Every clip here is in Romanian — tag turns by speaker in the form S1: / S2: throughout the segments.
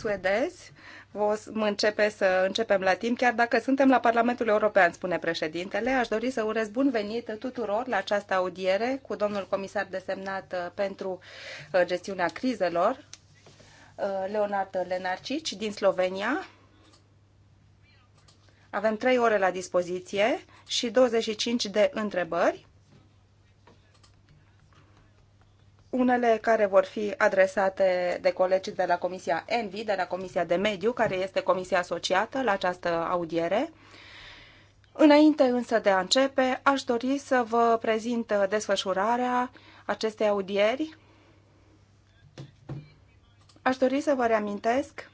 S1: suedezi vă începe să începem la timp, chiar dacă suntem la Parlamentul European, spune președintele. Aș dori să urez bun venit tuturor la această audiere cu domnul comisar desemnat uh, pentru uh, gestiunea crizelor, uh, Leonard Lenarcici, din Slovenia. Avem trei ore la dispoziție și 25 de întrebări. unele care vor fi adresate de colegii de la Comisia ENVI, de la Comisia de Mediu, care este comisia asociată la această audiere. Înainte însă de a începe, aș dori să vă prezint desfășurarea acestei audieri. Aș dori să vă reamintesc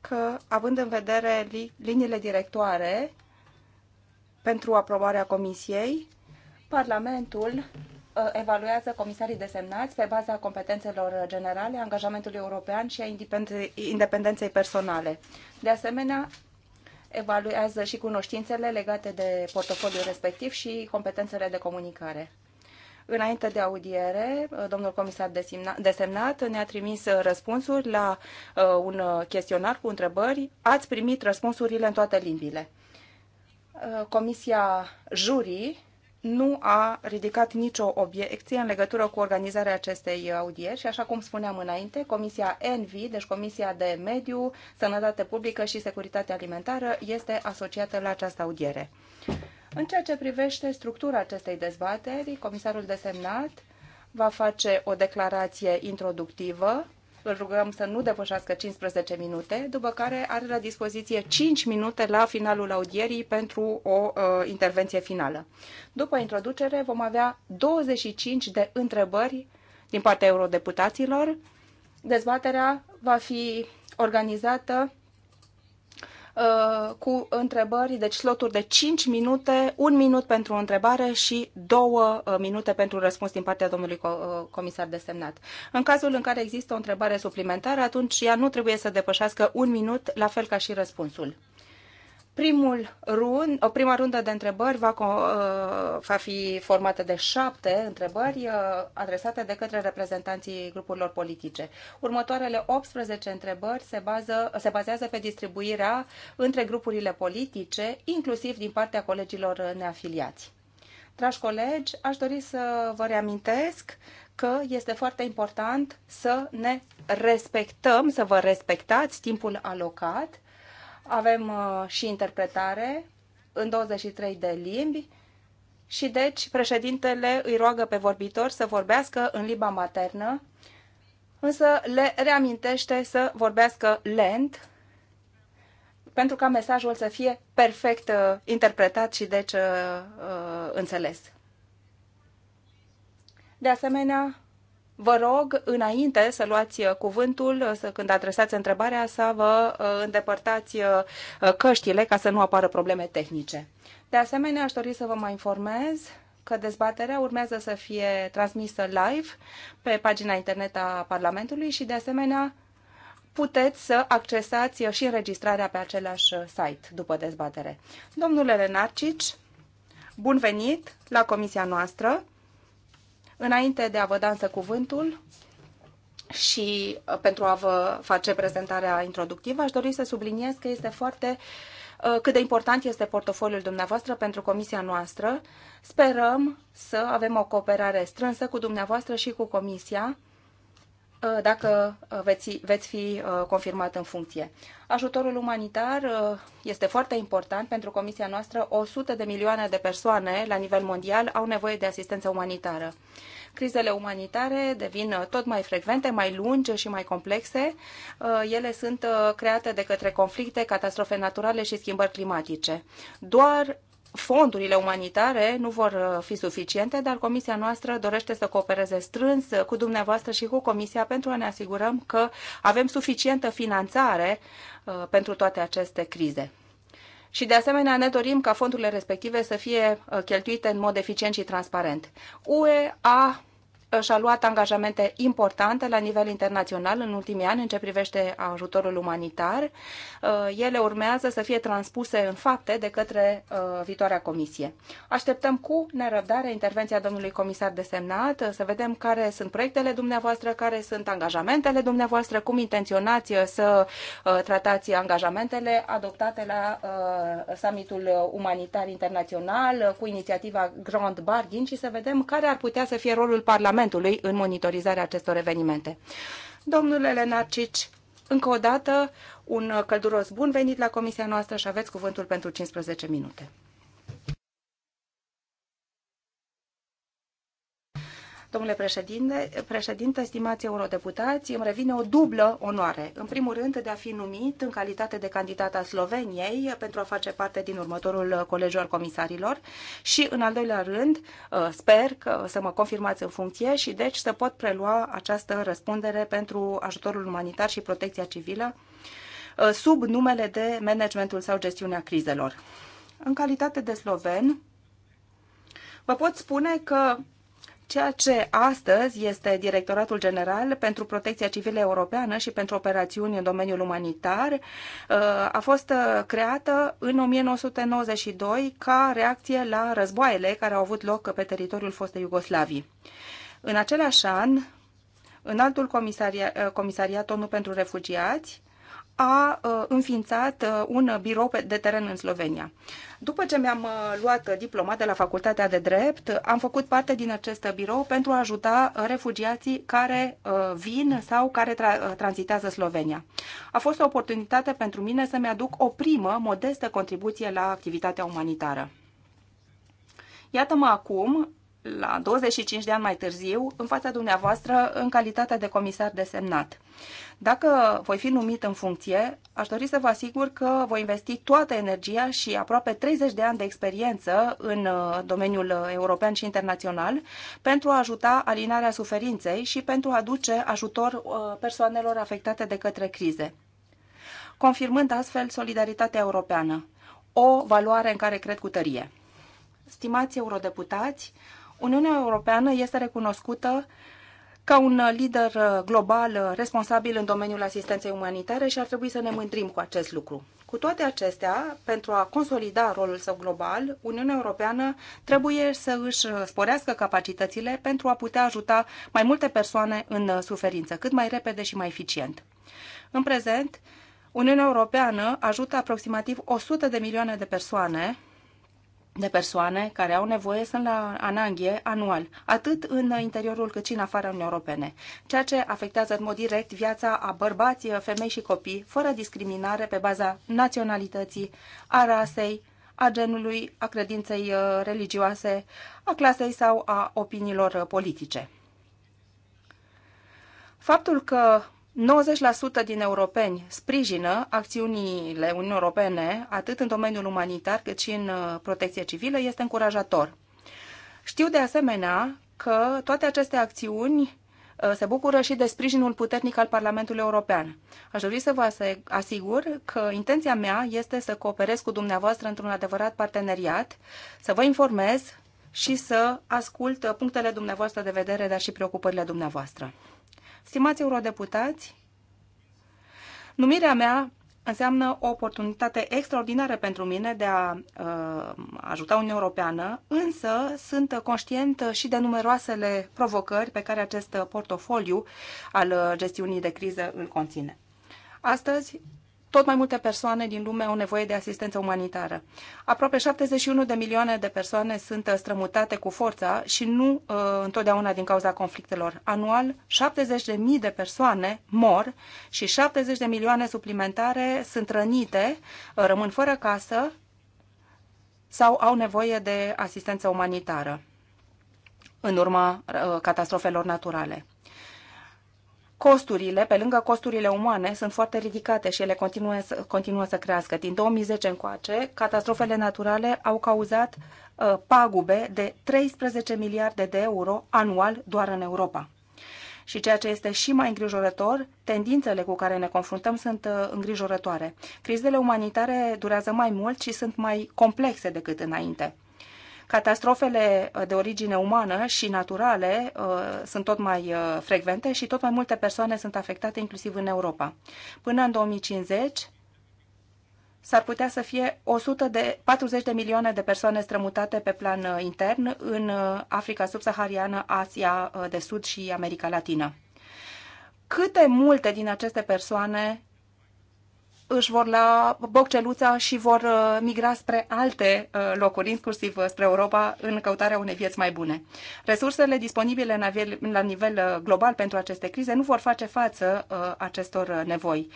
S1: că, având în vedere li liniile directoare pentru aprobarea Comisiei, Parlamentul Uh, evaluează comisarii desemnați pe baza competențelor generale, angajamentului european și a independenței personale. De asemenea, evaluează și cunoștințele legate de portofoliul respectiv și competențele de comunicare. Înainte de audiere, uh, domnul comisar desemnat ne-a trimis uh, răspunsuri la un chestionar cu întrebări. Ați primit răspunsurile în toate limbile. Comisia jurii nu a ridicat nicio obiecție în legătură cu organizarea acestei audieri și, așa cum spuneam înainte, Comisia ENVI, deci Comisia de Mediu, Sănătate Publică și Securitate Alimentară, este asociată la această audiere. În ceea ce privește structura acestei dezbateri, comisarul desemnat va face o declarație introductivă îl rugăm să nu depășească 15 minute, după care are la dispoziție 5 minute la finalul audierii pentru o uh, intervenție finală. După introducere vom avea 25 de întrebări din partea eurodeputaților. Dezbaterea va fi organizată Uh, cu întrebări, deci sloturi de 5 minute, 1 minut pentru întrebare și 2 uh, minute pentru răspuns din partea domnului uh, comisar desemnat. În cazul în care există o întrebare suplimentară, atunci ea nu trebuie să depășească un minut, la fel ca și răspunsul. Primul rund, o prima rundă de întrebări va, uh, va fi formată de șapte întrebări uh, adresate de către reprezentanții grupurilor politice. Următoarele 18 întrebări se, bază, se bazează pe distribuirea între grupurile politice, inclusiv din partea colegilor neafiliați. Dragi colegi, aș dori să vă reamintesc că este foarte important să ne respectăm, să vă respectați timpul alocat avem uh, și interpretare în 23 de limbi și deci președintele îi roagă pe vorbitor să vorbească în limba maternă, însă le reamintește să vorbească lent pentru ca mesajul să fie perfect uh, interpretat și deci uh, înțeles. De asemenea, Vă rog, înainte să luați uh, cuvântul, uh, să, când adresați întrebarea, să vă uh, îndepărtați căștile ca să nu apară probleme tehnice. De asemenea, aș dori să vă mai informez că dezbaterea urmează să fie transmisă live pe pagina internet a Parlamentului și, de asemenea, puteți să accesați și înregistrarea pe același site după dezbatere. Domnule Lenarcici, bun venit la comisia noastră. Înainte de a vă da însă cuvântul și uh, pentru a vă face prezentarea introductivă, aș dori să subliniez că este foarte uh, cât de important este portofoliul dumneavoastră pentru comisia noastră. Sperăm să avem o cooperare strânsă cu dumneavoastră și cu comisia Uh, dacă veți, uh, veți fi uh, confirmat în funcție. Ajutorul umanitar este foarte important pentru comisia noastră. 100 de milioane de persoane la nivel mondial au nevoie de asistență umanitară. Crizele umanitare devin tot mai frecvente, mai lungi și mai complexe. Ele sunt create de către conflicte, catastrofe naturale și schimbări climatice. Doar fondurile umanitare nu vor uh, fi suficiente, dar comisia noastră dorește să coopereze strâns uh, cu dumneavoastră și cu comisia pentru a ne asigurăm că avem suficientă finanțare uh, pentru toate aceste crize. Și de asemenea ne dorim ca fondurile respective să fie cheltuite în mod eficient și transparent. UE a și-a luat angajamente importante la nivel internațional în ultimii ani în ce privește ajutorul umanitar. Uh, ele urmează să fie transpuse în fapte de către uh, viitoarea comisie. Așteptăm cu nerăbdare intervenția domnului comisar desemnat, uh, să vedem care sunt proiectele dumneavoastră, care sunt angajamentele dumneavoastră, cum intenționați să tratați angajamentele adoptate la summitul umanitar internațional cu inițiativa Grand Bargain și să vedem care ar putea să fie rolul Parlamentului Parlamentului în monitorizarea acestor evenimente. Domnule Lenarcici, încă o dată, un călduros bun venit la comisia noastră și aveți cuvântul pentru 15 minute. Domnule președinte, președinte, stimați eurodeputați, îmi revine o dublă onoare. În primul rând, de a fi numit în calitate de candidat a Sloveniei pentru a face parte din următorul colegiu al comisarilor și, în al doilea rând, uh, sper că să mă confirmați în funcție și, deci, să pot prelua această răspundere pentru ajutorul umanitar și protecția civilă uh, sub numele de managementul sau gestiunea crizelor. În calitate de sloven, vă pot spune că ceea ce astăzi este Directoratul General pentru Protecția Civilă Europeană și pentru operațiuni în domeniul umanitar, uh, a fost uh, creată în 1992 ca reacție la războaiele care au avut loc pe teritoriul fostei Iugoslavii. În același an, în altul comisariat, uh, comisariat ONU pentru refugiați, a uh, înființat uh, un birou de teren în Slovenia. După ce mi-am uh, luat diploma de la Facultatea de Drept, am făcut parte din acest birou pentru a ajuta refugiații care vin sau care tra- tranzitează Slovenia. A fost o oportunitate pentru mine să-mi aduc o primă modestă contribuție la activitatea umanitară. Iată-mă acum, la 25 de ani mai târziu, în fața dumneavoastră, în calitate de comisar desemnat. Dacă voi fi numit în funcție, aș dori să vă asigur că voi investi toată energia și aproape 30 de ani de experiență în uh, domeniul uh, european și internațional pentru a ajuta alinarea suferinței și pentru a aduce ajutor uh, persoanelor afectate de către crize, confirmând astfel solidaritatea europeană, o valoare în care cred cu tărie. Stimați eurodeputați, Uniunea Europeană este recunoscută ca un uh, lider uh, global uh, responsabil în domeniul asistenței umanitare și ar trebui să ne mândrim cu acest lucru. Cu toate acestea, pentru a consolida rolul său global, Uniunea Europeană trebuie să își sporească capacitățile pentru a putea ajuta mai multe persoane în suferință, cât mai repede și mai eficient. În prezent, Uniunea Europeană ajută aproximativ 100 de milioane de persoane de persoane care au nevoie sunt la ananghie anual, atât în interiorul cât și în afara Uniunii Europene, ceea ce afectează în mod direct viața a bărbați, femei și copii, fără discriminare pe baza naționalității, a rasei, a genului, a credinței uh, religioase, a clasei sau a opiniilor uh, politice. Faptul că 90% din europeni sprijină acțiunile Uniunii Europene, atât în domeniul umanitar cât și în uh, protecție civilă, este încurajator. Știu de asemenea că toate aceste acțiuni uh, se bucură și de sprijinul puternic al Parlamentului European. Aș dori să vă asigur că intenția mea este să cooperez cu dumneavoastră într-un adevărat parteneriat, să vă informez și să ascult uh, punctele dumneavoastră de vedere, dar și preocupările dumneavoastră. Stimați eurodeputați, numirea mea înseamnă o oportunitate extraordinară pentru mine de a uh, ajuta Uniunea Europeană, însă sunt conștient și de numeroasele provocări pe care acest portofoliu al uh, gestiunii de criză îl conține. Astăzi tot mai multe persoane din lume au nevoie de asistență umanitară. Aproape 71 de milioane de persoane sunt uh, strămutate cu forța și nu uh, întotdeauna din cauza conflictelor. Anual, 70 de mii de persoane mor și 70 de milioane suplimentare sunt rănite, uh, rămân fără casă sau au nevoie de asistență umanitară în urma uh, catastrofelor naturale costurile, pe lângă costurile umane, sunt foarte ridicate și ele continuă să, continuă să crească. Din 2010 încoace, catastrofele naturale au cauzat uh, pagube de 13 miliarde de euro anual doar în Europa. Și ceea ce este și mai îngrijorător, tendințele cu care ne confruntăm sunt uh, îngrijorătoare. Crizele umanitare durează mai mult și sunt mai complexe decât înainte. Catastrofele uh, de origine umană și naturale uh, sunt tot mai uh, frecvente și tot mai multe persoane sunt afectate, inclusiv în Europa. Până în 2050, s-ar putea să fie 100 de, 40 de milioane de persoane strămutate pe plan intern în Africa subsahariană, Asia de Sud și America Latină. Câte multe din aceste persoane își vor la bocceluța și vor uh, migra spre alte uh, locuri, inclusiv uh, spre Europa, în căutarea unei vieți mai bune. Resursele disponibile la nivel global pentru aceste crize nu vor face față acestor nevoi.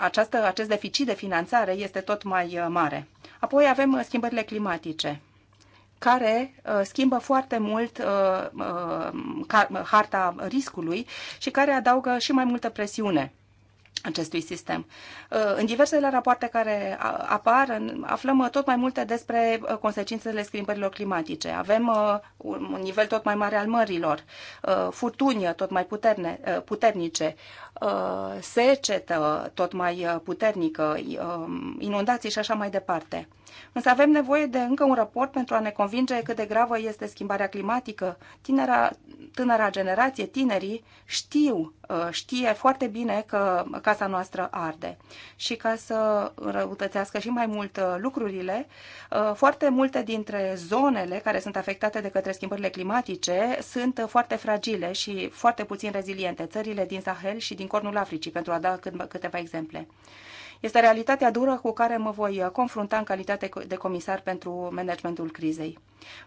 S1: Această, acest deficit de finanțare este tot mai mare. Apoi avem schimbările climatice care schimbă foarte mult harta riscului și care adaugă și mai multă presiune acestui sistem. Uh, în diversele rapoarte care apar, aflăm uh, tot mai multe despre uh, consecințele schimbărilor climatice. Avem un nivel tot mai mare al mărilor, furtuni tot mai puterne, puternice, secetă tot mai puternică, inundații și așa mai departe. Însă avem nevoie de încă un raport pentru a ne convinge cât de gravă este schimbarea climatică. Tinera, tânăra generație, tinerii, știu, uh, știe foarte bine că casa noastră arde. Și ca să răutățească și mai mult uh, lucrurile, uh, foarte multe dintre zonele care sunt afectate de către schimbările climatice sunt foarte fragile și foarte puțin reziliente. Țările din Sahel și din Cornul Africii, pentru a da câteva exemple. Este realitatea dură cu care mă voi confrunta în calitate de comisar pentru managementul crizei.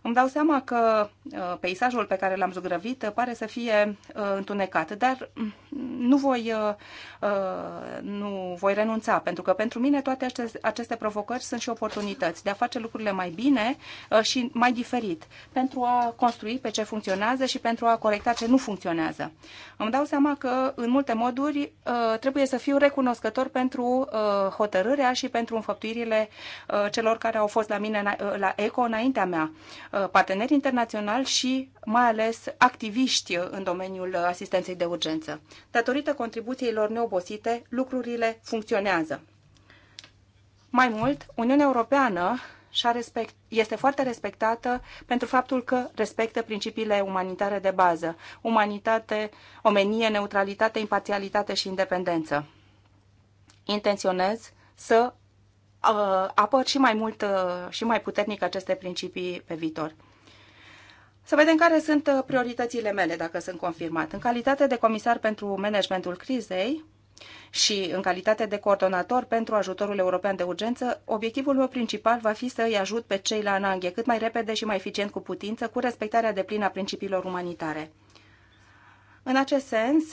S1: Îmi dau seama că uh, peisajul pe care l-am zugrăvit uh, pare să fie uh, întunecat, dar mm, nu voi, nu voi renunța, pentru că pentru mine toate aceste provocări sunt și oportunități de a face lucrurile mai bine și mai diferit, pentru a construi pe ce funcționează și pentru a corecta ce nu funcționează. Îmi dau seama că, în multe moduri, trebuie să fiu recunoscător pentru hotărârea și pentru înfăptuirile celor care au fost la mine, la ECO, înaintea mea. Uh, parteneri internaționali și mai ales activiști în domeniul asistenței de urgență. Datorită contribuțiilor neobosite, lucrurile funcționează. Mai mult, Uniunea Europeană respect, este foarte respectată pentru faptul că respectă principiile umanitare de bază, umanitate, omenie, neutralitate, imparțialitate și independență. Intenționez să Uh, apăr și mai mult uh, și mai puternic aceste principii pe viitor. Să vedem care sunt uh, prioritățile mele dacă sunt confirmat. În calitate de comisar pentru managementul crizei, și în calitate de coordonator pentru ajutorul european de urgență, obiectivul meu principal va fi să îi ajut pe cei la ananghe cât mai repede și mai eficient cu putință, cu respectarea deplină a principiilor umanitare. În acest sens,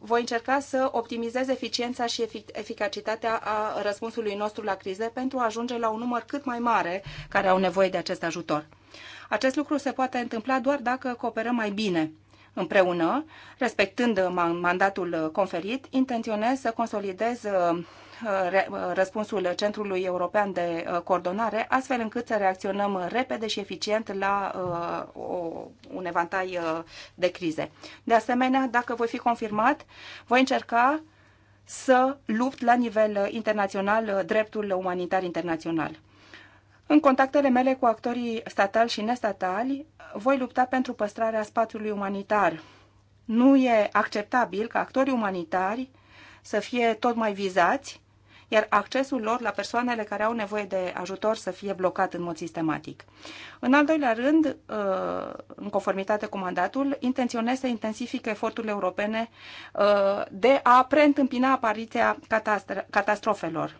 S1: voi încerca să optimizez eficiența și eficacitatea a răspunsului nostru la crize pentru a ajunge la un număr cât mai mare care au nevoie de acest ajutor. Acest lucru se poate întâmpla doar dacă cooperăm mai bine. Împreună, respectând mandatul conferit, intenționez să consolidez Uh, uh, răspunsul Centrului European de uh, Coordonare, astfel încât să reacționăm repede și eficient la o, un evantai de crize. De asemenea, dacă voi fi confirmat, voi încerca să lupt la nivel internațional dreptul umanitar internațional. În contactele mele cu actorii statali și nestatali, voi lupta pentru păstrarea spațiului umanitar. Nu e acceptabil ca actorii umanitari să fie tot mai vizați iar accesul lor la persoanele care au nevoie de ajutor să fie blocat în mod sistematic. În al doilea rând, uh, în conformitate cu mandatul, intenționez să intensific eforturile europene uh, de a preîntâmpina apariția catastrofelor.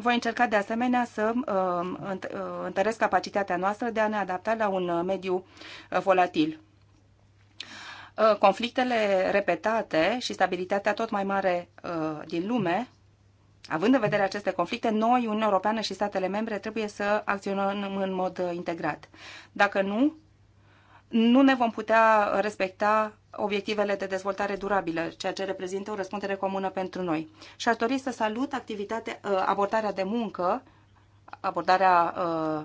S1: Voi încerca de asemenea să uh, întăresc capacitatea noastră de a ne adapta la un mediu volatil conflictele repetate și stabilitatea tot mai mare din lume Având în vedere aceste conflicte, noi, Uniunea Europeană și statele membre, trebuie să acționăm în mod uh, integrat. Dacă nu, nu ne vom putea respecta obiectivele de dezvoltare durabilă, ceea ce reprezintă o răspundere comună pentru noi. Și aș dori să salut activitatea, uh, abordarea de muncă, abordarea uh,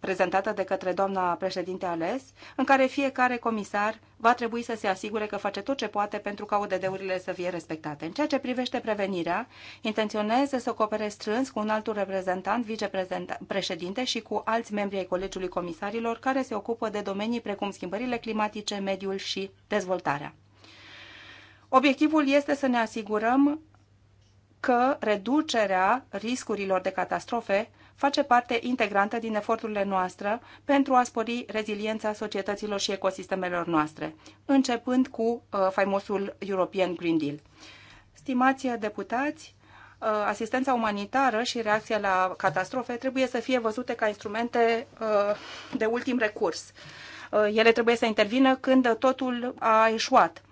S1: prezentată de către doamna președinte ales, în care fiecare comisar va trebui să se asigure că face tot ce poate pentru ca ODD-urile să fie respectate. În ceea ce privește prevenirea, intenționez să coopere strâns cu un altul reprezentant, vicepreședinte și cu alți membri ai Colegiului Comisarilor care se ocupă de domenii precum schimbările climatice, mediul și dezvoltarea. Obiectivul este să ne asigurăm că reducerea riscurilor de catastrofe face parte integrantă din eforturile noastre pentru a spori reziliența societăților și ecosistemelor noastre, începând cu uh, faimosul European Green Deal. Stimați deputați, uh, asistența umanitară și reacția la catastrofe trebuie să fie văzute ca instrumente uh, de ultim recurs. Uh, ele trebuie să intervină când totul a eșuat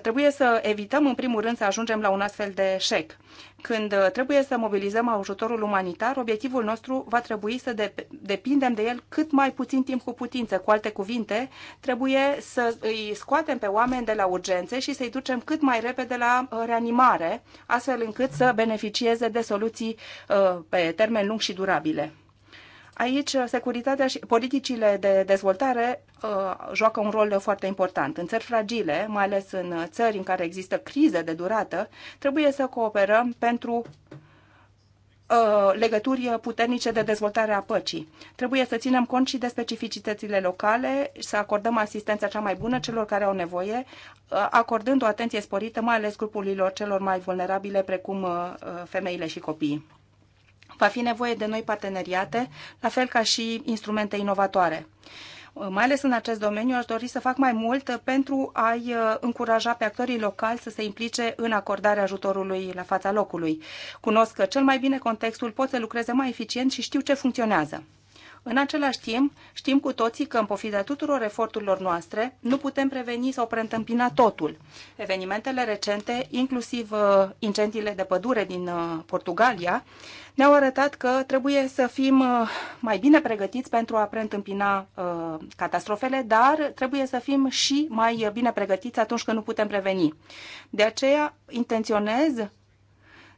S1: Trebuie să evităm, în primul rând, să ajungem la un astfel de eșec. Când uh, trebuie să mobilizăm ajutorul umanitar, obiectivul nostru va trebui să de- depindem de el cât mai puțin timp cu putință. Cu alte cuvinte, trebuie să îi scoatem pe oameni de la urgențe și să-i ducem cât mai repede la uh, reanimare, astfel încât să beneficieze de soluții uh, pe termen lung și durabile. Aici, securitatea și politicile de dezvoltare uh, joacă un rol foarte important. În țări fragile, mai ales în țări în care există crize de durată, trebuie să cooperăm pentru uh, legături puternice de dezvoltare a păcii. Trebuie să ținem cont și de specificitățile locale, și să acordăm asistența cea mai bună celor care au nevoie, uh, acordând o atenție sporită mai ales grupurilor celor mai vulnerabile, precum uh, femeile și copiii va fi nevoie de noi parteneriate, la fel ca și instrumente inovatoare. Mai ales în acest domeniu aș dori să fac mai mult pentru a-i uh, încuraja pe actorii locali să se implice în acordarea ajutorului la fața locului. Cunosc cel mai bine contextul, pot să lucreze mai eficient și știu ce funcționează. În același timp, știm cu toții că, în pofida tuturor eforturilor noastre, nu putem preveni sau preîntâmpina totul. Evenimentele recente, inclusiv uh, incendiile de pădure din uh, Portugalia, ne-au arătat că trebuie să fim uh, mai bine pregătiți pentru a preîntâmpina catastrofele, dar trebuie să fim și mai bine pregătiți atunci când nu putem preveni. De aceea intenționez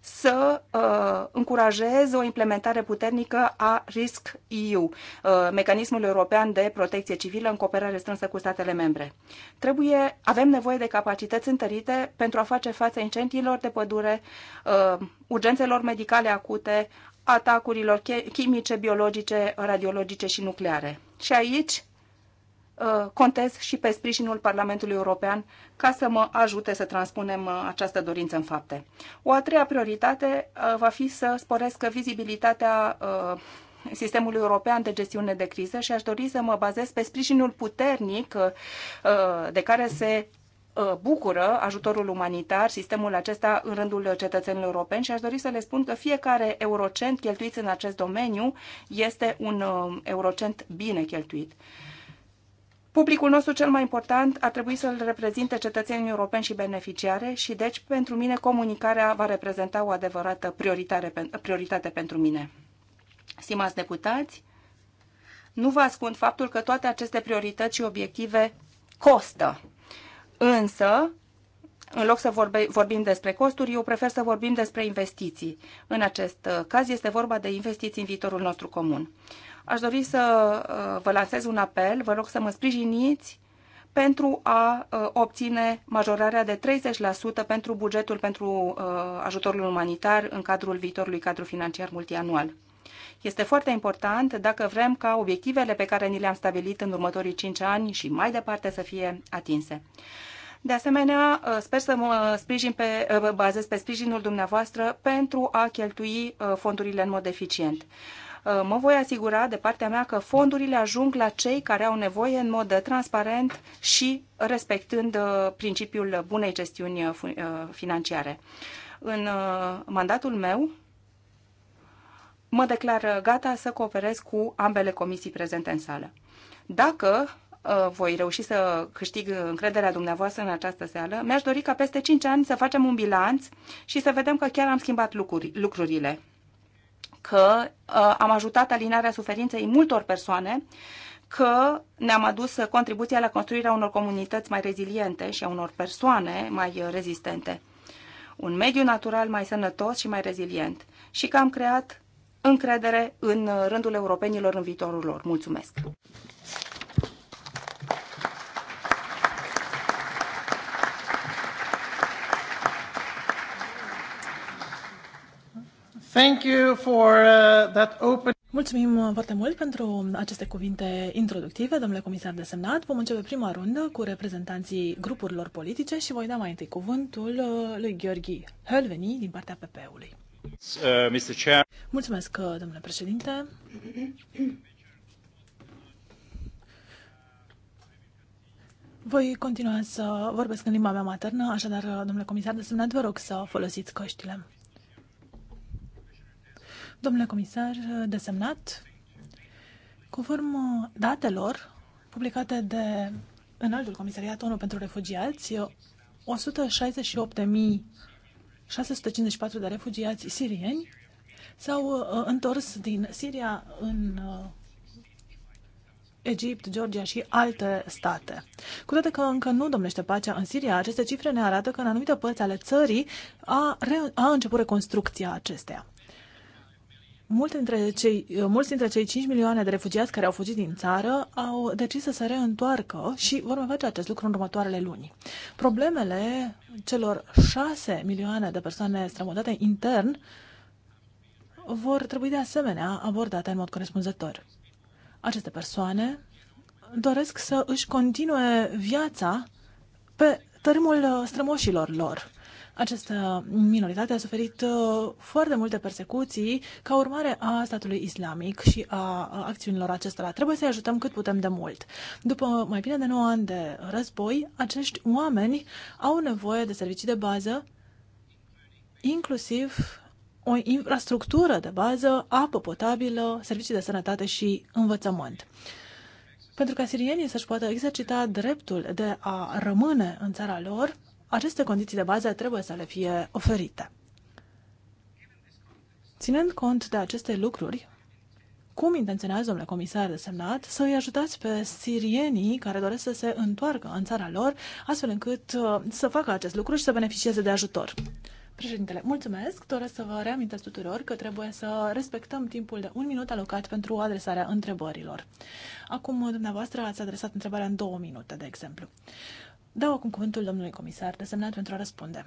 S1: să uh, încurajeze o implementare puternică a Risk EU, uh, mecanismul european de protecție civilă în cooperare strânsă cu statele membre. Trebuie, avem nevoie de capacități întărite pentru a face față incendiilor de pădure, uh, urgențelor medicale acute, atacurilor chimice, biologice, radiologice și nucleare. Și aici Uh, contez și pe sprijinul Parlamentului European ca să mă ajute să transpunem uh, această dorință în fapte. O a treia prioritate uh, va fi să sporesc vizibilitatea sistemului european de gestiune de criză și aș dori să mă bazez pe sprijinul puternic de care se bucură ajutorul umanitar, sistemul acesta în rândul cetățenilor europeni și aș dori să le spun că fiecare eurocent cheltuit în acest domeniu este un eurocent bine cheltuit. Publicul nostru cel mai important ar trebui să-l reprezinte cetățenii europeni și beneficiare și deci pentru mine comunicarea va reprezenta o adevărată prioritate pentru mine. Stimați deputați, nu vă ascund faptul că toate aceste priorități și obiective costă. Însă, în loc să vorbe, vorbim despre costuri, eu prefer să vorbim despre investiții. În acest uh, caz este vorba de investiții în viitorul nostru comun aș dori să uh, vă lansez un apel, vă rog să mă sprijiniți pentru a uh, obține majorarea de 30% pentru bugetul pentru uh, ajutorul umanitar în cadrul viitorului cadru financiar multianual. Este foarte important dacă vrem ca obiectivele pe care ni le-am stabilit în următorii 5 ani și mai departe să fie atinse. De asemenea, sper să mă sprijin pe, bazez pe sprijinul dumneavoastră pentru a cheltui fondurile în mod eficient. Uh, mă voi asigura de partea mea că fondurile ajung la cei care au nevoie în mod transparent și respectând uh, principiul bunei gestiuni uh, financiare. În mandatul meu mă declar gata să cooperez cu ambele comisii prezente în sală. Dacă voi reuși să câștig încrederea dumneavoastră în această seară, mi-aș dori ca peste 5 ani să facem un bilanț și să vedem că chiar am schimbat lucruri, lucrurile că uh, am ajutat alinarea suferinței multor persoane, că ne-am adus contribuția la construirea unor comunități mai reziliente și a unor persoane mai rezistente. Un mediu natural mai sănătos și mai rezilient. Și că am creat încredere în rândul europenilor în viitorul lor. Mulțumesc!
S2: Thank you for uh, that open... Mulțumim uh, foarte mult pentru aceste cuvinte introductive, domnule comisar de semnat. Vom începe prima rundă cu reprezentanții grupurilor politice și voi da mai întâi cuvântul uh, lui Gheorghi Hölveni din partea PP-ului.
S1: Uh, Mr. Chair.
S2: Mulțumesc, uh, domnule președinte. Voi continua să vorbesc în limba mea maternă, așadar, domnule comisar de semnat, vă rog să folosiți căștile. Domnule comisar desemnat, conform uh, datelor publicate de Înaltul Comisariat ONU pentru Refugiați, 168.654 de refugiați sirieni s-au uh, uh, întors din Siria în Egipt, Georgia și alte state. Cu toate că încă nu domnește pacea în Siria, aceste cifre ne arată că în anumite părți ale țării a, re- a început reconstrucția acesteia. Multe dintre cei, uh, mulți dintre cei 5 milioane de refugiați care au fugit din țară au decis să se reîntoarcă și vor mai face acest lucru în următoarele luni. Problemele celor 6 milioane de persoane strămutate intern vor trebui de asemenea abordate în mod corespunzător. Aceste persoane doresc să își continue viața pe tărâmul uh, strămoșilor lor această minoritate a suferit uh, foarte multe persecuții ca urmare a statului islamic și a acțiunilor acestora. Trebuie să-i ajutăm cât putem de mult. După mai bine de 9 ani de război, acești oameni au nevoie de servicii de bază, inclusiv o infrastructură de bază, apă potabilă, servicii de sănătate și învățământ. Pentru ca sirienii să-și poată exercita dreptul de a rămâne în țara lor, aceste condiții de bază trebuie să le fie oferite. Ținând cont de aceste lucruri, cum intenționează, domnule comisar desemnat, să îi ajutați pe sirienii care doresc să se întoarcă în țara lor, astfel încât uh, să facă acest lucru și să beneficieze de ajutor? Președintele, mulțumesc. Doresc să vă reamintesc tuturor că trebuie să respectăm timpul de un minut alocat pentru adresarea întrebărilor. Acum, dumneavoastră, ați adresat întrebarea în două minute, de exemplu. Dau acum cuvântul domnului comisar desemnat pentru a răspunde.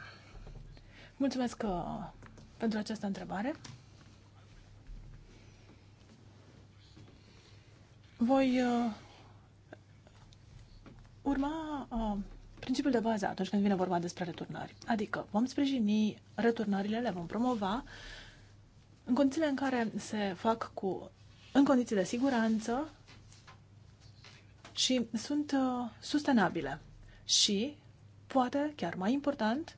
S2: Mulțumesc că, uh, pentru această întrebare. Voi uh, urma uh, principiul de bază atunci când vine vorba despre returnări. Adică vom sprijini returnările, le vom promova în condițiile în care se fac cu, în condiții de siguranță și sunt uh, sustenabile și, poate chiar mai important,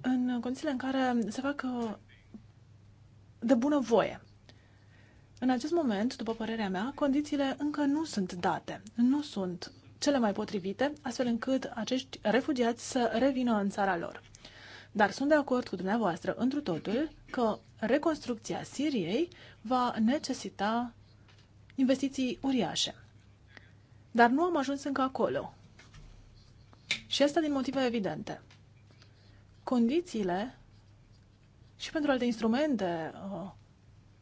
S2: în condițiile în care se facă de bună voie. În acest moment, după părerea mea, condițiile încă nu sunt date, nu sunt cele mai potrivite, astfel încât acești refugiați să revină în țara lor. Dar sunt de acord cu dumneavoastră întru totul că reconstrucția Siriei va necesita investiții uriașe. Dar nu am ajuns încă acolo. Și asta din motive evidente. Condițiile și pentru alte instrumente uh,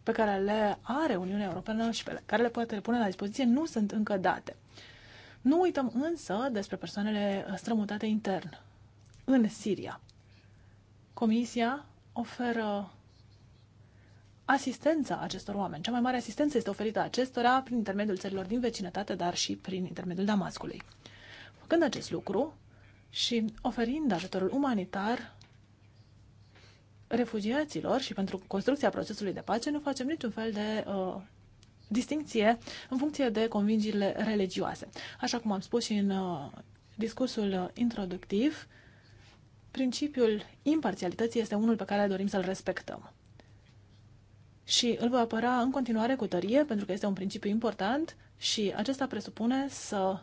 S2: pe care le are Uniunea Europeană și pe care le poate pune la dispoziție nu sunt încă date. Nu uităm însă despre persoanele strămutate intern în Siria. Comisia oferă asistența acestor oameni. Cea mai mare asistență este oferită acestora prin intermediul țărilor din vecinătate, dar și prin intermediul Damascului făcând acest lucru și oferind ajutorul umanitar refugiaților și pentru construcția procesului de pace, nu facem niciun fel de uh, distinție în funcție de convingerile religioase. Așa cum am spus și în uh, discursul introductiv, principiul imparțialității este unul pe care dorim să-l respectăm. Și îl voi apăra în continuare cu tărie, pentru că este un principiu important și acesta presupune să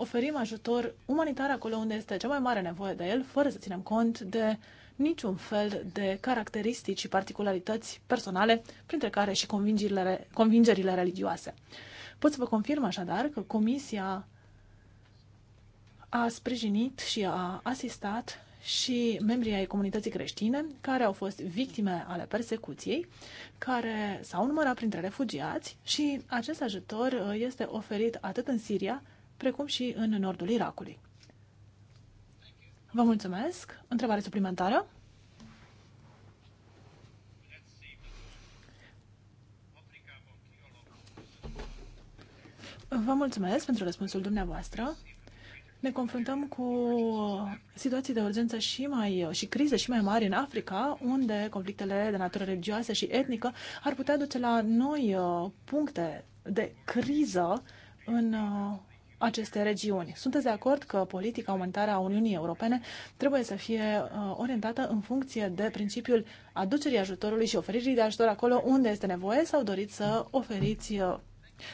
S2: oferim ajutor umanitar acolo unde este cea mai mare nevoie de el, fără să ținem cont de niciun fel de caracteristici și particularități personale, printre care și convingerile, convingerile religioase. Pot să vă confirm așadar că Comisia a sprijinit și a asistat și membrii ai comunității creștine care au fost victime ale persecuției, care s-au numărat printre refugiați și acest ajutor este oferit atât în Siria, precum și în nordul Irakului. Vă mulțumesc. Întrebare suplimentară? Vă mulțumesc pentru răspunsul dumneavoastră. Ne confruntăm cu situații de urgență și mai și crize și mai mari în Africa, unde conflictele de natură religioasă și etnică ar putea duce la noi uh, puncte de criză în uh, aceste regiuni. Sunteți de acord că politica umanitară a Uniunii Europene trebuie să fie uh, orientată în funcție de principiul aducerii ajutorului și oferirii de ajutor acolo unde este nevoie sau doriți să oferiți uh,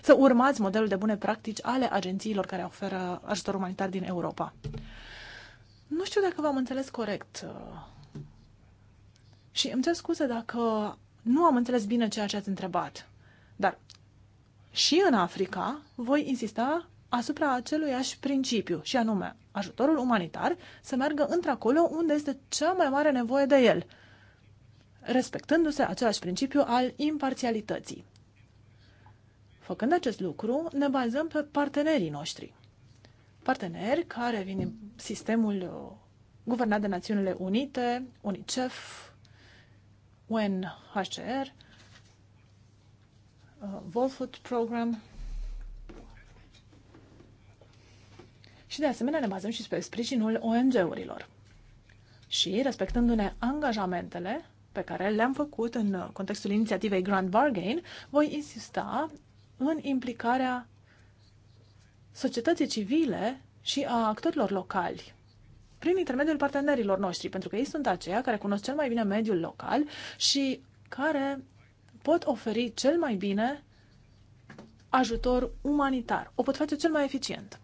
S2: să urmați modelul de bune practici ale agențiilor care oferă ajutor umanitar din Europa. Nu știu dacă v-am înțeles corect uh, și îmi cer scuze dacă nu am înțeles bine ceea ce ați întrebat, dar și în Africa voi insista asupra aceluiași principiu, și anume ajutorul umanitar să meargă într-acolo unde este cea mai mare nevoie de el, respectându-se același principiu al imparțialității. Făcând acest lucru, ne bazăm pe partenerii noștri. Parteneri care vin din sistemul uh, guvernat de Națiunile Unite, UNICEF, UNHCR, uh, World Program, și de asemenea ne bazăm și pe sprijinul ONG-urilor. Și respectându-ne angajamentele pe care le-am făcut în contextul inițiativei Grand Bargain, voi insista în implicarea societății civile și a actorilor locali prin intermediul partenerilor noștri, pentru că ei sunt aceia care cunosc cel mai bine mediul local și care pot oferi cel mai bine ajutor umanitar. O pot face cel mai eficient.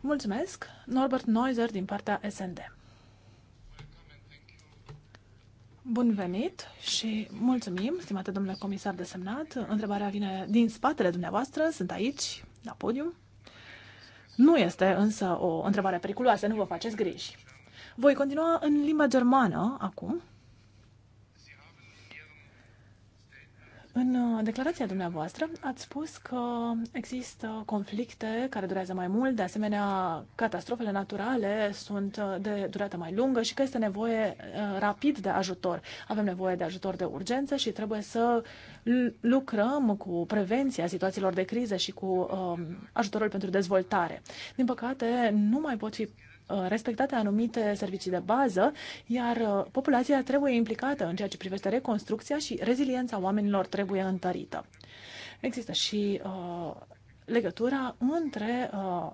S2: Mulțumesc, Norbert Neuser din partea SND. Bun venit și mulțumim, stimate domnule comisar de Semnat. Întrebarea vine din spatele dumneavoastră, sunt aici, la podium. Nu este însă o întrebare periculoasă, nu vă faceți griji. Voi continua în limba germană acum. În uh, declarația dumneavoastră ați spus că există conflicte care durează mai mult, de asemenea catastrofele naturale sunt uh, de durată mai lungă și că este nevoie uh, rapid de ajutor. Avem nevoie de ajutor de urgență și trebuie să lucrăm cu prevenția situațiilor de criză și cu um, ajutorul pentru dezvoltare. Din păcate, nu mai pot fi Uh, respectate anumite servicii de bază, iar uh, populația trebuie implicată în ceea ce privește reconstrucția și reziliența oamenilor trebuie întărită. Există și uh, legătura între uh,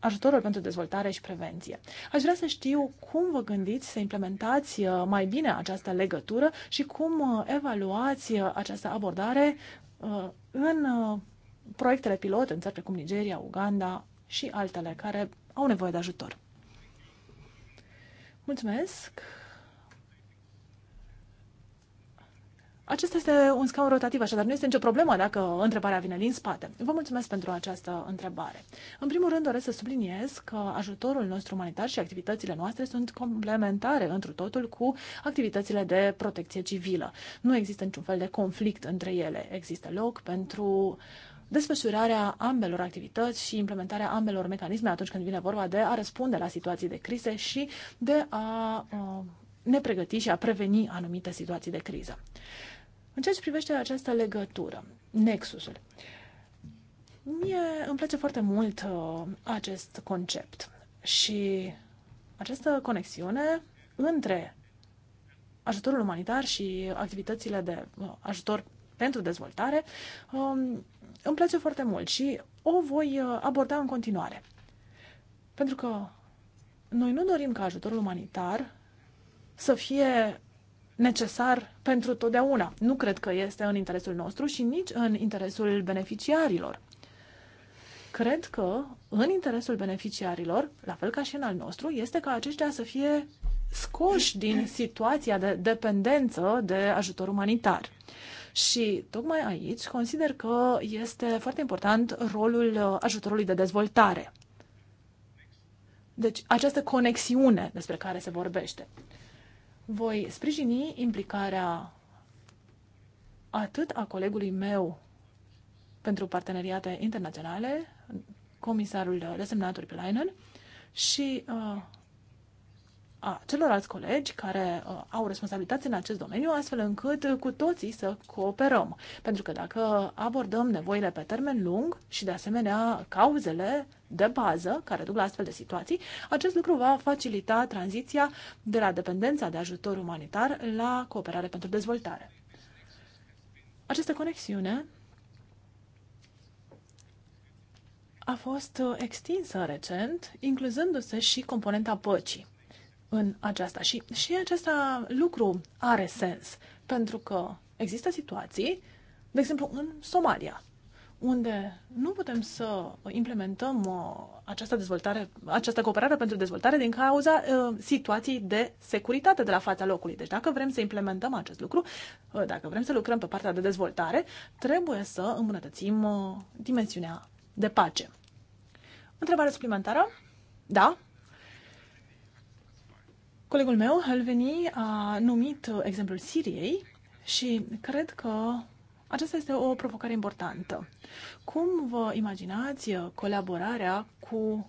S2: ajutorul pentru dezvoltare și prevenție. Aș vrea să știu cum vă gândiți să implementați uh, mai bine această legătură și cum evaluați această abordare în proiectele pilot în țări precum Nigeria, Uganda și altele care au nevoie de ajutor. Mulțumesc! Acesta este un scaun rotativ, așadar nu este nicio problemă dacă întrebarea vine din spate. Vă mulțumesc pentru această întrebare. În primul rând doresc să subliniez că ajutorul nostru umanitar și activitățile noastre sunt complementare întru totul cu activitățile de protecție civilă. Nu există niciun fel de conflict între ele. Există loc pentru uh, desfășurarea ambelor activități și implementarea ambelor mecanisme atunci când vine vorba de a răspunde la situații de crize și de a uh, ne pregăti și a preveni anumite situații de criză. În ceea ce privește această legătură, nexusul, mie îmi place foarte mult uh, acest concept și această conexiune între ajutorul umanitar și activitățile de uh, ajutor pentru dezvoltare um, îmi place foarte mult și o voi uh, aborda în continuare. Pentru că noi nu dorim ca ajutorul umanitar să fie necesar pentru totdeauna. Nu cred că este în interesul nostru și nici în interesul beneficiarilor. Cred că în interesul beneficiarilor, la fel ca și în al nostru, este ca aceștia să fie scoși din situația de dependență de ajutor umanitar. Și tocmai aici consider că este foarte important rolul uh, ajutorului de dezvoltare. Deci această conexiune despre care se vorbește. Voi sprijini implicarea atât a colegului meu pentru parteneriate internaționale, comisarul uh, desemnatul Pilainen, și uh, a celorlalți colegi care uh, au responsabilități în acest domeniu, astfel încât uh, cu toții să cooperăm. Pentru că dacă abordăm nevoile pe termen lung și, de asemenea, cauzele de bază care duc la astfel de situații, acest lucru va facilita tranziția de la dependența de ajutor umanitar la cooperare pentru dezvoltare. Această conexiune a fost uh, extinsă recent, incluzându-se și componenta păcii în aceasta. Și, și acest lucru are sens, pentru că există situații, de exemplu în Somalia, unde nu putem să implementăm uh, această dezvoltare, această cooperare pentru dezvoltare din cauza uh, situației de securitate de la fața locului. Deci dacă vrem să implementăm acest lucru, uh, dacă vrem să lucrăm pe partea de dezvoltare, trebuie să îmbunătățim uh, dimensiunea de pace. Întrebare suplimentară? Da? Colegul meu, Helveni, a numit uh, exemplul Siriei și cred că aceasta este o provocare importantă. Cum vă imaginați uh, colaborarea cu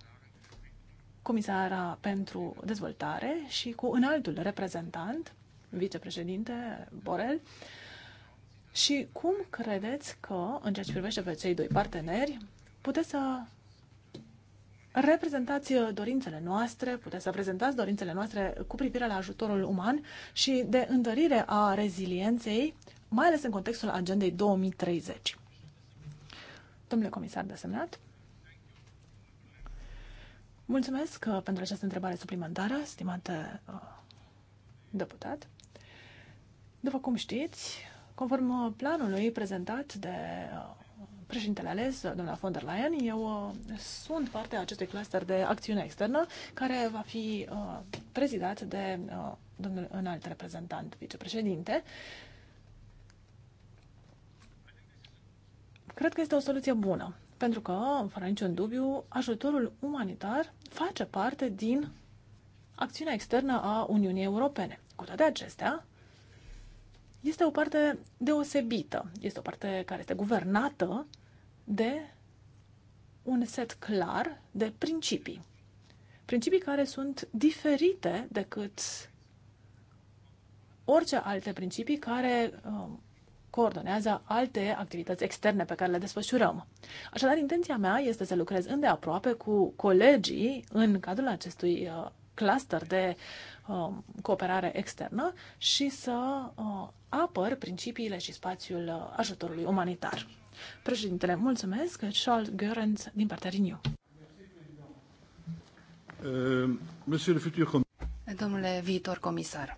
S2: comisara pentru dezvoltare și cu înaltul reprezentant, vicepreședinte Borel, și cum credeți că, în ceea ce privește pe cei doi parteneri, puteți să reprezentați uh, dorințele noastre, puteți să prezentați dorințele noastre cu privire la ajutorul uman și de întărire a rezilienței, mai ales în contextul agendei 2030. Domnule comisar desemnat, mulțumesc uh, pentru această întrebare suplimentară, stimate uh, deputat. După cum știți, conform planului prezentat de președintele ales, doamna von der Leyen, eu uh, sunt parte a acestui cluster de acțiune externă care va fi uh, prezidat de uh, domnul înalt reprezentant, vicepreședinte. Cred că este o soluție bună, pentru că, fără niciun dubiu, ajutorul umanitar face parte din acțiunea externă a Uniunii Europene. Cu toate acestea, este o parte deosebită. Este o parte care este guvernată de un set clar de principii. Principii care sunt diferite decât orice alte principii care um, coordonează alte activități externe pe care le desfășurăm. Așadar, intenția mea este să lucrez îndeaproape cu colegii în cadrul acestui uh, cluster de Um, cooperare externă și să uh, apăr principiile și spațiul uh, ajutorului umanitar. Președintele, mulțumesc, Charles Görens din partea Renew.
S1: Uh,
S2: Domnule viitor comisar,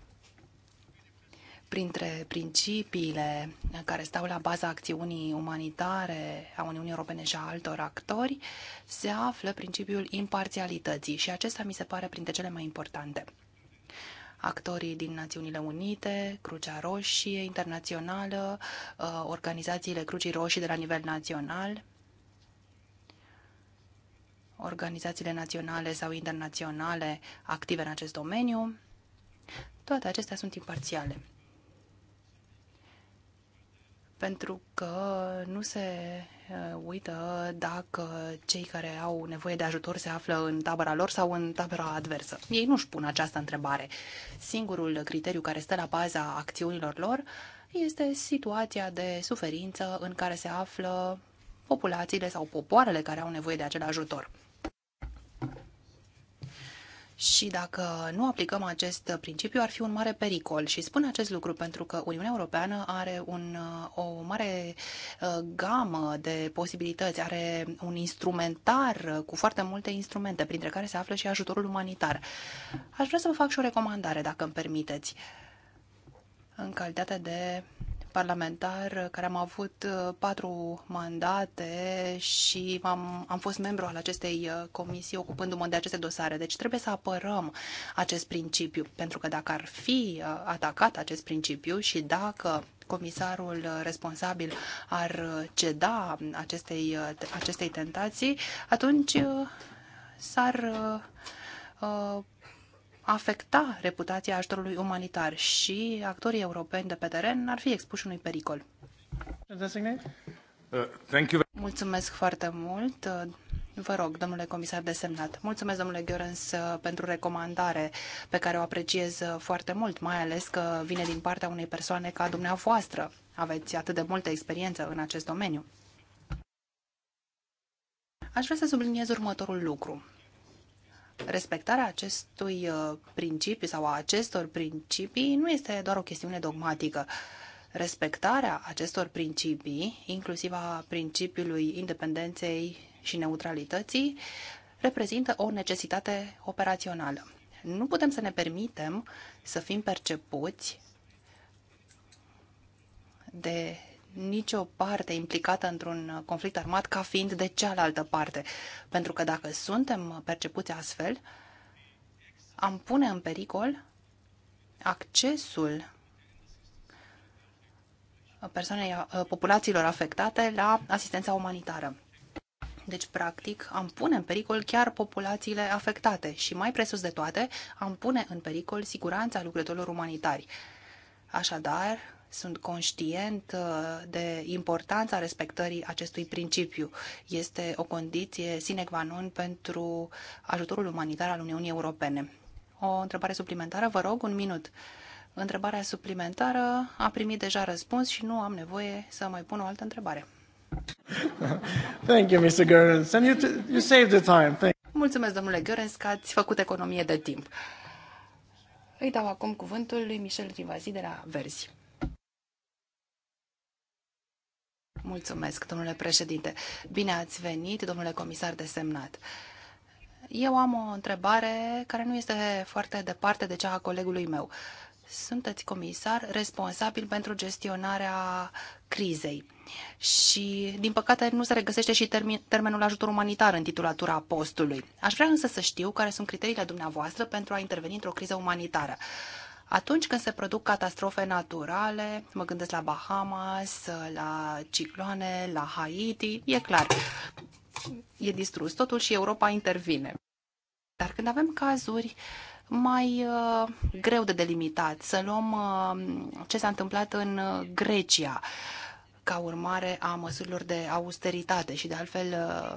S3: printre principiile care stau la baza acțiunii umanitare a Uniunii Europene și a altor actori se află principiul imparțialității și acesta mi se pare printre cele mai importante actorii din Națiunile Unite, Crucea Roșie Internațională, uh, organizațiile Crucii Roșii de la nivel național, organizațiile naționale sau internaționale active în acest domeniu. Toate acestea sunt imparțiale. Pentru că nu se Eh, uită dacă cei care au nevoie de ajutor se află în tabăra lor sau în tabăra adversă. Ei nu-și pun această întrebare. Singurul criteriu care stă la baza acțiunilor lor este situația de suferință în care se află populațiile sau popoarele care au nevoie de acel ajutor. Și dacă nu aplicăm acest principiu, ar fi un mare pericol. Și spun acest lucru pentru că Uniunea Europeană are un, o mare ă, gamă de posibilități, are un instrumentar cu foarte multe instrumente, printre care se află și ajutorul umanitar. Aș vrea să vă fac și o recomandare, dacă îmi permiteți, în calitate de parlamentar uh, care am avut uh, patru mandate și am, am fost membru al acestei uh, comisii ocupându-mă de aceste dosare. Deci trebuie să apărăm acest principiu, pentru că dacă ar fi atacat acest principiu și dacă comisarul responsabil ar ceda acestei, acestei tentații, atunci s-ar uh, afecta reputația ajutorului umanitar și actorii europeni de pe teren ar fi expuși unui pericol. Uh, Mulțumesc foarte mult. Uh, vă rog, domnule comisar desemnat. Mulțumesc, domnule Gheorens, uh, pentru recomandare pe care o apreciez foarte mult, mai ales că vine din partea unei persoane ca dumneavoastră. Aveți atât de multă experiență în acest domeniu. Aș vrea să subliniez următorul lucru respectarea acestui uh, principiu sau a acestor principii nu este doar o chestiune dogmatică. Respectarea acestor principii, inclusiv a principiului independenței și neutralității, reprezintă o necesitate operațională. Nu putem să ne permitem să fim percepuți de nicio parte implicată într-un conflict armat ca fiind de cealaltă parte. Pentru că dacă suntem percepuți astfel, am pune în pericol accesul persoanei, uh, populațiilor afectate la asistența umanitară. Deci, practic, am pune în pericol chiar populațiile afectate și, mai presus de toate, am pune în pericol siguranța lucrătorilor umanitari. Așadar, sunt conștient uh, de importanța respectării acestui principiu. Este o condiție sine qua non pentru ajutorul umanitar al Uniunii Europene. O întrebare suplimentară, vă rog, un minut. Întrebarea suplimentară a primit deja răspuns și nu am nevoie să mai pun o altă întrebare. Thank you, Mr. Gerens. And you, you saved the time. Thank Mulțumesc, domnule Gerens, că ați făcut economie de timp. Îi dau acum cuvântul lui Michel Rivazi de la Verzi. Mulțumesc, domnule președinte. Bine ați venit, domnule comisar desemnat. Eu am o întrebare care nu este foarte departe de cea a colegului meu. Sunteți comisar responsabil pentru gestionarea crizei și, din păcate, nu se regăsește și termenul ajutor umanitar în titulatura postului. Aș vrea însă să știu care sunt criteriile dumneavoastră pentru a interveni într-o criză umanitară. Atunci când se produc catastrofe naturale, mă gândesc la Bahamas, la cicloane, la Haiti, e clar, e distrus totul și Europa intervine. Dar când avem cazuri mai uh, greu de delimitat, să luăm uh, ce s-a întâmplat în uh, Grecia, ca urmare a măsurilor de austeritate și de altfel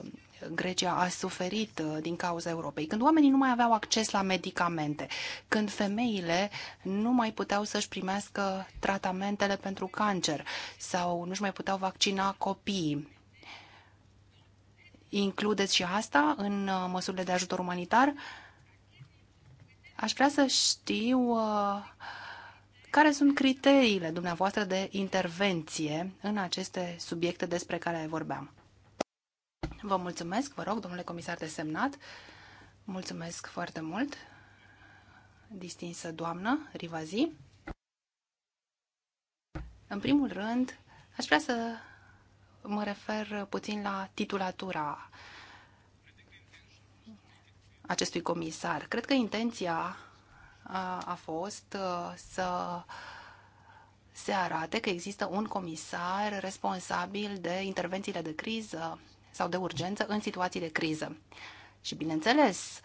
S3: uh, Grecia a suferit uh, din cauza Europei, când oamenii nu mai aveau acces la medicamente, când femeile nu mai puteau să-și primească tratamentele pentru cancer sau nu-și mai puteau vaccina copiii. Includeți și asta în uh, măsurile de ajutor umanitar? Aș vrea să știu uh, care sunt criteriile dumneavoastră de intervenție în aceste subiecte despre care vorbeam. Vă mulțumesc, vă rog, domnule comisar de semnat. Mulțumesc foarte mult, distinsă doamnă Rivazi. În primul rând, aș vrea să mă refer puțin la titulatura acestui comisar. Cred că intenția a fost uh, să se arate că există un comisar responsabil de intervențiile de criză sau de urgență în situații de criză. Și, bineînțeles,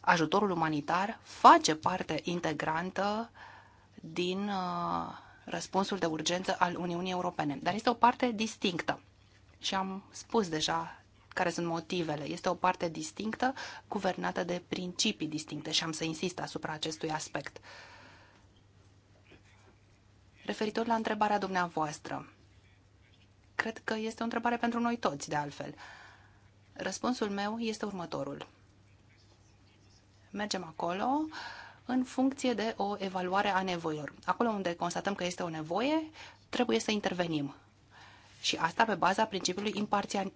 S3: ajutorul umanitar face parte integrantă din uh, răspunsul de urgență al Uniunii Europene, dar este o parte distinctă. Și am spus deja care sunt motivele. Este o parte distinctă, guvernată de principii distincte și am să insist asupra acestui aspect. Referitor la întrebarea dumneavoastră, Cred că este o întrebare pentru noi toți, de altfel. Răspunsul meu este următorul. Mergem acolo în funcție de o evaluare a nevoilor. Acolo unde constatăm că este o nevoie, trebuie să intervenim și asta pe baza principiului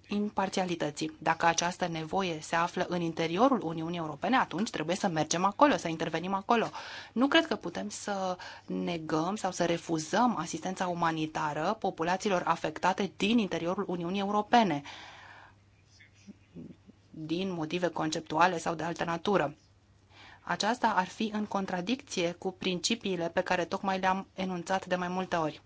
S3: imparțialității. Dacă această nevoie se află în interiorul Uniunii Europene, atunci trebuie să mergem acolo, să intervenim acolo. Nu cred că putem să negăm sau să refuzăm asistența umanitară populațiilor afectate din interiorul Uniunii Europene din motive conceptuale sau de altă natură. Aceasta ar fi în contradicție cu principiile pe care tocmai le-am enunțat de mai multe ori.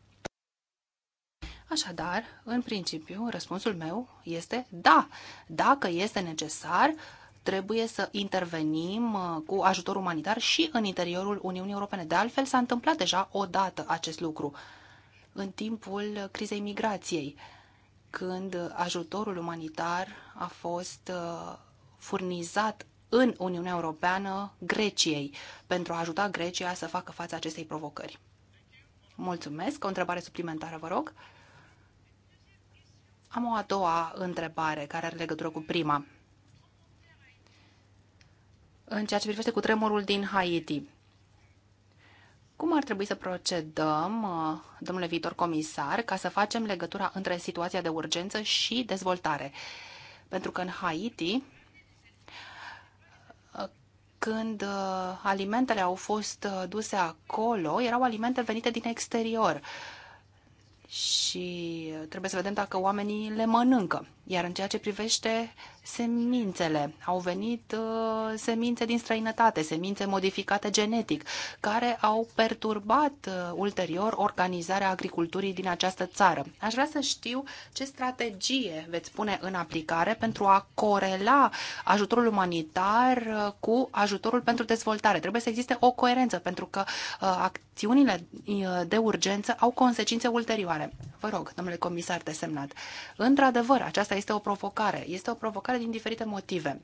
S3: Așadar, în principiu, răspunsul meu este da. Dacă este necesar, trebuie să intervenim uh, cu ajutor umanitar și în interiorul Uniunii Europene. De altfel, s-a întâmplat deja odată acest lucru în timpul crizei migrației, când ajutorul umanitar a fost uh, furnizat în Uniunea Europeană Greciei pentru a ajuta Grecia să facă față acestei provocări. Mulțumesc. O întrebare suplimentară, vă rog. Am o a doua întrebare care are legătură cu prima. În ceea ce privește cu tremurul din Haiti, cum ar trebui să procedăm, uh, domnule viitor comisar, ca să facem legătura între situația de urgență și dezvoltare? Pentru că în Haiti, uh, când uh, alimentele au fost duse acolo, erau alimente venite din exterior și uh, trebuie să vedem dacă oamenii le mănâncă. Iar în ceea ce privește semințele. Au venit uh, semințe din străinătate, semințe modificate genetic, care au perturbat uh, ulterior organizarea agriculturii din această țară. Aș vrea să știu ce strategie veți pune în aplicare pentru a corela ajutorul umanitar uh, cu ajutorul pentru dezvoltare. Trebuie să existe o coerență, pentru că uh, acțiunile uh, de urgență au consecințe ulterioare. Vă rog, domnule comisar desemnat. Într-adevăr, aceasta este o provocare. Este o provocare blocare din diferite motive.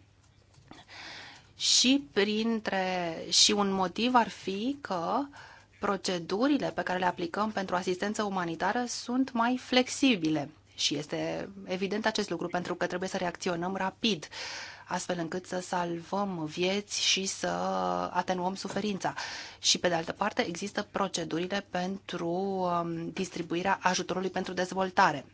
S3: Și, printre, și un motiv ar fi că procedurile pe care le aplicăm pentru asistență umanitară sunt mai flexibile. Și este evident acest lucru pentru că trebuie să reacționăm rapid astfel încât să salvăm vieți și să atenuăm suferința. Și pe de altă parte există procedurile pentru um, distribuirea ajutorului pentru dezvoltare.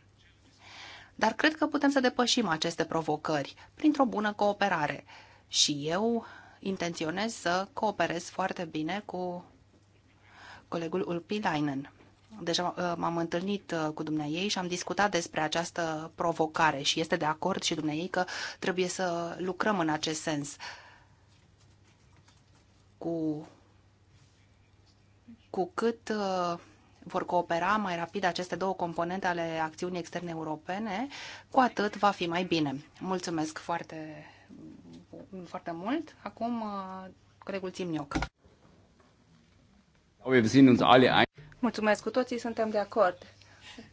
S3: Dar cred că putem să depășim aceste provocări printr-o bună cooperare. Și eu intenționez să cooperez foarte bine cu colegul Ulpilainen. Deja uh, m-am întâlnit uh, cu ei și am discutat despre această provocare și este de acord și ei că trebuie să lucrăm în acest sens cu, cu cât uh, vor coopera mai rapid aceste două componente ale acțiunii externe europene, cu atât va fi mai bine. Mulțumesc foarte, foarte mult. Acum, uh, colegul Timnioc.
S1: Mulțumesc cu toții, suntem de acord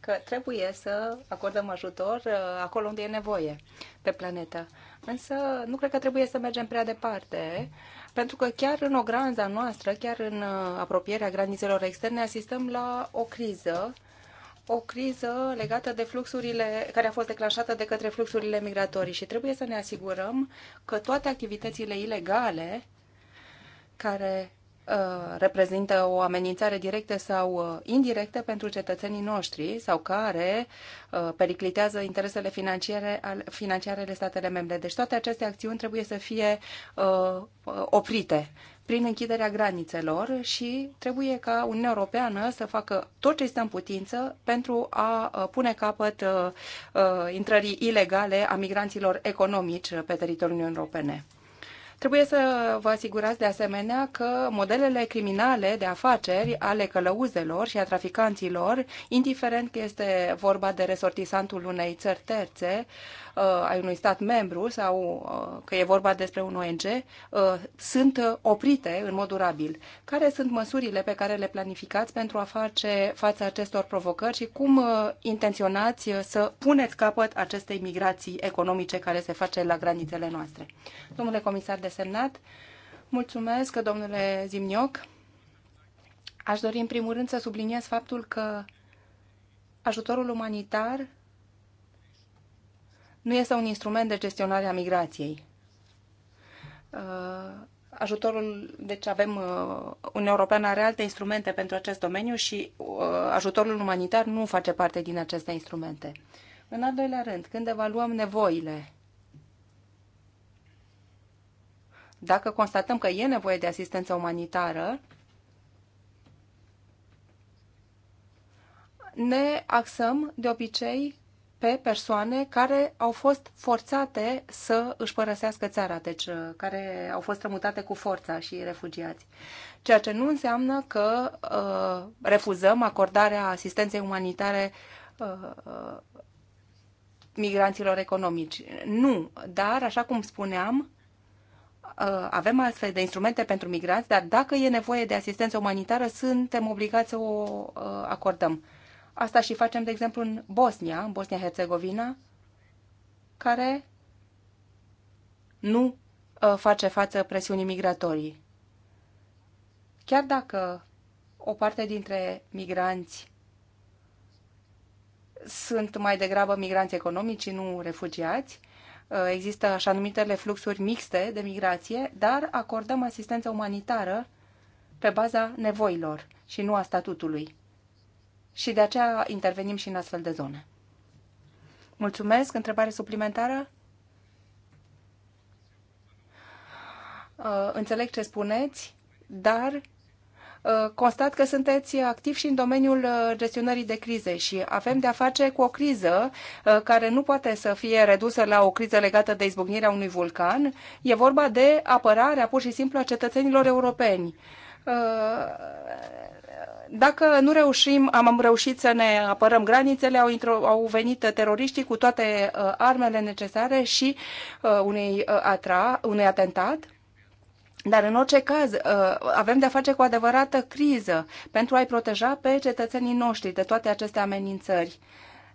S1: că trebuie să acordăm ajutor uh, acolo unde e nevoie pe planetă. Însă nu cred că trebuie să mergem prea departe pentru că chiar în ogranza noastră, chiar în uh, apropierea granițelor externe, asistăm la o criză o criză legată de fluxurile care a fost declanșată de către fluxurile migratorii și trebuie să ne asigurăm că toate activitățile ilegale care Uh, reprezintă o amenințare directă sau uh, indirectă pentru cetățenii noștri sau care uh, periclitează interesele financiare, financiare ale statele membre. Deci toate aceste acțiuni trebuie să fie oprite prin închiderea granițelor și trebuie ca Uniunea Europeană să facă tot ce este în putință pentru a pune capăt intrării ilegale a migranților economici pe teritoriul Uniunii Europene. Trebuie să vă asigurați de asemenea că modelele criminale de afaceri ale călăuzelor și a traficanților, indiferent că este vorba de resortisantul unei țări terțe, uh, ai unui stat membru sau uh, că e vorba despre un ONG, uh, sunt oprite în mod durabil. Care sunt măsurile pe care le planificați pentru a face față acestor provocări și cum intenționați să puneți capăt acestei migrații economice care se face la granițele noastre? Domnule comisar de desemnat. Mulțumesc, domnule Zimnioc. Aș dori în primul rând să subliniez faptul că ajutorul umanitar nu este un instrument de gestionare a migrației. Uh, ajutorul, deci avem, uh, Uniunea Europeană are alte instrumente pentru acest domeniu și uh, ajutorul umanitar nu face parte din aceste instrumente. În al doilea rând, când evaluăm nevoile Dacă constatăm că e nevoie de asistență umanitară, ne axăm de obicei pe persoane care au fost forțate să își părăsească țara, deci uh, care au fost rămutate cu forța și refugiați. Ceea ce nu înseamnă că uh, refuzăm acordarea asistenței umanitare uh, uh migranților economici. Nu, dar, așa cum spuneam, Uh, avem astfel de instrumente pentru migrați, dar dacă e nevoie de asistență umanitară, suntem obligați să o uh, acordăm. Asta și facem, de exemplu, în Bosnia, în Bosnia-Herzegovina, care nu uh, face față presiunii migratorii. Chiar dacă o parte dintre migranți sunt mai degrabă migranți economici, nu refugiați, Uh, există așa numitele fluxuri mixte de migrație, dar acordăm asistență umanitară pe baza nevoilor și nu a statutului. Și de aceea intervenim și în astfel de zone. Mulțumesc. Întrebare suplimentară? Uh, înțeleg ce spuneți, dar Uh, constat că sunteți activ și în domeniul uh, gestionării de crize și avem de-a face cu o criză uh, care nu poate să fie redusă la o criză legată de izbucnirea unui vulcan. E vorba de apărarea pur și simplu a cetățenilor europeni dacă nu reușim, am, am reușit să ne apărăm granițele, au, intro, au venit teroriștii cu toate uh, armele necesare și uh, unei, uh, atra, unei atentat. Dar în orice caz uh, avem de-a face cu o adevărată criză pentru a-i proteja pe cetățenii noștri de toate aceste amenințări.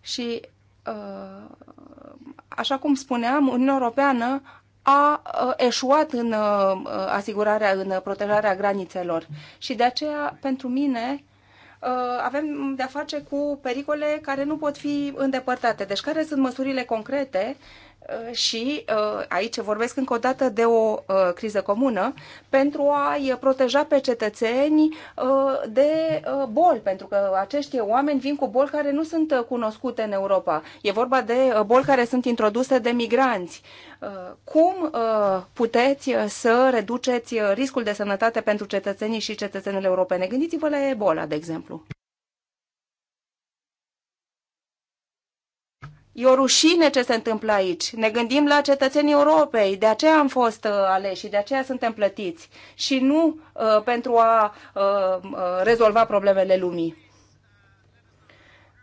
S1: Și uh, așa cum spuneam, Uniunea Europeană a uh, eșuat în asigurarea, în protejarea granițelor. Și de aceea, pentru mine, avem de-a face cu pericole care nu pot fi îndepărtate. Deci, care sunt măsurile concrete uh, Uh, și uh, aici vorbesc încă o dată de o uh, criză comună pentru a-i proteja pe cetățeni de boli, pentru că acești oameni vin cu boli care nu sunt cunoscute în Europa. E vorba de boli care sunt introduse de migranți. Cum puteți să reduceți riscul de sănătate pentru cetățenii și cetățenile europene? Gândiți-vă la Ebola, de exemplu. E o rușine ce se întâmplă aici. Ne gândim la cetățenii Europei, de aceea am fost uh, aleși, de aceea suntem plătiți și nu uh, pentru a uh, uh rezolva problemele lumii.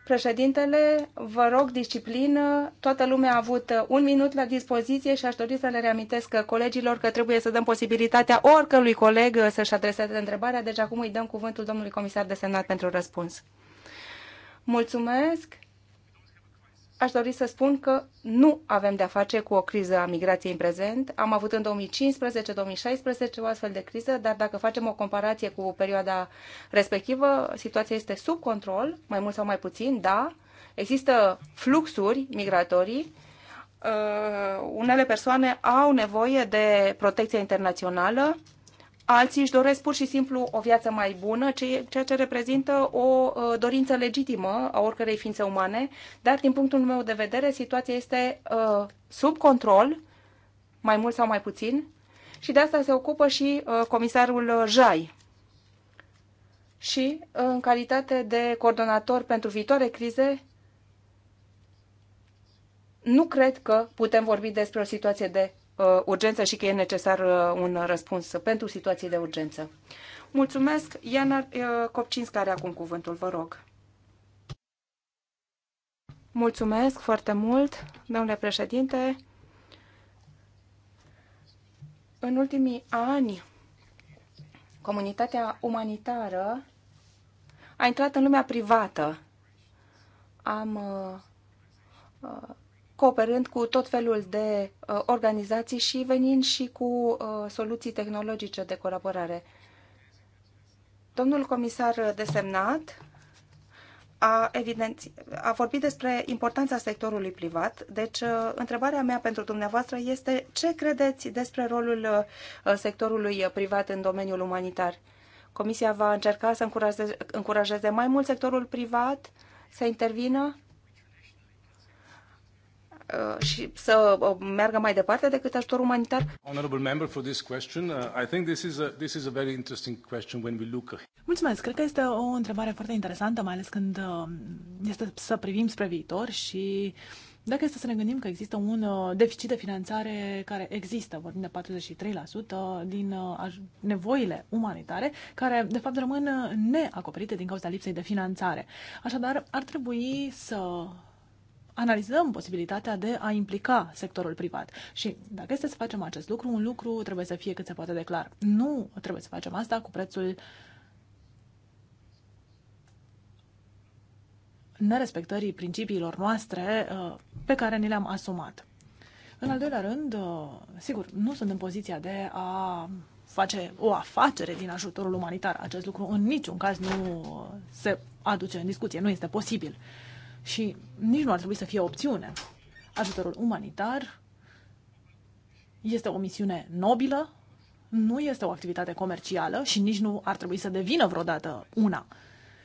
S1: Președintele, vă rog disciplină. Toată lumea a avut uh, un minut la dispoziție și aș dori să le reamintesc uh, colegilor că trebuie să dăm posibilitatea oricărui coleg să-și adreseze întrebarea. Deci acum îi dăm cuvântul domnului comisar desemnat pentru răspuns. Mulțumesc aș dori să spun că nu avem de-a face cu o criză a migrației în prezent. Am avut în 2015-2016 o astfel de criză, dar dacă facem o comparație cu perioada respectivă, situația este sub control, mai mult sau mai puțin, da. Există fluxuri migratorii. Uh, unele persoane au nevoie de protecție internațională, Alții își doresc pur și simplu o viață mai bună, ceea ce reprezintă o uh, dorință legitimă a oricărei ființe umane, dar din punctul meu de vedere situația este uh, sub control, mai mult sau mai puțin, și de asta se ocupă și uh, comisarul Jai. Și în calitate de coordonator pentru viitoare crize, nu cred că putem vorbi despre o situație de Uh, urgență și că e necesar uh, un răspuns pentru situații de urgență. Mulțumesc. Iana uh, Copcins, care acum cuvântul, vă rog. Mulțumesc foarte mult, domnule președinte. În ultimii ani, comunitatea umanitară a intrat în lumea privată. Am uh, cooperând cu tot felul de uh, organizații și venind și cu uh, soluții tehnologice de colaborare. Domnul comisar desemnat a, a vorbit despre importanța sectorului privat, deci uh, întrebarea mea pentru dumneavoastră este ce credeți despre rolul sectorului privat în domeniul umanitar? Comisia va încerca să încurajeze, încurajeze mai mult sectorul privat să intervină Uh, și să uh, meargă mai departe decât ajutor umanitar? member for this question. Uh, I think this is a, very interesting question when we look
S2: Mulțumesc. Cred că este o întrebare foarte interesantă, mai ales când este să privim spre viitor și dacă este să ne gândim că există un deficit de finanțare care există, vorbim de 43% din nevoile umanitare, care de fapt rămân neacoperite din cauza lipsei de finanțare. Așadar, ar trebui să analizăm posibilitatea de a implica sectorul privat. Și dacă este să facem acest lucru, un lucru trebuie să fie cât se poate de clar. Nu trebuie să facem asta cu prețul nerespectării principiilor noastre uh, pe care ni le-am asumat. În al doilea rând, uh, sigur, nu sunt în poziția de a face o afacere din ajutorul umanitar. Acest lucru în niciun caz nu uh, se aduce în discuție, nu este posibil. Uh, și nici nu ar trebui să fie o opțiune. Ajutorul umanitar este o misiune nobilă, nu este o activitate comercială și nici nu ar trebui să devină vreodată una.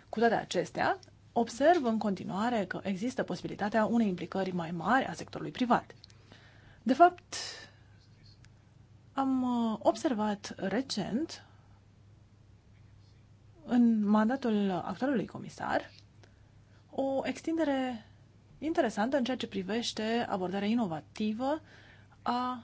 S2: Cu toate acestea, observ în continuare că există posibilitatea unei implicări mai mari a sectorului privat. De fapt, am uh, observat recent, în mandatul actualului comisar, o extindere interesantă în ceea ce privește abordarea inovativă a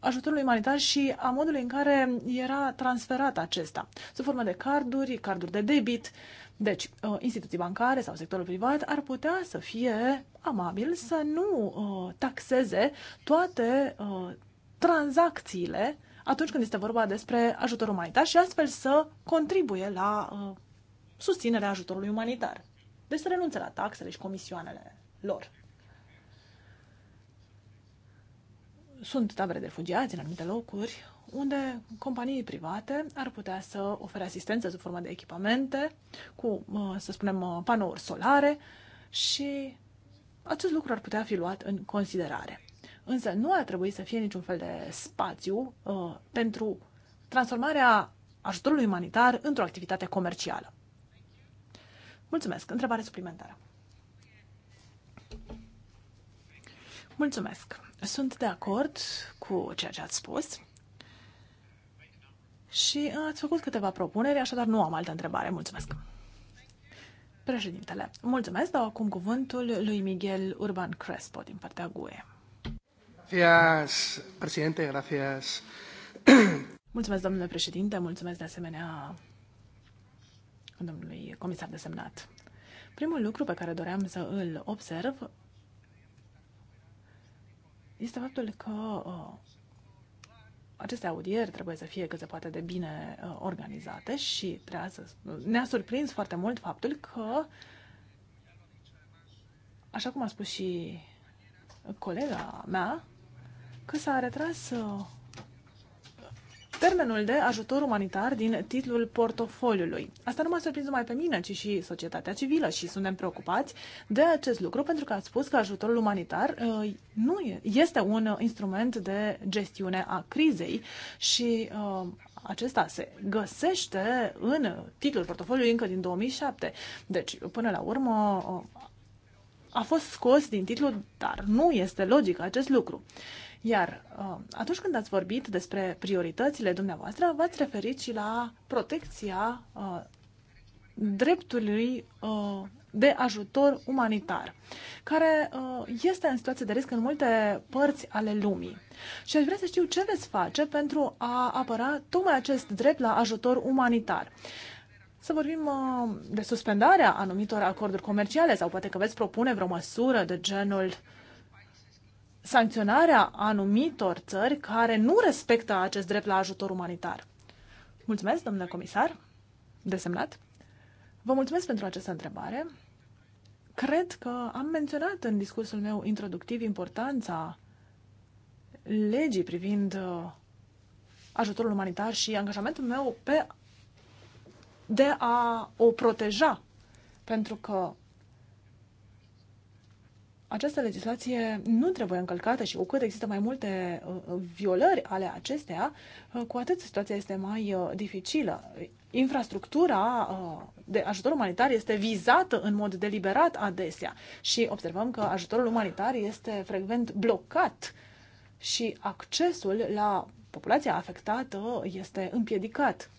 S2: ajutorului umanitar și a modului în care era transferat acesta, sub formă de carduri, carduri de debit. Deci, uh, instituții bancare sau sectorul privat ar putea să fie amabil să nu uh, taxeze toate uh, tranzacțiile atunci când este vorba despre ajutor umanitar și astfel să contribuie la susținerea ajutorului umanitar. Deci să renunțe la taxele și comisioanele lor. Sunt tabere de refugiați în anumite locuri unde companii private ar putea să ofere asistență sub formă de echipamente, cu, să spunem, panouri solare și acest lucru ar putea fi luat în considerare. Însă nu ar trebui să fie niciun fel de spațiu uh, pentru transformarea ajutorului umanitar într-o activitate comercială. Mulțumesc. Întrebare suplimentară. Mulțumesc. Sunt de acord cu ceea ce ați spus. Și ați făcut câteva propuneri, așadar nu am altă întrebare. Mulțumesc. Președintele, mulțumesc, dau acum cuvântul lui Miguel Urban Crespo din partea GUE.
S3: Gracias,
S1: președinte, gracias.
S2: Mulțumesc, domnule președinte, mulțumesc de asemenea domnului comisar desemnat. Primul lucru pe care doream să îl observ este faptul că uh, aceste audieri trebuie să fie cât se poate de bine uh, organizate și să, ne-a surprins foarte mult faptul că, așa cum a spus și colega mea, că s-a retras uh, termenul de ajutor umanitar din titlul portofoliului. Asta nu m-a surprins numai pe mine, ci și societatea civilă și suntem preocupați de acest lucru pentru că ați spus că ajutorul umanitar uh, nu este un instrument de gestiune a crizei și uh, acesta se găsește în titlul portofoliului încă din 2007. Deci, până la urmă, uh, a fost scos din titlu, dar nu este logic acest lucru. Iar uh, atunci când ați vorbit despre prioritățile dumneavoastră, v-ați referit și la protecția uh, dreptului uh, de ajutor umanitar, care este în situație de risc în multe părți ale lumii. Și aș vrea să știu ce veți face pentru a apăra tocmai acest drept la ajutor umanitar. Să vorbim de suspendarea anumitor acorduri comerciale sau poate că veți propune vreo măsură de genul uh, sancționarea anumitor țări care nu respectă acest drept la ajutor umanitar. Mulțumesc, domnule comisar, desemnat. Vă mulțumesc pentru această întrebare. Cred că am menționat în discursul meu introductiv importanța legii privind uh, ajutorul umanitar și angajamentul meu pe de a o proteja. Pentru că această legislație nu trebuie încălcată și cu cât există mai multe uh, violări ale acesteia, uh, cu atât situația este mai uh, dificilă. Infrastructura de ajutor umanitar este vizată în mod deliberat adesea și observăm că ajutorul umanitar este frecvent blocat și accesul la populația afectată este împiedicat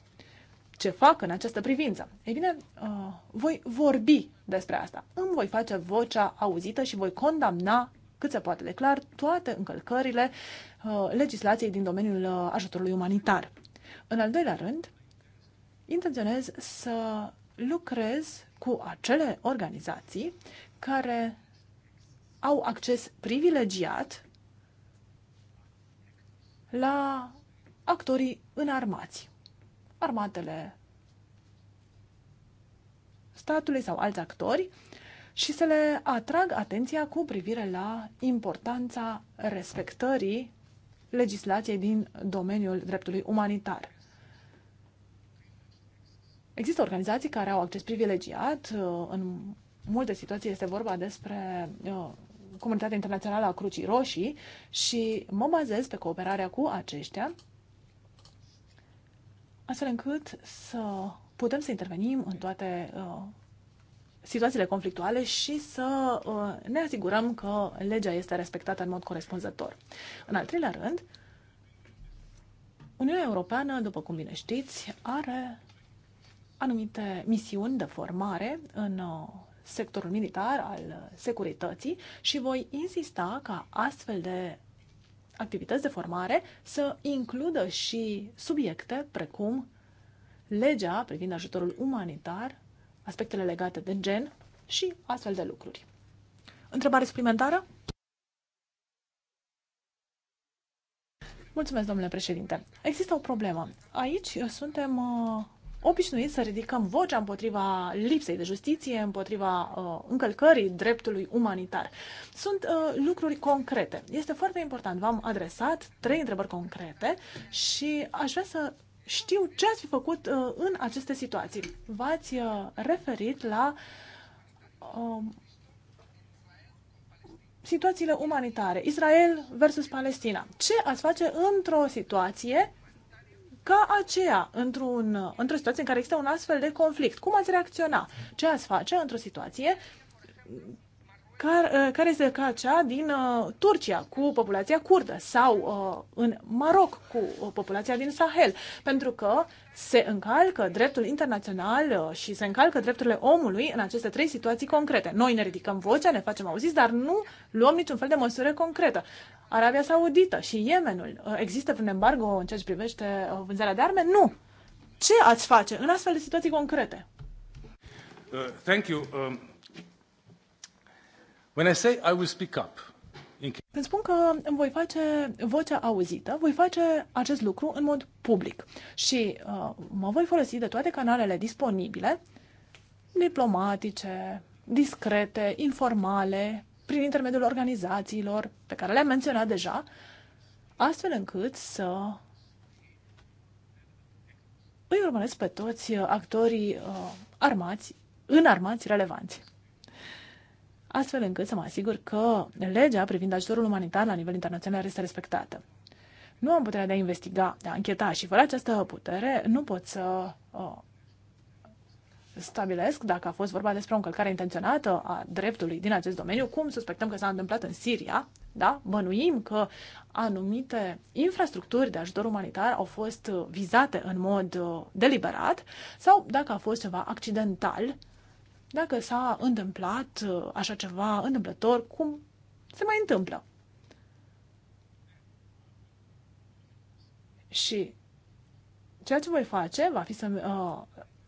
S2: ce fac în această privință. Ei bine, uh, voi vorbi despre asta. Îmi voi face vocea auzită și voi condamna cât se poate de clar toate încălcările uh, legislației din domeniul uh, ajutorului umanitar. În al doilea rând, intenționez să lucrez cu acele organizații care au acces privilegiat la actorii înarmați armatele statului sau alți actori și să le atrag atenția cu privire la importanța respectării legislației din domeniul dreptului umanitar. Există organizații care au acces privilegiat. Uh, în multe situații este vorba despre uh, comunitatea internațională a Crucii Roșii și mă bazez pe cooperarea cu aceștia astfel încât să putem să intervenim în toate uh, situațiile conflictuale și să uh, ne asigurăm că legea este respectată în mod corespunzător. În al treilea rând, Uniunea Europeană, după cum bine știți, are anumite misiuni de formare în uh, sectorul militar al securității și voi insista ca astfel de activități de formare să includă și subiecte precum legea privind ajutorul umanitar, aspectele legate de gen și astfel de lucruri. Întrebare suplimentară? Mulțumesc, domnule președinte. Există o problemă. Aici suntem uh, obișnuit să ridicăm vocea împotriva lipsei de justiție, împotriva uh, încălcării dreptului umanitar. Sunt uh, lucruri concrete. Este foarte important. V-am adresat trei întrebări concrete și aș vrea să știu ce ați fi făcut uh, în aceste situații. V-ați uh, referit la uh, situațiile umanitare, Israel versus Palestina. Ce ați face într-o situație ca aceea într-un, într-o situație în care există un astfel de conflict? Cum ați reacționa? Ce ați face într-o situație care, eh, care este ca cea din uh, Turcia cu populația curdă sau uh, în Maroc cu populația din Sahel, pentru că se încalcă dreptul internațional și se încalcă drepturile omului în aceste trei situații concrete. Noi ne ridicăm vocea, ne facem auziți, dar nu luăm niciun fel de măsură concretă. Arabia Saudită și Yemenul. Uh, există vreun embargo în ceea ce privește uh, vânzarea de arme? Nu! Ce ați face în astfel de situații concrete? Uh, thank you. Um, when I say I will speak up, când spun că îmi voi face vocea auzită, voi face acest lucru în mod public și uh, mă voi folosi de toate canalele disponibile, diplomatice, discrete, informale, prin intermediul organizațiilor pe care le-am menționat deja, astfel încât să îi urmăresc pe toți uh, actorii uh, armați, înarmați, relevanți. Astfel încât să mă asigur că legea privind ajutorul umanitar la nivel internațional este respectată. Nu am puterea de a investiga, de a încheta și fără această putere nu pot să uh, stabilesc dacă a fost vorba despre o încălcare intenționată a dreptului din acest domeniu, cum suspectăm că s-a întâmplat în Siria, da? Bănuim că anumite infrastructuri de ajutor umanitar au fost uh, vizate în mod uh, deliberat sau dacă a fost ceva accidental, dacă s-a întâmplat uh, așa ceva întâmplător, cum se mai întâmplă. Și ceea ce voi face va fi să uh,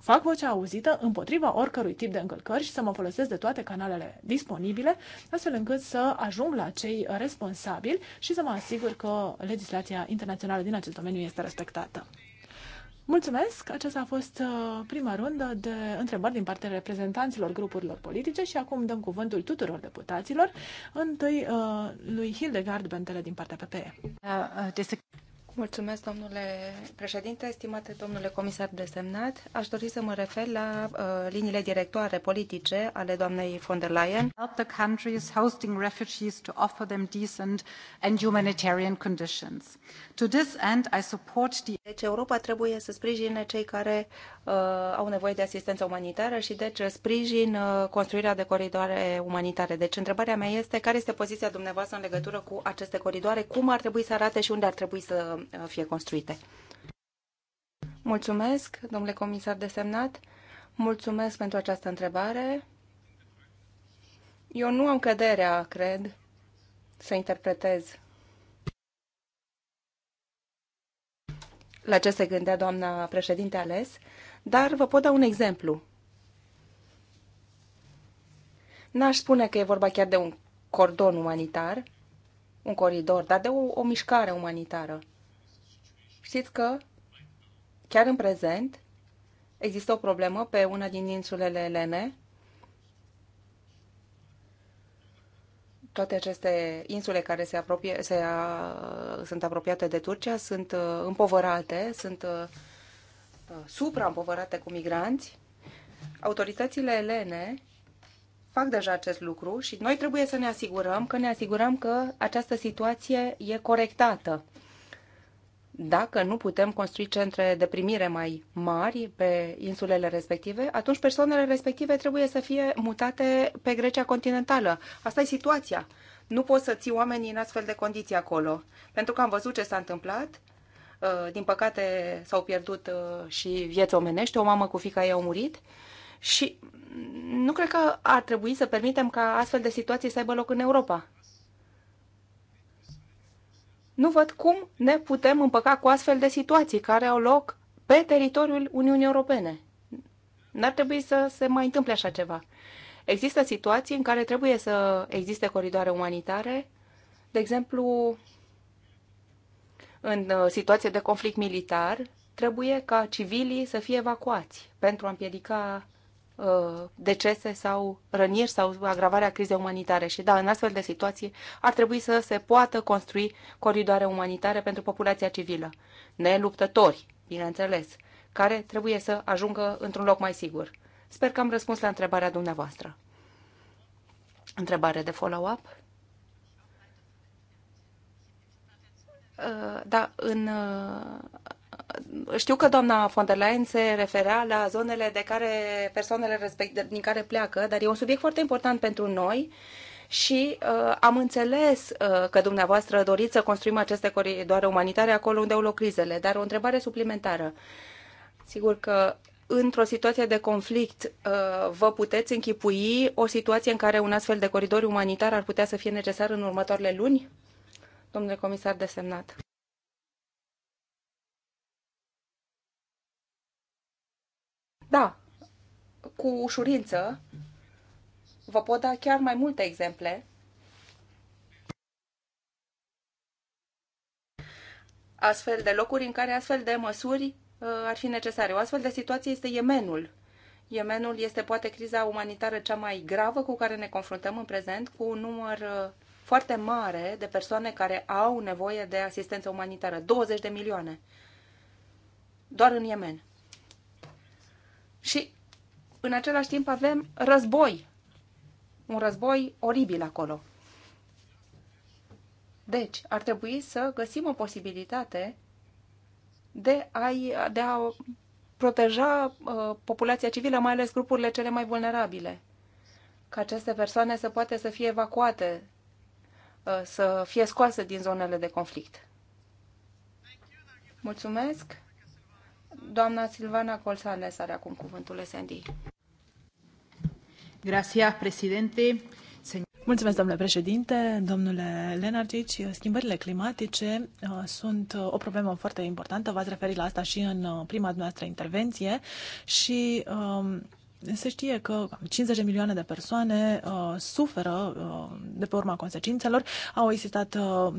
S2: fac vocea auzită împotriva oricărui tip de încălcări și să mă folosesc de toate canalele disponibile, astfel încât să ajung la cei responsabili și să mă asigur că legislația internațională din acest domeniu este respectată. Mulțumesc! Aceasta a fost uh, prima rundă de întrebări din partea reprezentanților grupurilor politice și acum dăm cuvântul tuturor deputaților, întâi uh, lui Hildegard Bentele din partea PPE. Da, uh,
S1: Mulțumesc, domnule președinte, stimate domnule comisar desemnat. Aș dori să mă refer la uh, liniile directoare politice ale doamnei von der Leyen. Help the countries hosting refugees to offer them decent and humanitarian conditions. To this end, I support the... Deci Europa trebuie să sprijine cei care uh, au nevoie de asistență umanitară și deci sprijin uh, construirea de coridoare umanitare. Deci întrebarea mea este care este poziția dumneavoastră în legătură cu aceste coridoare, cum ar trebui să arate și unde ar trebui să Uh, fie construite. Mulțumesc, domnule comisar desemnat. Mulțumesc pentru această întrebare. Eu nu am căderea, cred, să interpretez la ce se gândea doamna președinte ales, dar vă pot da un exemplu. N-aș spune că e vorba chiar de un cordon umanitar, un coridor, dar de o, o mișcare umanitară. Știți că chiar în prezent există o problemă pe una din insulele Elene. Toate aceste insule care se apropie, se a, sunt apropiate de Turcia sunt uh, împovărate, sunt uh, uh supraîmpovărate cu migranți. Autoritățile elene fac deja acest lucru și noi trebuie să ne asigurăm că ne asigurăm că această situație e corectată dacă nu putem construi centre de primire mai mari pe insulele respective, atunci persoanele respective trebuie să fie mutate pe Grecia continentală. Asta e situația. Nu poți să ții oamenii în astfel de condiții acolo. Pentru că am văzut ce s-a întâmplat. Uh, din păcate s-au pierdut uh, și vieți omenești. O mamă cu fica ei au murit. Și nu cred că ar trebui să permitem ca astfel de situații să aibă loc în Europa nu văd cum ne putem împăca cu astfel de situații care au loc pe teritoriul Uniunii Europene. N-ar trebui să se mai întâmple așa ceva. Există situații în care trebuie să existe coridoare umanitare, de exemplu, în uh, situație de conflict militar, trebuie ca civilii să fie evacuați pentru a împiedica Uh, decese sau răniri sau agravarea crizei umanitare. Și da, în astfel de situații ar trebui să se poată construi coridoare umanitare pentru populația civilă, neluptători, bineînțeles, care trebuie să ajungă într-un loc mai sigur. Sper că am răspuns la întrebarea dumneavoastră. Întrebare de follow-up? Uh, da, în uh, știu că doamna von der Leyen se referea la zonele de care persoanele respect, din care pleacă, dar e un subiect foarte important pentru noi și uh, am înțeles uh, că dumneavoastră doriți să construim aceste coridoare umanitare acolo unde au loc crizele, dar o întrebare suplimentară. Sigur că într-o situație de conflict uh, vă puteți închipui o situație în care un astfel de coridor umanitar ar putea să fie necesar în următoarele luni? Domnule comisar desemnat. Da, cu ușurință vă pot da chiar mai multe exemple. Astfel de locuri în care astfel de măsuri uh, ar fi necesare. O astfel de situație este Yemenul. Yemenul este poate criza umanitară cea mai gravă cu care ne confruntăm în prezent, cu un număr uh, foarte mare de persoane care au nevoie de asistență umanitară. 20 de milioane. Doar în Yemen. Și în același timp avem război. Un război oribil acolo. Deci, ar trebui să găsim o posibilitate de a, de a proteja uh, populația civilă, mai ales grupurile cele mai vulnerabile. Ca aceste persoane să poată să fie evacuate, uh, să fie scoase din zonele de conflict. Mulțumesc! Doamna Silvana Colsales are acum cuvântul SND.
S2: Gracias, presidente. Mulțumesc, domnule președinte, domnule Lenargici. Schimbările climatice uh, sunt uh, o problemă foarte importantă. V-ați referit la asta și în uh, prima dumneavoastră intervenție și um, se știe că 50 de milioane de persoane uh, suferă uh, de pe urma consecințelor. Au existat uh,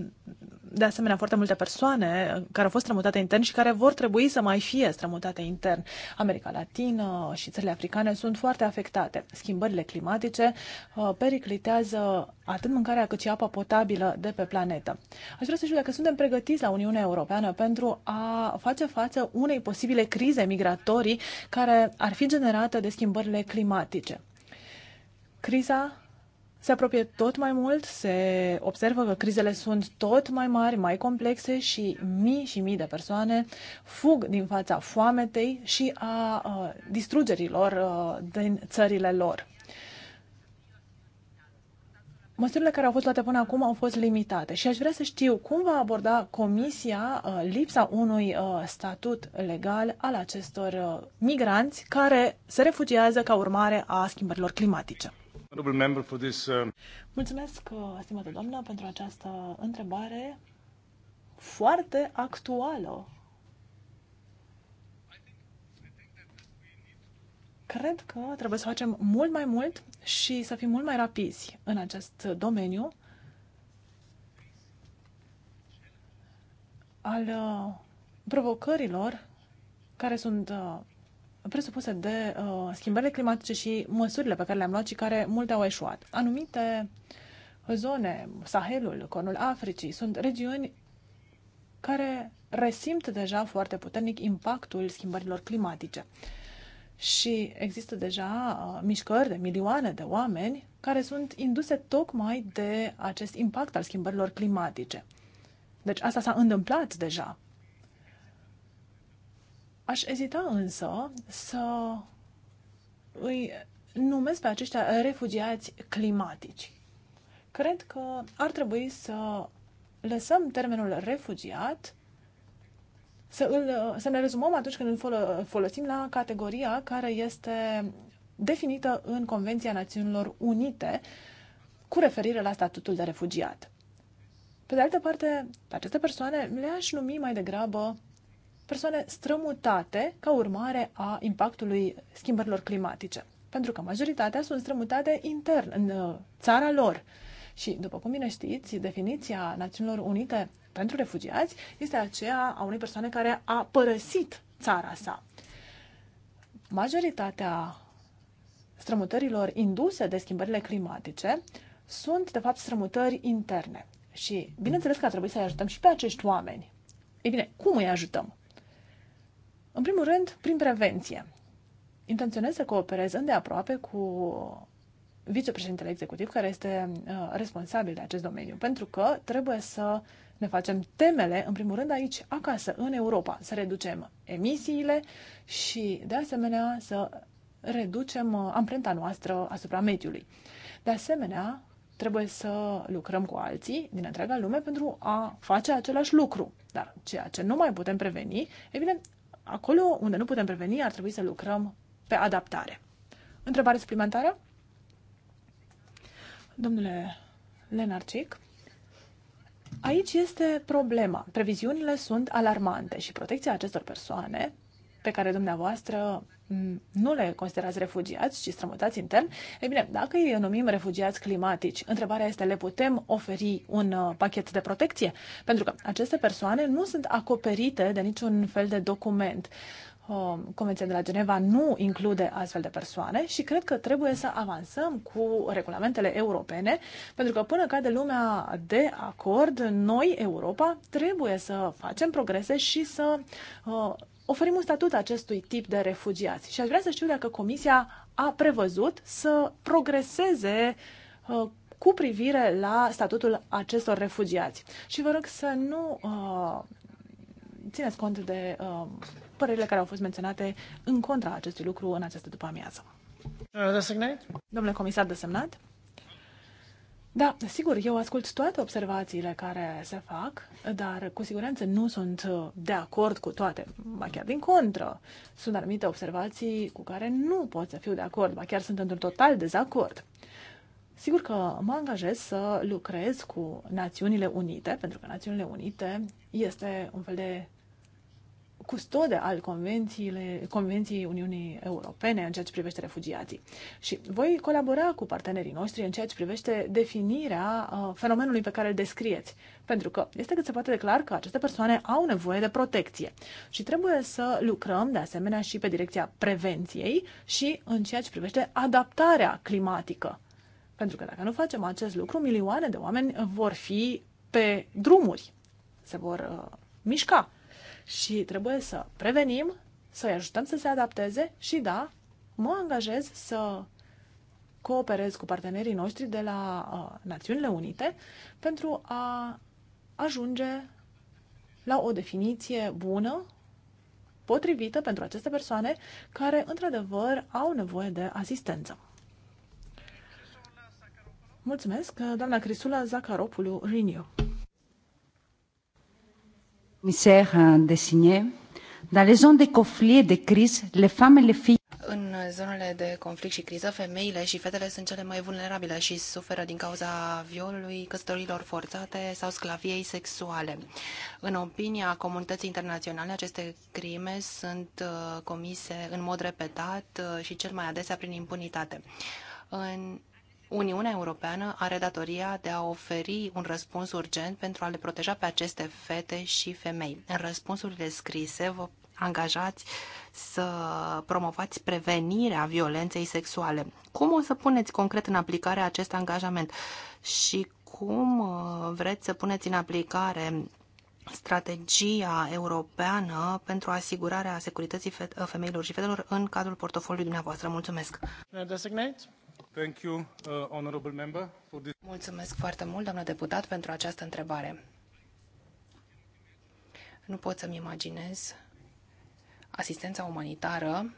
S2: de asemenea foarte multe persoane care au fost strămutate intern și care vor trebui să mai fie strămutate intern. America Latină și țările africane sunt foarte afectate. Schimbările climatice uh, periclitează atât mâncarea cât și apa potabilă de pe planetă. Aș vrea să știu dacă suntem pregătiți la Uniunea Europeană pentru a face față unei posibile crize migratorii care ar fi generată de schimbările climatice. Criza se apropie tot mai mult, se observă că crizele sunt tot mai mari, mai complexe și mii și mii de persoane fug din fața foametei și a uh, distrugerilor uh, din țările lor. Măsurile care au fost luate până acum au fost limitate și aș vrea să știu cum va aborda Comisia uh, lipsa unui uh, statut legal al acestor uh, migranți care se refugiază ca urmare a schimbărilor climatice. Mulțumesc, stimată doamnă, pentru această întrebare foarte actuală. Cred că trebuie să facem mult mai mult și să fim mult mai rapizi în acest domeniu al uh, provocărilor care sunt uh, presupuse de uh, schimbările climatice și măsurile pe care le-am luat și care multe au eșuat. Anumite zone, Sahelul, Cornul Africii, sunt regiuni care resimt deja foarte puternic impactul schimbărilor climatice și există deja uh, mișcări de milioane de oameni care sunt induse tocmai de acest impact al schimbărilor climatice. Deci asta s-a întâmplat deja. Aș ezita însă să îi numesc pe aceștia refugiați climatici. Cred că ar trebui să lăsăm termenul refugiat să, îl, să ne rezumăm atunci când îl folosim la categoria care este definită în Convenția Națiunilor Unite cu referire la statutul de refugiat. Pe de altă parte, pe aceste persoane le-aș numi mai degrabă persoane strămutate ca urmare a impactului schimbărilor climatice. Pentru că majoritatea sunt strămutate intern, în țara lor. Și, după cum bine știți, definiția Națiunilor Unite pentru refugiați este aceea a unei persoane care a părăsit țara sa. Majoritatea strămutărilor induse de schimbările climatice sunt, de fapt, strămutări interne. Și, bineînțeles că ar trebui să-i ajutăm și pe acești oameni. Ei bine, cum îi ajutăm? În primul rând, prin prevenție. Intenționez să cooperez îndeaproape cu vicepreședintele executiv care este uh, responsabil de acest domeniu, pentru că trebuie să ne facem temele, în primul rând, aici, acasă, în Europa, să reducem emisiile și, de asemenea, să reducem uh, amprenta noastră asupra mediului. De asemenea, trebuie să lucrăm cu alții din întreaga lume pentru a face același lucru. Dar ceea ce nu mai putem preveni, e bine, acolo unde nu putem preveni, ar trebui să lucrăm pe adaptare. Întrebare suplimentară? Domnule Lenarcic, Aici este problema. Previziunile sunt alarmante și protecția acestor persoane pe care dumneavoastră nu le considerați refugiați, ci strămutați intern, e bine, dacă îi numim refugiați climatici, întrebarea este, le putem oferi un uh, pachet de protecție? Pentru că aceste persoane nu sunt acoperite de niciun fel de document. Um, Convenția de la Geneva nu include astfel de persoane și cred că trebuie să avansăm cu regulamentele europene, pentru că până cade lumea de acord, noi, Europa, trebuie să facem progrese și să uh, oferim un statut acestui tip de refugiați. Și aș vrea să știu dacă Comisia a prevăzut să progreseze uh, cu privire la statutul acestor refugiați. Și vă rog să nu uh, țineți cont de uh, părerile care au fost menționate în contra acestui lucru în această după-amiază. Domnule comisar desemnat? Da, sigur, eu ascult toate observațiile care se fac, dar cu siguranță nu sunt de acord cu toate, ba chiar din contră. Sunt anumite observații cu care nu pot să fiu de acord, ba chiar sunt într-un total dezacord. Sigur că mă angajez să lucrez cu Națiunile Unite, pentru că Națiunile Unite este un fel de custode al Convenției Uniunii Europene în ceea ce privește refugiații. Și voi colabora cu partenerii noștri în ceea ce privește definirea uh, fenomenului pe care îl descrieți. Pentru că este cât se poate de clar că aceste persoane au nevoie de protecție și trebuie să lucrăm de asemenea și pe direcția prevenției și în ceea ce privește adaptarea climatică. Pentru că dacă nu facem acest lucru, milioane de oameni vor fi pe drumuri, se vor uh, mișca și trebuie să prevenim, să-i ajutăm să se adapteze și da, mă angajez să cooperez cu partenerii noștri de la uh, Națiunile Unite pentru a ajunge la o definiție bună, potrivită pentru aceste persoane care, într-adevăr, au nevoie de asistență. Mulțumesc, doamna Crisula Zacaropulu Renew
S3: commissaire désigné, dans les zones de conflit et de crise, les femmes et les filles în zonele de conflict și criză, femeile și fetele sunt cele mai vulnerabile și suferă din cauza violului, căsătorilor forțate sau sclaviei sexuale. În opinia comunității internaționale, aceste crime sunt uh, comise în mod repetat uh, și cel mai adesea prin impunitate. În Uniunea Europeană are datoria de a oferi un răspuns urgent pentru a le proteja pe aceste fete și femei. În răspunsurile scrise vă angajați să promovați prevenirea violenței sexuale. Cum o să puneți concret în aplicare acest angajament și cum uh, vreți să puneți în aplicare strategia europeană pentru asigurarea securității femeilor și fetelor în cadrul portofoliului dumneavoastră? Mulțumesc! Designate. Thank you, uh, honorable member, for this... Mulțumesc foarte mult, doamnă deputat, pentru această întrebare. Nu pot să-mi imaginez asistența umanitară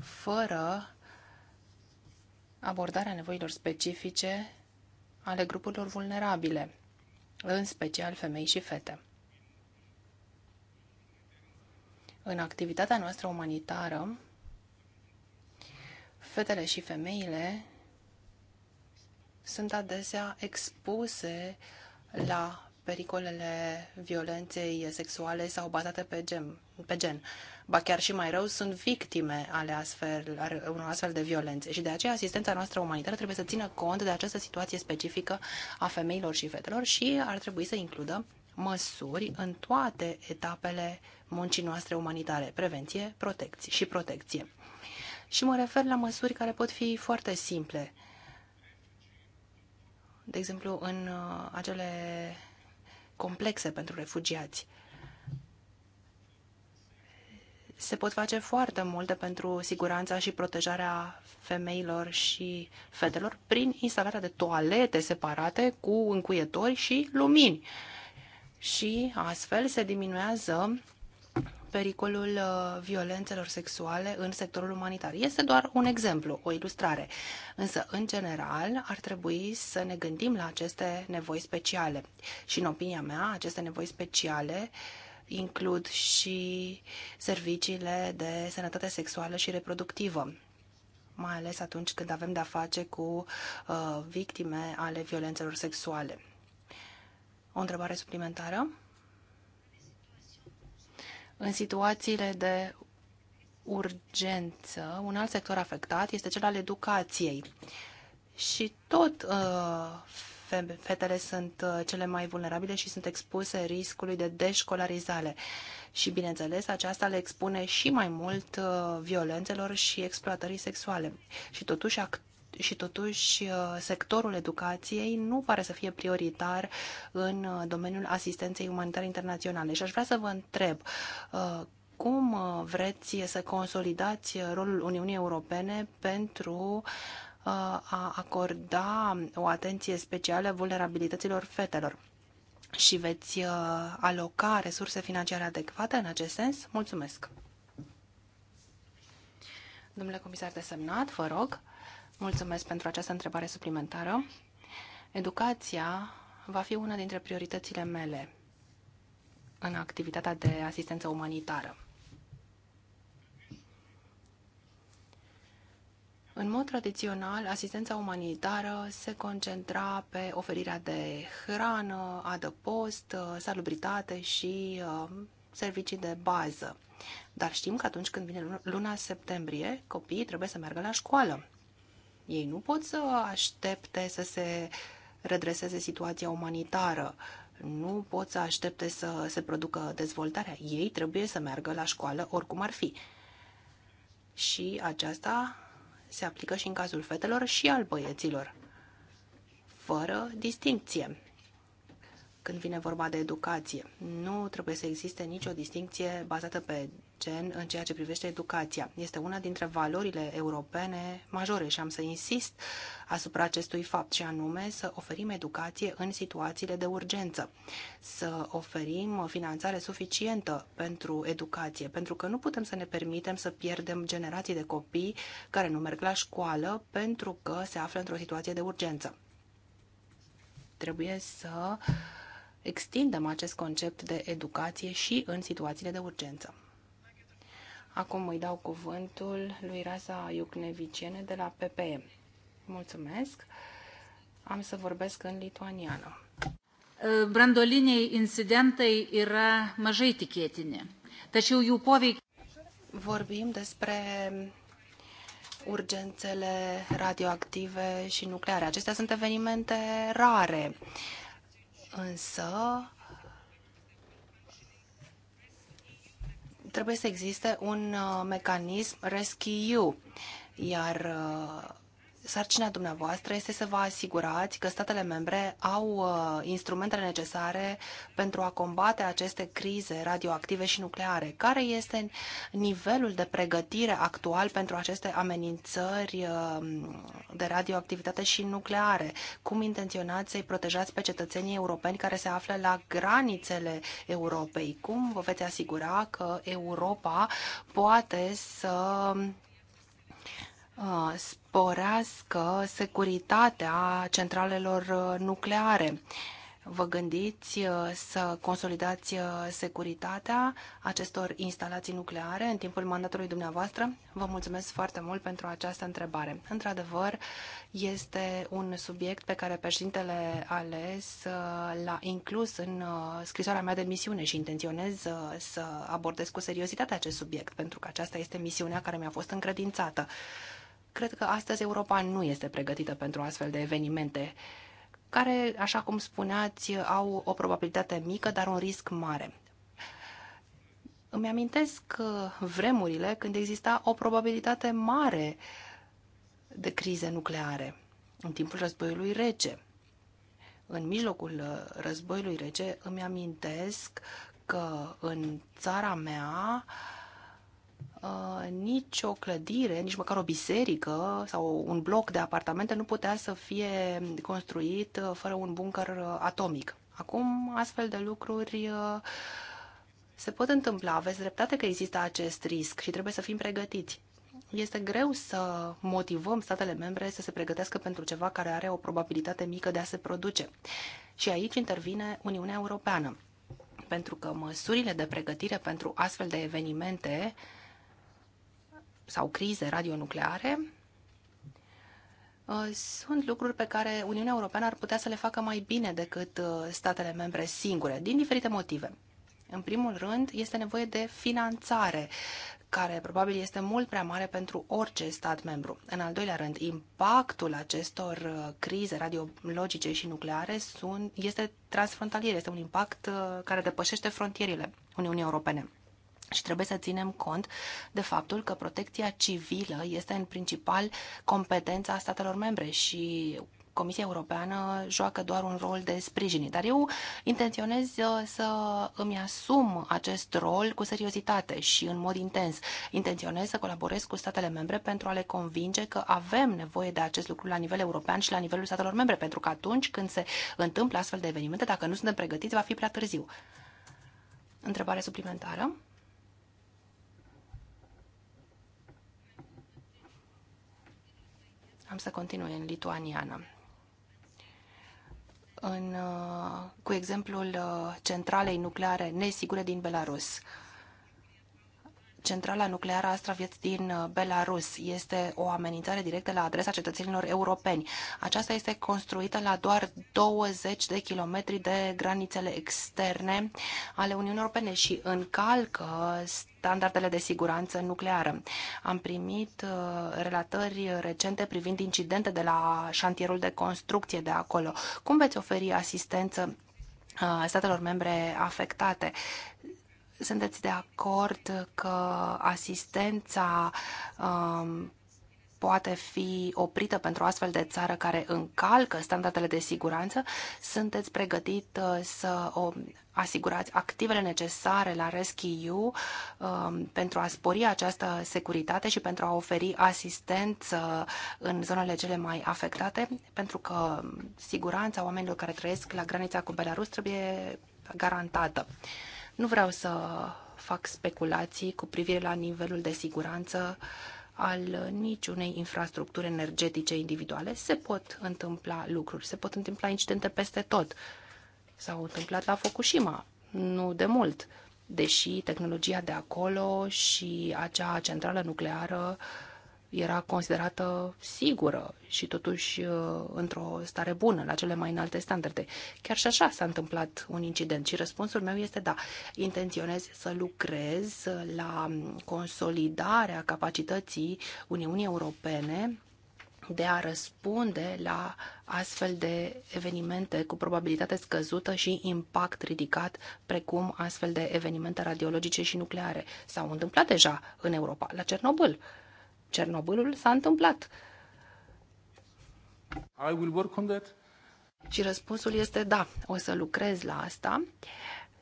S3: fără abordarea nevoilor specifice ale grupurilor vulnerabile, în special femei și fete. În activitatea noastră umanitară, fetele și femeile sunt adesea expuse la pericolele violenței sexuale sau bazate pe gen, pe gen. Ba chiar și mai rău, sunt victime ale astfel, unor astfel de violențe și de aceea asistența noastră umanitară trebuie să țină cont de această situație specifică a femeilor și fetelor și ar trebui să includă măsuri în toate etapele muncii noastre umanitare, prevenție protecție și protecție. Și mă refer la măsuri care pot fi foarte simple. De exemplu, în uh, acele complexe pentru refugiați. Se pot face foarte multe pentru siguranța și protejarea femeilor și fetelor prin instalarea de toalete separate cu încuietori și lumini. Uh, și astfel se diminuează pericolul uh, violențelor sexuale în sectorul umanitar. Este doar un exemplu, o ilustrare. Însă, în general, ar trebui să ne gândim la aceste nevoi speciale. Și, în opinia mea, aceste nevoi speciale includ și serviciile de sănătate sexuală și reproductivă mai ales atunci când avem de-a face cu uh, victime ale violențelor sexuale. O întrebare suplimentară. În situațiile de urgență, un alt sector afectat este cel al educației. Și tot uh, fetele sunt uh, cele mai vulnerabile și sunt expuse riscului de deșcolarizare. Și, bineînțeles, aceasta le expune și mai mult uh, violențelor și exploatării sexuale. Și totuși, și totuși uh, sectorul educației nu pare să fie prioritar în uh, domeniul asistenței umanitare internaționale. Și aș vrea să vă întreb uh, cum vreți să consolidați rolul Uniunii Europene pentru a acorda o atenție specială vulnerabilităților fetelor și veți aloca resurse financiare adecvate în acest sens? Mulțumesc! Domnule comisar de semnat, vă rog. Mulțumesc pentru această întrebare suplimentară. Educația va fi una dintre prioritățile mele în activitatea de asistență umanitară. În mod tradițional, asistența umanitară se concentra pe oferirea de hrană, adăpost, salubritate și uh, servicii de bază. Dar știm că atunci când vine luna septembrie, copiii trebuie să meargă la școală. Ei nu pot să aștepte să se redreseze situația umanitară, nu pot să aștepte să se producă dezvoltarea. Ei trebuie să meargă la școală oricum ar fi. Și aceasta se aplică și în cazul fetelor și al băieților, fără distincție când vine vorba de educație. Nu trebuie să existe nicio distinție bazată pe gen în ceea ce privește educația. Este una dintre valorile europene majore și am să insist asupra acestui fapt și anume să oferim educație în situațiile de urgență, să oferim finanțare suficientă pentru educație, pentru că nu putem să ne permitem să pierdem generații de copii care nu merg la școală pentru că se află într-o situație de urgență. Trebuie să uh, extindem acest concept de educație și în situațiile de urgență. Acum îi dau cuvântul lui Rasa Iucneviciene de la PPM. Mulțumesc! Am să vorbesc în lituaniană. Ă, Brandoliniai incidentei era mažai tikėtini, tačiau jų poveikį. Vorbim despre urgențele radioactive și nucleare. Acestea sunt evenimente rare însă trebuie să existe un uh, mecanism rescue, iar uh, sarcina dumneavoastră este să vă asigurați că statele membre au uh, instrumentele necesare pentru a combate aceste crize radioactive și nucleare. Care este nivelul de pregătire actual pentru aceste amenințări uh, de radioactivitate și nucleare? Cum intenționați să-i protejați pe cetățenii europeni care se află la granițele Europei? Cum vă veți asigura că Europa poate să Uh, sporească securitatea centralelor uh, nucleare. Vă gândiți uh, să consolidați securitatea acestor instalații nucleare în timpul mandatului dumneavoastră? Vă mulțumesc foarte mult pentru această întrebare. Într-adevăr, este un subiect pe care președintele ales l-a inclus în scrisoarea mea de misiune și intenționez să abordez cu seriozitate acest subiect, pentru că aceasta este misiunea care mi-a fost încredințată cred că astăzi Europa nu este pregătită pentru astfel de evenimente care, așa cum spuneați, au o probabilitate mică, dar un risc mare. Îmi amintesc uh, vremurile când exista o probabilitate mare de crize nucleare în timpul războiului rece. În mijlocul uh, războiului rece îmi amintesc că în țara mea uh, nici uh, nicio clădire, nici măcar o biserică sau un bloc de apartamente nu putea să fie construit uh, fără un bunker uh, atomic. Acum, astfel de lucruri se pot întâmpla. Aveți dreptate că există acest risc și trebuie să fim pregătiți. Este greu să motivăm statele membre să se pregătească pentru ceva care are o probabilitate mică de a se produce. Și aici intervine Uniunea Europeană, pentru că măsurile de pregătire pentru astfel de evenimente uh, sau crize radionucleare uh, sunt lucruri pe care Uniunea Europeană ar putea să le facă mai bine decât uh, statele membre singure, din diferite motive. În primul rând, este nevoie de finanțare, care probabil este mult prea mare pentru orice stat membru. În al doilea rând, impactul acestor uh, crize radiologice și nucleare sunt, este transfrontalier, este un impact care depășește frontierele Uniunii Europene. Și trebuie să ținem cont de faptul că protecția civilă este în principal competența statelor membre și Comisia Europeană joacă doar un rol de sprijin, dar eu intenționez uh, să îmi asum acest rol cu seriozitate și în mod intens. Intenționez să colaborez cu statele membre pentru a le convinge că avem nevoie de acest lucru la nivel european și la nivelul statelor membre, pentru că atunci când se întâmplă astfel de evenimente, dacă nu suntem pregătiți, va fi prea târziu. Întrebare suplimentară? Am să continui în lituaniană. În, uh, cu exemplul uh, centralei nucleare nesigure din Belarus centrala nucleară Astraviet din uh, Belarus este o amenințare directă la adresa cetățenilor europeni. Aceasta este construită la doar 20 de kilometri de granițele externe ale Uniunii Europene și încalcă standardele de siguranță nucleară. Am primit uh, relatări recente privind incidente de la șantierul de construcție de acolo. Cum veți oferi asistență uh, statelor membre afectate sunteți de acord că asistența um, poate fi oprită pentru astfel de țară care încalcă standardele de siguranță? Sunteți pregătit uh, să o asigurați activele necesare la Rescue um, pentru a spori această securitate și pentru a oferi asistență în zonele cele mai afectate? Pentru că siguranța oamenilor care trăiesc la granița cu Belarus trebuie garantată. Uh, nu vreau să fac speculații cu privire la nivelul de siguranță al niciunei infrastructuri energetice individuale. Se pot întâmpla lucruri, se pot întâmpla incidente peste tot. S-au întâmplat la Fukushima, nu de mult, deși tehnologia de acolo și acea centrală nucleară uh, era considerată sigură și totuși uh, într-o stare bună, la cele mai înalte standarde. Chiar și așa s-a întâmplat un incident și răspunsul meu este da. Intenționez să lucrez la consolidarea capacității Uniunii Europene de a răspunde la astfel de evenimente cu probabilitate scăzută și impact ridicat, precum astfel de evenimente radiologice și nucleare. S-au întâmplat deja în Europa, la Cernobâl Cernobâlul s-a întâmplat. I will work on that. Și răspunsul este da, o să lucrez la asta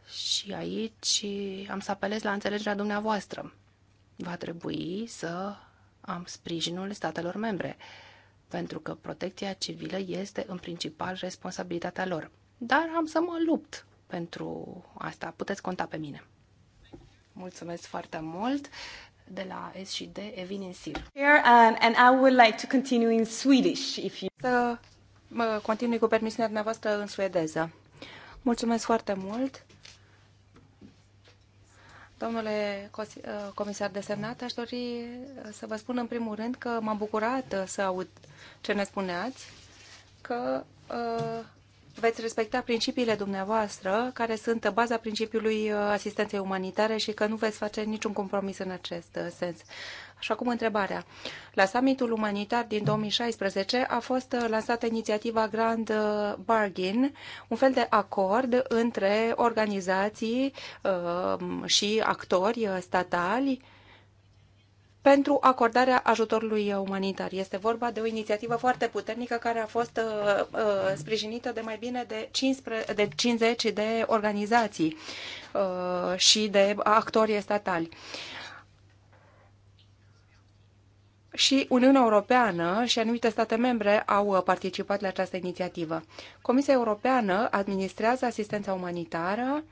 S3: și aici am să apelez la înțelegerea dumneavoastră. Va trebui să am sprijinul statelor membre, pentru că protecția civilă este în principal responsabilitatea lor. Dar am să mă lupt pentru asta. Puteți conta pe mine. Mulțumesc foarte mult de la S și D, Evin Insir. Here, and um, and I would like to continue in Swedish,
S1: if you... Să mă continui cu permisiunea dumneavoastră în suedeză. Mulțumesc foarte mult. Domnule uh, comisar desemnat, aș dori uh, să vă spun în primul rând că m-am bucurat uh, să aud ce ne spuneați, că uh, veți respecta principiile dumneavoastră, care sunt baza principiului uh, asistenței umanitare și că nu veți face niciun compromis în acest uh, sens. Așa cum întrebarea. La summitul umanitar din 2016 a fost uh, lansată inițiativa Grand Bargain, un fel de acord între organizații și actori statali pentru acordarea ajutorului umanitar. Este vorba de o inițiativă foarte puternică care a fost uh, uh, sprijinită de mai bine de, 15, de 50 de organizații uh, și de actori statali. și Uniunea Europeană și anumite state membre au uh, participat la această inițiativă. Comisia Europeană administrează asistența umanitară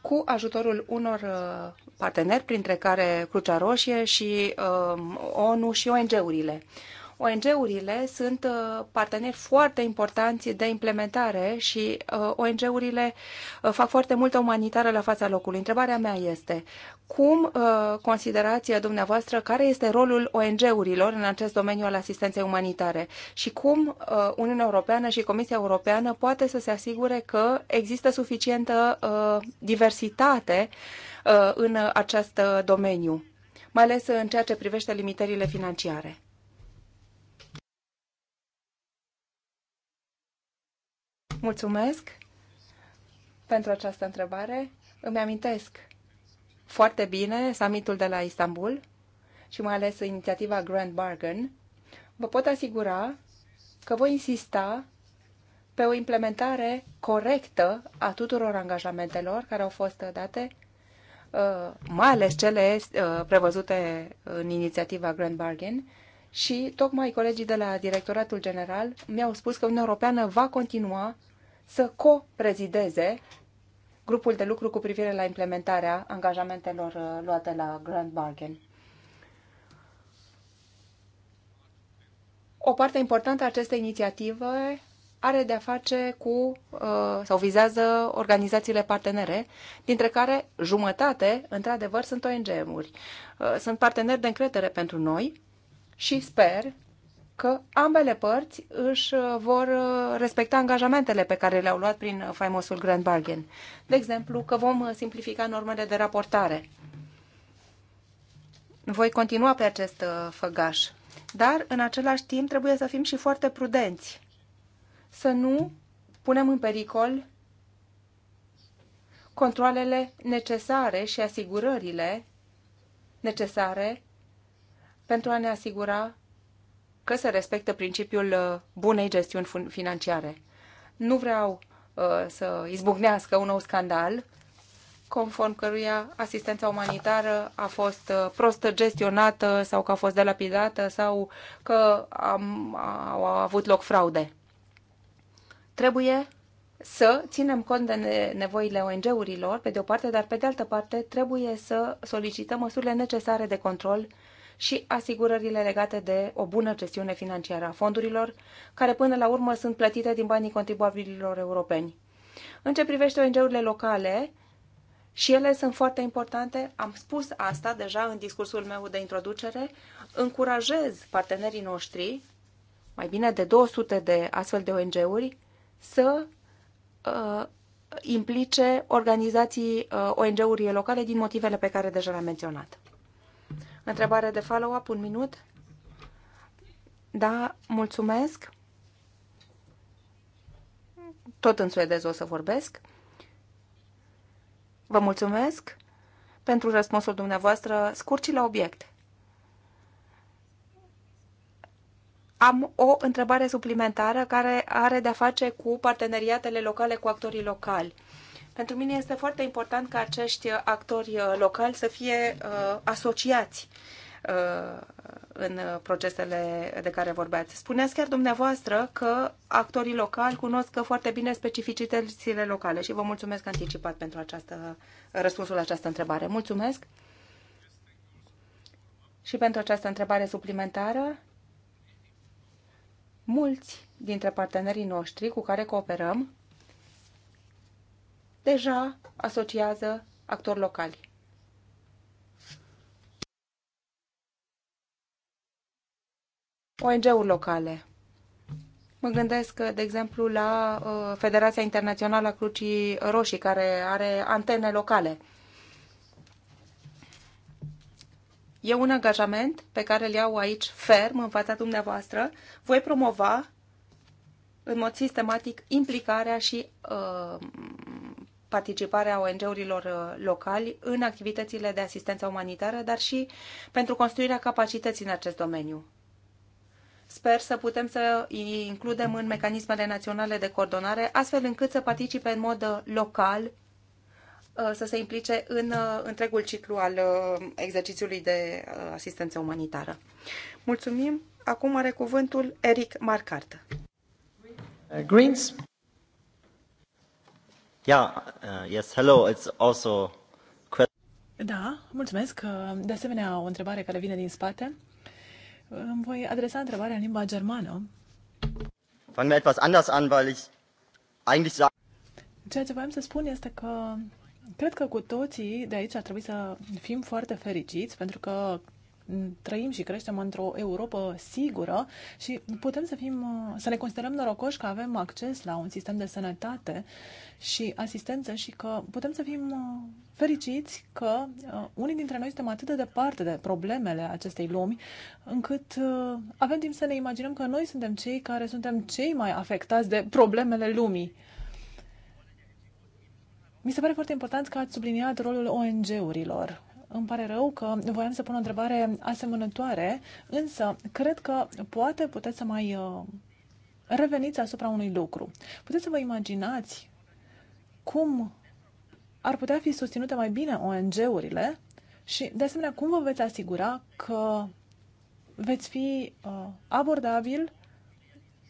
S1: cu ajutorul unor uh, parteneri, printre care Crucea Roșie și um, ONU și ONG-urile. ONG-urile sunt uh, parteneri foarte importanți de implementare și uh, ONG-urile uh, fac foarte multă umanitară la fața locului. Întrebarea mea este, cum considerați dumneavoastră care este rolul ONG-urilor în acest domeniu al asistenței umanitare și cum Uniunea Europeană și Comisia Europeană poate să se asigure că există suficientă diversitate Uh, în acest domeniu, mai ales în ceea ce privește limitările financiare. Mulțumesc pentru această întrebare. Îmi amintesc foarte bine summitul de la Istanbul și mai ales inițiativa Grand Bargain. Vă pot asigura că voi insista pe o implementare corectă a tuturor angajamentelor care au fost date Uh, mai ales cele uh, prevăzute în inițiativa Grand Bargain, și tocmai colegii de la Directoratul General mi-au spus că Uniunea Europeană va continua să co-prezideze grupul de lucru cu privire la implementarea angajamentelor uh, luate la Grand Bargain. O parte importantă a acestei inițiative are de-a face cu uh, sau vizează organizațiile partenere, dintre care jumătate, într-adevăr, sunt ONG-uri. Uh, sunt parteneri de încredere pentru noi și sper că ambele părți își uh, vor respecta angajamentele pe care le-au luat prin faimosul Grand Bargain. De exemplu, că vom simplifica normele de raportare. Voi continua pe acest făgaș, dar în același timp trebuie să fim și foarte prudenți să nu punem în pericol controlele necesare și asigurările necesare pentru a ne asigura că se respectă principiul uh, bunei gestiuni financiare. Nu vreau uh, să izbucnească un nou scandal conform căruia asistența umanitară a fost uh, prost gestionată sau că a fost delapidată sau că am, au avut loc fraude. Trebuie să ținem cont de nevoile ONG-urilor, pe de o parte, dar pe de altă parte trebuie să solicităm măsurile necesare de control și asigurările legate de o bună gestiune financiară a fondurilor, care până la urmă sunt plătite din banii contribuabililor europeni. În ce privește ONG-urile locale, și ele sunt foarte importante. Am spus asta deja în discursul meu de introducere. Încurajez partenerii noștri, mai bine de 200 de astfel de ONG-uri, să uh, implice organizații, uh, ong urile locale din motivele pe care deja le-am menționat. Întrebare de follow-up, un minut. Da, mulțumesc. Tot în suedez o să vorbesc. Vă mulțumesc pentru răspunsul dumneavoastră scurt și la obiect. Am o întrebare suplimentară care are de-a face cu parteneriatele locale cu actorii locali. Pentru mine este foarte important ca acești actori uh, locali să fie uh, asociați uh, în procesele de care vorbeați. Spuneați chiar dumneavoastră că actorii locali cunosc foarte bine specificitățile locale și vă mulțumesc anticipat pentru această, răspunsul la această întrebare. Mulțumesc! Și pentru această întrebare suplimentară, mulți dintre partenerii noștri cu care cooperăm deja asociază actori locali. ONG-uri locale. Mă gândesc, de exemplu, la uh, Federația Internațională a Crucii Roșii, care are antene locale E un angajament pe care îl iau aici ferm în fața dumneavoastră. Voi promova în mod sistematic implicarea și uh, participarea ONG-urilor uh, locali în activitățile de asistență umanitară, dar și pentru construirea capacității în acest domeniu. Sper să putem să includem în mecanismele naționale de coordonare, astfel încât să participe în mod uh, local Uh, să se implice în uh, întregul ciclu al uh, exercițiului de asistență umanitară. Mulțumim. Acum are cuvântul Eric Marcart. Greens.
S3: Yeah, uh, yes, hello. It's also
S2: da, mulțumesc. De asemenea, o întrebare care vine din spate. Îmi voi adresa întrebarea în limba germană.
S3: Fang wir etwas anders an, weil ich eigentlich sage...
S2: Ceea ce voiam să spun este că Cred că cu toții de aici ar trebui să fim foarte fericiți pentru că trăim și creștem într-o Europa sigură și putem să, fim, să ne considerăm norocoși că avem acces la un sistem de sănătate și asistență și că putem să fim uh, fericiți că uh, unii dintre noi suntem atât de departe de problemele acestei lumi încât uh, avem timp să ne imaginăm că noi suntem cei care suntem cei mai afectați de problemele lumii. Mi se pare foarte important că ați subliniat rolul ONG-urilor. Îmi pare rău că voiam să pun o întrebare asemănătoare, însă cred că poate puteți să mai uh, reveniți asupra unui lucru. Puteți să vă imaginați cum ar putea fi susținute mai bine ONG-urile și, de asemenea, cum vă veți asigura că veți fi uh, abordabil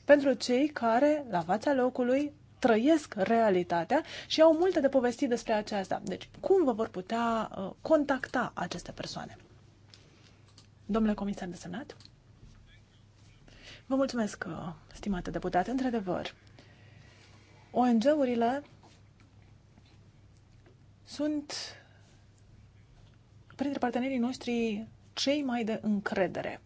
S2: pentru cei care, la fața locului, trăiesc realitatea și au multe de povestit despre aceasta. Deci, cum vă vor putea uh, contacta aceste persoane? Domnule comisar de Senat, Vă mulțumesc, uh, stimate deputate. Într-adevăr, ONG-urile sunt printre partenerii noștri cei mai de încredere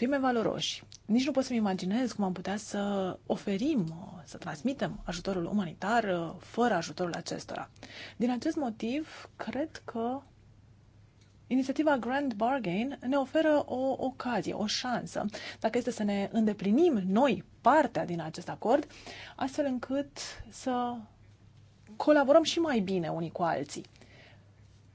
S2: cei mai valoroși. Nici nu pot să-mi imaginez cum am putea să oferim, să transmitem ajutorul umanitar uh, fără ajutorul acestora. Din acest motiv, cred că inițiativa Grand Bargain ne oferă o ocazie, o șansă, dacă este să ne îndeplinim noi partea din acest acord, astfel încât să colaborăm și mai bine unii cu alții.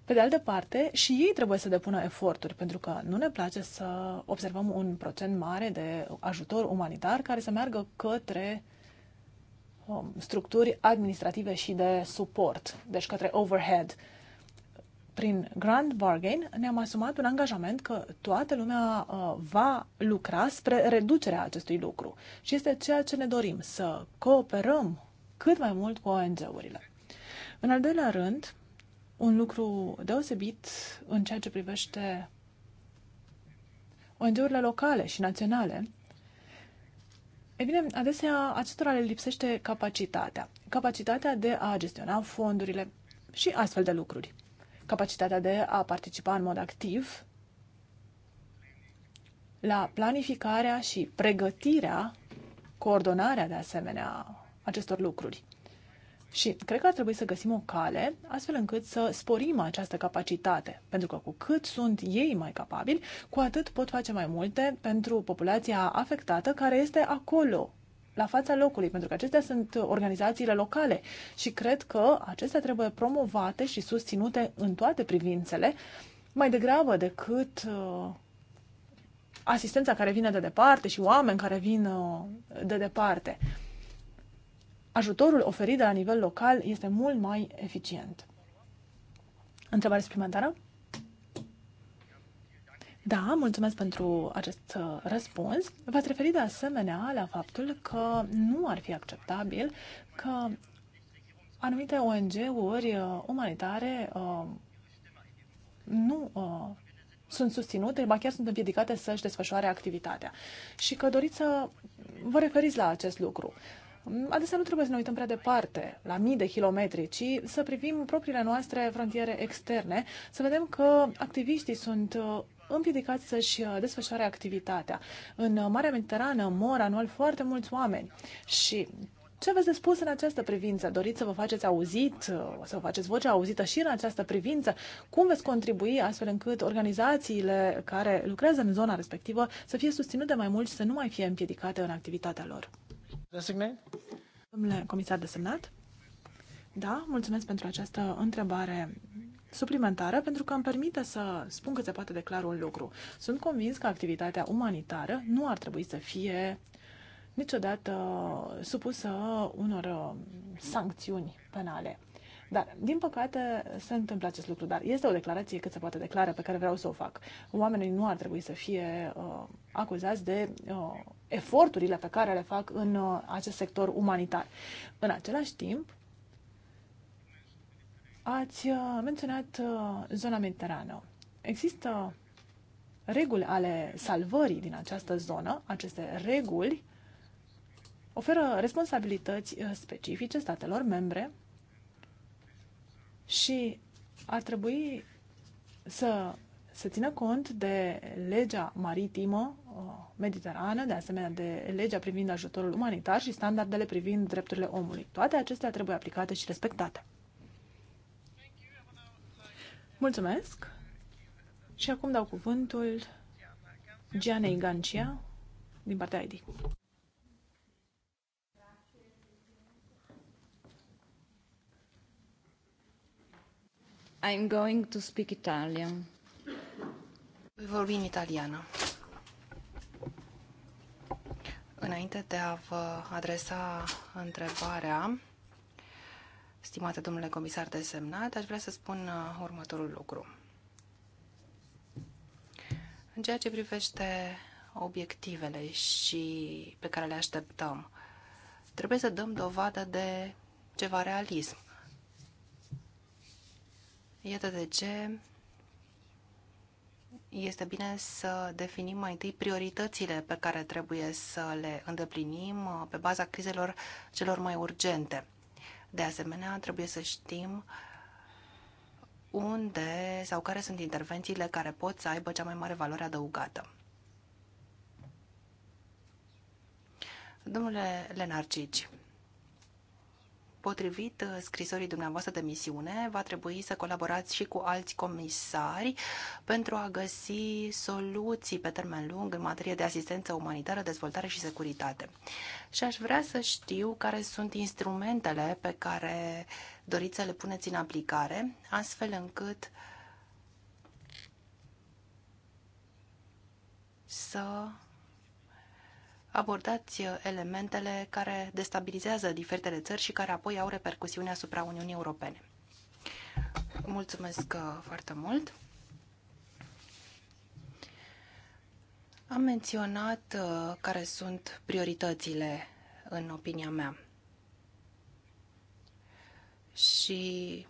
S2: Pe de altă parte, și ei trebuie să depună eforturi, pentru că nu ne place să observăm un procent mare de ajutor umanitar care să meargă către um, structuri administrative și de suport, deci către overhead. Prin Grand Bargain ne-am asumat un angajament că toată lumea uh, va lucra spre reducerea acestui lucru și este ceea ce ne dorim, să cooperăm cât mai mult cu ONG-urile. În al doilea rând, un lucru deosebit în ceea ce privește ONG-urile locale și naționale. E bine, adesea acestora le lipsește capacitatea. Capacitatea de a gestiona fondurile și astfel de lucruri. Capacitatea de a participa în mod activ la planificarea și pregătirea, coordonarea de asemenea acestor lucruri. Și cred că ar trebui să găsim o cale astfel încât să sporim această capacitate, pentru că cu cât sunt ei mai capabili, cu atât pot face mai multe pentru populația afectată care este acolo, la fața locului, pentru că acestea sunt organizațiile locale și cred că acestea trebuie promovate și susținute în toate privințele, mai degrabă decât uh, asistența care vine de departe și oameni care vin uh, de departe. Uh, ajutorul oferit de la nivel local este mult mai eficient. Întrebare suplimentară? Da, mulțumesc pentru acest uh, răspuns. V-ați referit de asemenea la faptul că nu ar fi acceptabil că anumite ONG-uri uh, umanitare uh, nu sunt susținute, ba chiar sunt împiedicate să-și desfășoare activitatea. Și că doriți să vă referiți la acest lucru. Adesea nu trebuie să ne uităm prea departe, la mii de kilometri, ci să privim propriile noastre frontiere externe, să vedem că activiștii sunt uh, împiedicați să-și uh, desfășoare activitatea. În Marea Mediterană mor anual foarte mulți oameni și ce aveți de spus în această privință? Doriți să vă faceți auzit, uh, să vă faceți vocea auzită și în această privință? Cum veți contribui astfel încât organizațiile care lucrează în zona respectivă să fie susținute mai mult și să nu mai fie împiedicate în activitatea lor? Designate? Domnule comisar desemnat, da, mulțumesc pentru această întrebare suplimentară, pentru că îmi permite să spun că se poate de clar un lucru. Sunt convins că activitatea umanitară nu ar trebui să fie niciodată supusă unor uh, sancțiuni penale. Dar, din păcate, se întâmplă acest lucru. Dar este o declarație cât se poate declara, pe care vreau să o fac. Oamenii nu ar trebui să fie uh, acuzați de uh, eforturile pe care le fac în uh, acest sector umanitar. În același timp, ați uh, menționat uh, zona mediterană. Există reguli ale salvării din această zonă. Aceste reguli oferă responsabilități specifice statelor membre și ar trebui să se țină cont de legea maritimă Mediterană, de asemenea de legea privind ajutorul umanitar și standardele privind drepturile omului. Toate acestea trebuie aplicate și respectate. Mulțumesc! Și acum dau cuvântul Gianei Gancia din partea ID. I'm going to speak
S3: Italian. Voi vorbi în italiană. Înainte de a vă adresa întrebarea, stimate domnule comisar desemnat, aș vrea să spun uh, următorul lucru. În ceea ce privește obiectivele și pe care le așteptăm, trebuie să dăm dovadă de ceva realism. Iată de ce este bine să definim mai întâi prioritățile pe care trebuie să le îndeplinim uh, pe baza crizelor celor mai urgente. De asemenea, trebuie să știm unde sau care sunt intervențiile care pot să aibă cea mai mare valoare adăugată. Domnule Lenarcici, Potrivit uh, scrisorii dumneavoastră de misiune, va trebui să colaborați și cu alți comisari pentru a găsi soluții pe termen lung în materie de asistență umanitară, dezvoltare și securitate. Și aș vrea să știu care sunt instrumentele pe care doriți să le puneți în aplicare, astfel încât să abordați uh, elementele care destabilizează diferitele țări și care apoi au repercusiuni asupra Uniunii Europene. Mulțumesc uh, foarte mult! Am menționat uh, care sunt prioritățile în opinia mea. Și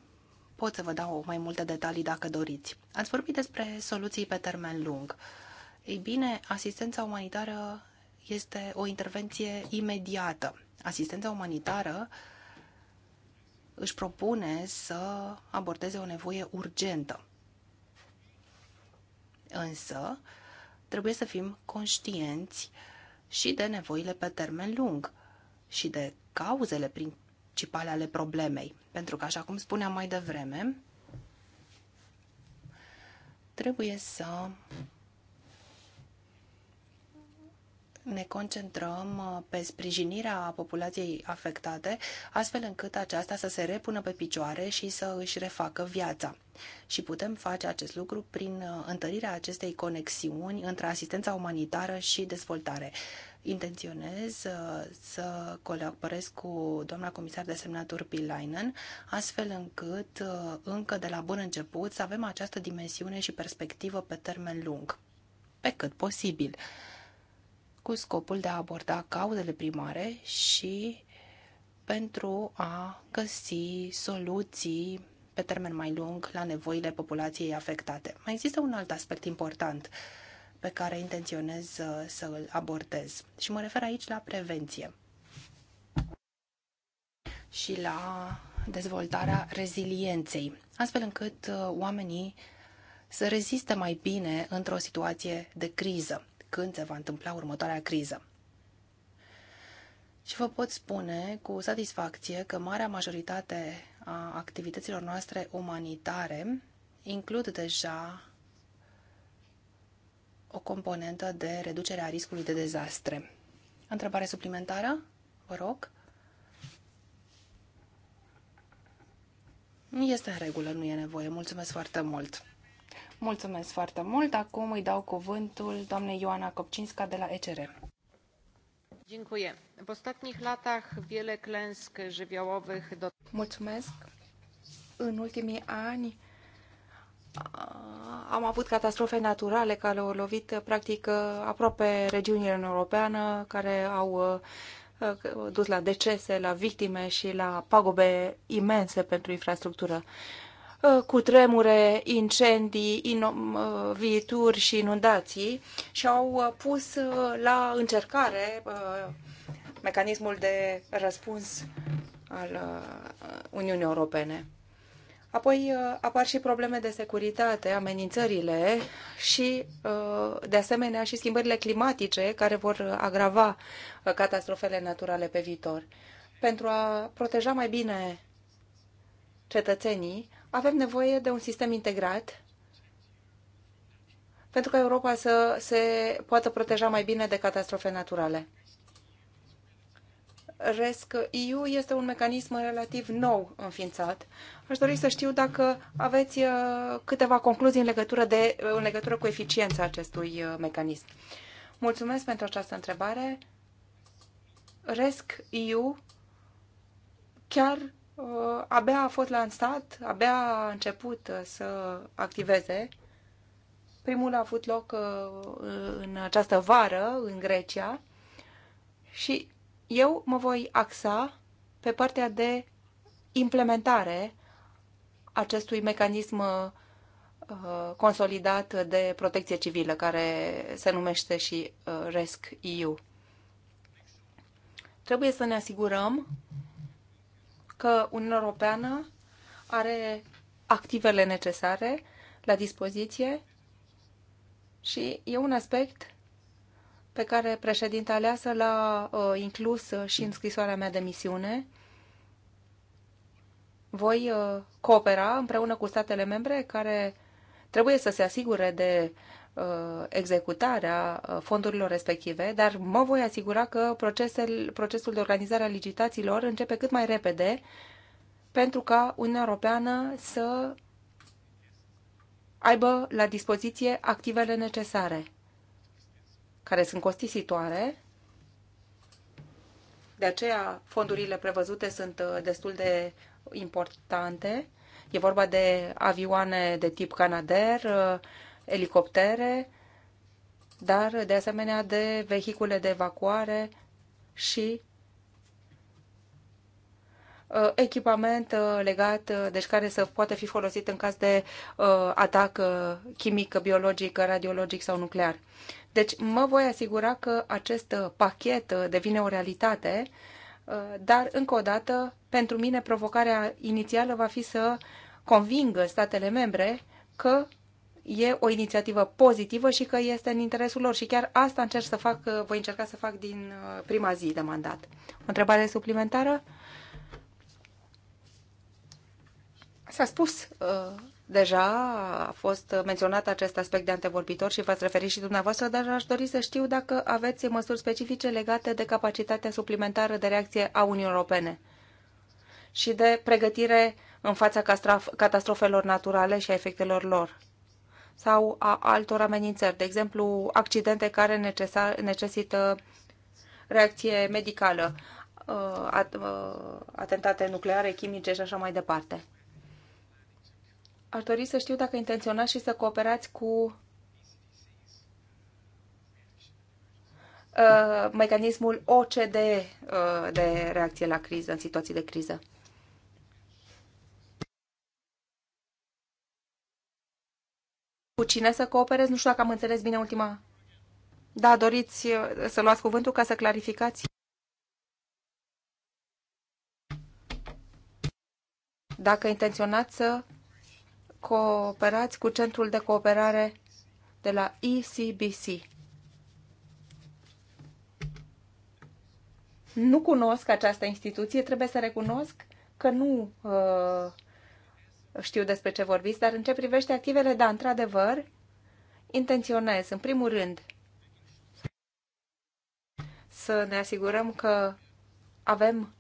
S3: pot să vă dau mai multe detalii dacă doriți. Ați vorbit despre soluții pe termen lung. Ei bine, asistența umanitară este o intervenție imediată. Asistența umanitară își propune să abordeze o nevoie urgentă. Însă, trebuie să fim conștienți și de nevoile pe termen lung și de cauzele principale ale problemei. Pentru că, așa cum spuneam mai devreme, trebuie să ne concentrăm uh, pe sprijinirea populației afectate, astfel încât aceasta să se repună pe picioare și să își refacă viața. Și putem face acest lucru prin uh, întărirea acestei conexiuni între asistența umanitară și dezvoltare. Intenționez uh, să colaborez cu doamna comisar de semnături Pilainen, astfel încât încă de la bun început să avem această dimensiune și perspectivă pe termen lung, pe cât posibil cu scopul de a aborda cauzele primare și pentru a găsi soluții pe termen mai lung la nevoile populației afectate. Mai există un alt aspect important pe care intenționez uh, să îl abordez și mă refer aici la prevenție și la dezvoltarea rezilienței, astfel încât uh, oamenii să reziste mai bine într-o situație de criză când se va întâmpla următoarea criză. Și vă pot spune cu satisfacție că marea majoritate a activităților noastre umanitare includ deja o componentă de reducere a riscului de dezastre. Întrebare suplimentară? Vă rog. Este în regulă, nu e nevoie. Mulțumesc foarte mult. Mulțumesc foarte mult. Acum îi dau cuvântul doamnei Ioana Copcinska de la ECR. Dziękuję. W ostatnich latach wiele klęsk żywiołowych do...
S1: Mulțumesc. În ultimii ani am avut catastrofe naturale care au lovit practic aproape regiunile în europeană, care au dus la decese, la victime și la pagube imense pentru infrastructură. Uh, cu tremure, incendii, uh, viituri și inundații și au uh, pus la încercare mecanismul de răspuns al Uniunii Europene. Apoi apar și probleme de securitate, amenințările și, de asemenea, și schimbările climatice care vor agrava catastrofele naturale pe viitor. Pentru a proteja mai bine cetățenii, avem nevoie de un sistem integrat pentru ca Europa să se poată proteja mai bine de catastrofe naturale. RESC-EU este un mecanism relativ nou înființat. Aș dori să știu dacă aveți uh, câteva concluzii în legătură, de, în legătură cu eficiența acestui uh, mecanism. Mulțumesc pentru această întrebare. RESC-EU chiar Uh, abia a fost lansat, abia a început uh, să activeze. Primul a avut loc uh, în această vară, în Grecia, și eu mă voi axa pe partea de implementare acestui mecanism consolidat de protecție civilă, care se numește și RESC EU. Trebuie să ne asigurăm că Uniunea Europeană are activele necesare la dispoziție și e un aspect pe care președinta aleasă l-a uh, inclus uh, și în scrisoarea mea de misiune. Voi uh, coopera împreună cu statele membre care trebuie să se asigure de Uh, executarea uh, fondurilor respective, dar mă voi asigura că procesul, procesul de organizare a licitațiilor începe cât mai repede pentru ca Uniunea Europeană să aibă la dispoziție activele necesare, care sunt costisitoare. De aceea, fondurile prevăzute sunt uh, destul de importante. E vorba de avioane de tip Canadair, elicoptere, dar de asemenea de vehicule de evacuare și uh, echipament uh, legat, uh, deci care să poate fi folosit în caz de atac chimic, biologic, radiologic sau nuclear. Deci mă voi asigura că acest pachet devine o realitate, dar încă o dată, pentru mine provocarea inițială va fi să convingă statele membre că e o inițiativă pozitivă și că este în interesul lor. Și chiar asta încerc să fac, uh, voi încerca să fac din uh, prima zi de mandat. O întrebare suplimentară? S-a spus uh, deja, a fost menționat acest aspect de antevorbitor și v-ați referit și dumneavoastră, dar aș dori să știu dacă aveți măsuri specifice legate de capacitatea suplimentară de reacție a Uniunii Europene și de pregătire în fața catastrofelor naturale și a efectelor lor sau a altor amenințări, de exemplu accidente care necesită reacție medicală, uh, uh, atentate nucleare, chimice și așa mai departe. Aș dori să știu dacă intenționați și să cooperați cu uh, mecanismul OCD de reacție la criză, în situații de criză. cu cine să cooperezi. Nu știu dacă am înțeles bine ultima. Da, doriți uh, să luați cuvântul ca să clarificați? Dacă intenționați să cooperați cu Centrul de Cooperare de la ECBC. Nu cunosc această instituție, trebuie să recunosc că nu uh, știu despre ce vorbiți, dar în ce privește activele, da, într-adevăr, intenționez, în primul rând, să ne asigurăm că avem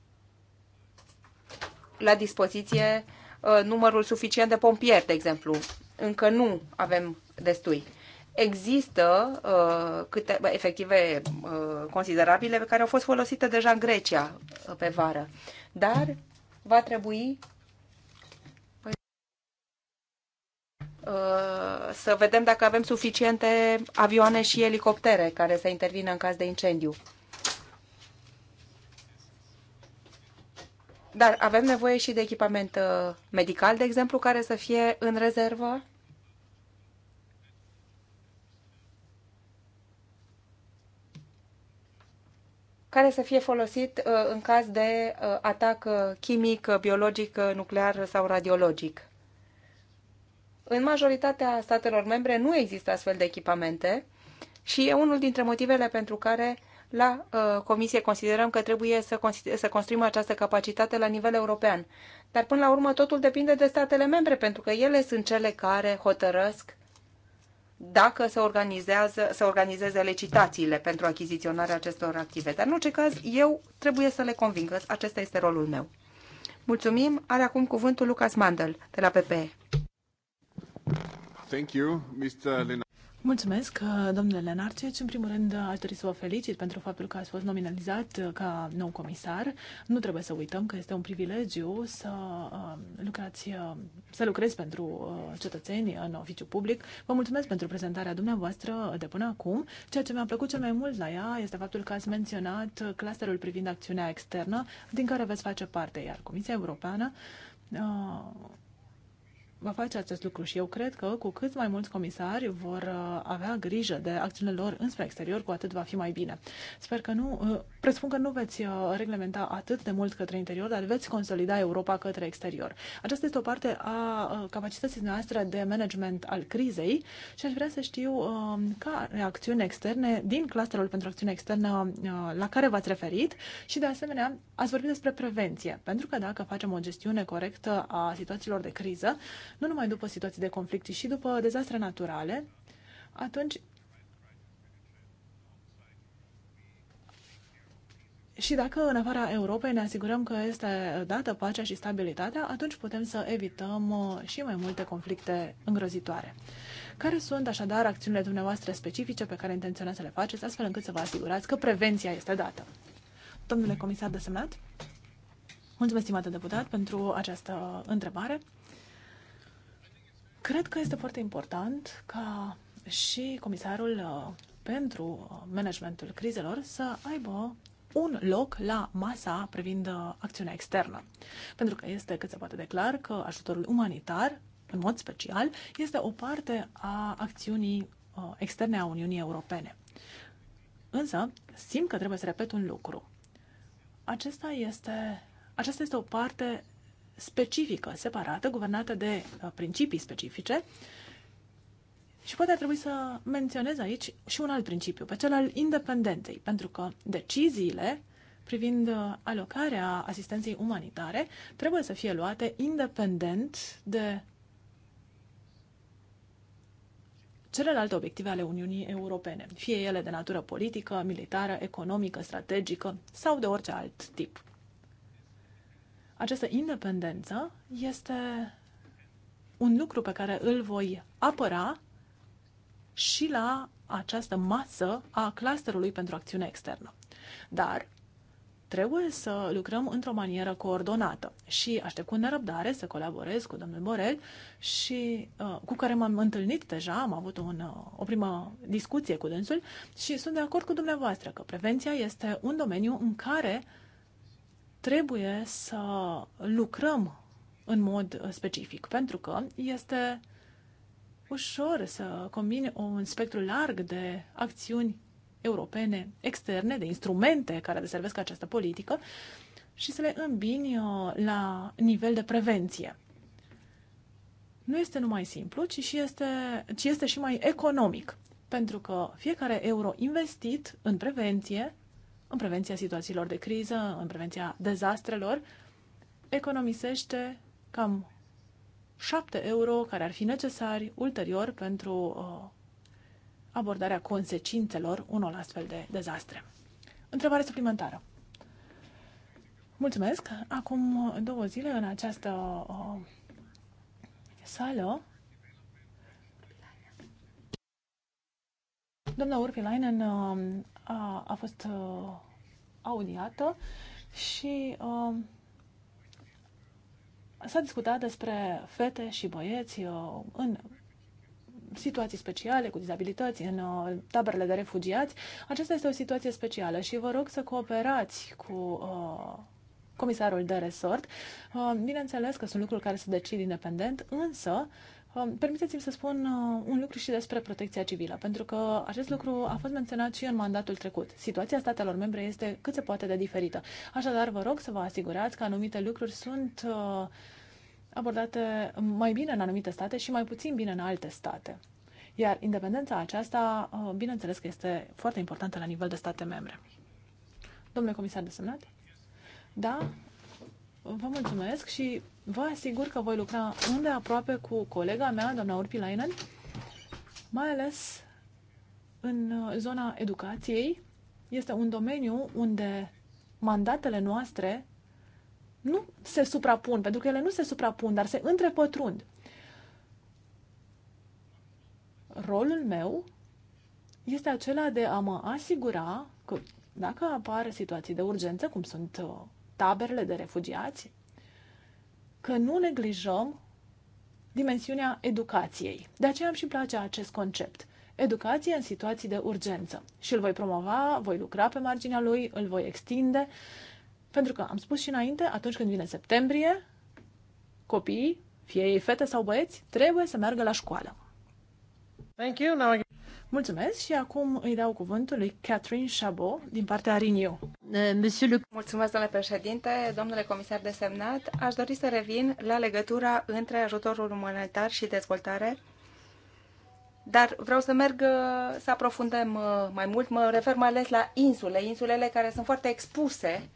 S1: la dispoziție uh, numărul suficient de pompieri, de exemplu. Încă nu avem destui. Există uh, câte, efective uh, considerabile care au fost folosite deja în Grecia uh, pe vară, dar va trebui Uh, să vedem dacă avem suficiente avioane și elicoptere care să intervină în caz de incendiu. Dar avem nevoie și de echipament uh, medical, de exemplu, care să fie în rezervă? care să fie folosit uh, în caz de atac chimic, biologic, nuclear sau radiologic. În majoritatea statelor membre nu există astfel de echipamente și e unul dintre motivele pentru care la uh, Comisie considerăm că trebuie să, să construim această capacitate la nivel european. Dar până la urmă totul depinde de statele membre, pentru că ele sunt cele care hotărăsc dacă se organizează, să organizeze licitațiile pentru achiziționarea acestor active. Dar în orice caz, eu trebuie să le conving că acesta este rolul meu.
S2: Mulțumim. Are acum cuvântul Lucas Mandel de la PPE.
S3: Thank you, Mr.
S2: Mulțumesc, uh, domnule Lenarcic. În primul rând, uh, aș dori să vă felicit pentru faptul că ați fost nominalizat uh, ca nou comisar. Nu trebuie să uităm că este un privilegiu să lucrați, să lucrezi pentru cetățeni în oficiu public. Vă mulțumesc pentru prezentarea dumneavoastră de până acum. Ceea ce mi-a plăcut cel mai mult la ea este faptul că ați menționat clusterul privind acțiunea externă, din care veți face parte, iar Comisia Europeană va face acest lucru și eu cred că cu cât mai mulți comisari vor uh, avea grijă de acțiunile lor înspre exterior, cu atât va fi mai bine. Sper că nu, uh, presupun că nu veți uh, reglementa atât de mult către interior, dar veți consolida Europa către exterior. Aceasta este o parte a capacității noastre de management al crizei și aș vrea să știu care acțiuni externe din clusterul pentru acțiune externă la care v-ați referit și de asemenea ați vorbit despre prevenție, pentru că dacă facem o gestiune corectă a situațiilor de criză, nu numai după situații de conflict, ci și după dezastre naturale, atunci Și dacă în afara Europei ne asigurăm că este dată pacea și stabilitatea, atunci putem să evităm uh, și mai multe conflicte îngrozitoare. Care sunt așadar acțiunile dumneavoastră specifice pe care intenționați să le faceți, astfel încât să vă asigurați că prevenția este dată? Domnule comisar desemnat, mulțumesc, stimată deputat, pentru această întrebare. Cred că este foarte important ca și comisarul uh, pentru uh, managementul crizelor să aibă un loc la masa privind uh, acțiunea externă. Pentru că este cât se poate declar că ajutorul umanitar, în mod special, este o parte a acțiunii externe a Uniunii Europene. Însă, simt că trebuie să repet un lucru. Acesta este, aceasta este o parte specifică, separată, guvernată de uh, principii specifice. Și poate ar trebui să menționez aici și un alt principiu, pe cel al independenței, pentru că deciziile privind uh, alocarea asistenței umanitare trebuie să fie luate independent de celelalte obiective ale Uniunii Europene, fie ele de natură politică, militară, economică, strategică sau de orice alt tip. Această independență este un lucru pe care îl voi apăra și la această masă a clusterului pentru acțiune externă. Dar trebuie să lucrăm într-o manieră coordonată și aștept cu nerăbdare să colaborez cu domnul Borel și uh, cu care m-am întâlnit deja, am avut un, uh, o primă discuție cu dânsul și sunt de acord cu dumneavoastră că prevenția este un domeniu în care uh, trebuie să lucrăm în mod specific, pentru că este ușor să combine un spectru larg de acțiuni europene, externe, de instrumente care deservesc această politică și să le îmbini uh, la nivel de prevenție. Nu este numai simplu, ci, și este, ci este și mai economic, pentru că fiecare euro investit în prevenție în prevenția situațiilor de criză, în prevenția dezastrelor, economisește cam 7 euro care ar fi necesari ulterior pentru uh, abordarea consecințelor unor astfel de dezastre. Întrebare suplimentară. Mulțumesc! Acum două zile în această uh, sală Doamna Urpilainen uh, a, a fost a, uh, audiată și uh, s-a discutat despre fete și băieți a, uh, în situații speciale, cu dizabilități, în uh, taberele de refugiați. Aceasta este o situație specială și vă rog să cooperați cu uh, comisarul de resort. Uh, bineînțeles că sunt lucruri care se decid independent, însă uh, Um, permiteți-mi să spun uh, un lucru și despre protecția civilă, pentru că acest lucru a fost menționat și în mandatul trecut. Situația statelor membre este cât se poate de diferită. Așadar, vă rog să vă asigurați că anumite lucruri sunt uh, abordate mai bine în anumite state și mai puțin bine în alte state. Iar independența aceasta, uh, bineînțeles că este foarte importantă la nivel de state membre. Domnule comisar desemnat? Da, Vă mulțumesc și vă asigur că voi lucra unde aproape cu colega mea, doamna Urpilainen, mai ales în zona educației. Este un domeniu unde mandatele noastre nu se suprapun, pentru că ele nu se suprapun, dar se întrepătrund. Rolul meu este acela de a mă asigura că dacă apar situații de urgență, cum sunt uh, taberele de refugiați, că nu neglijăm dimensiunea educației. De aceea îmi și place acest concept. Educație în situații de urgență. Și îl voi promova, voi lucra pe marginea lui, îl voi extinde, pentru că am spus și înainte, atunci când vine septembrie, copiii, fie ei fete sau băieți, trebuie să meargă la școală. Thank you. Now I... Mulțumesc și acum îi dau cuvântul lui Catherine Chabot din partea Renew. Mulțumesc, domnule președinte, domnule comisar desemnat. Aș
S1: dori să revin la legătura între ajutorul umanitar și dezvoltare dar vreau să merg uh, să aprofundăm uh, mai mult. Mă refer mai ales la insule, insulele care sunt foarte expuse,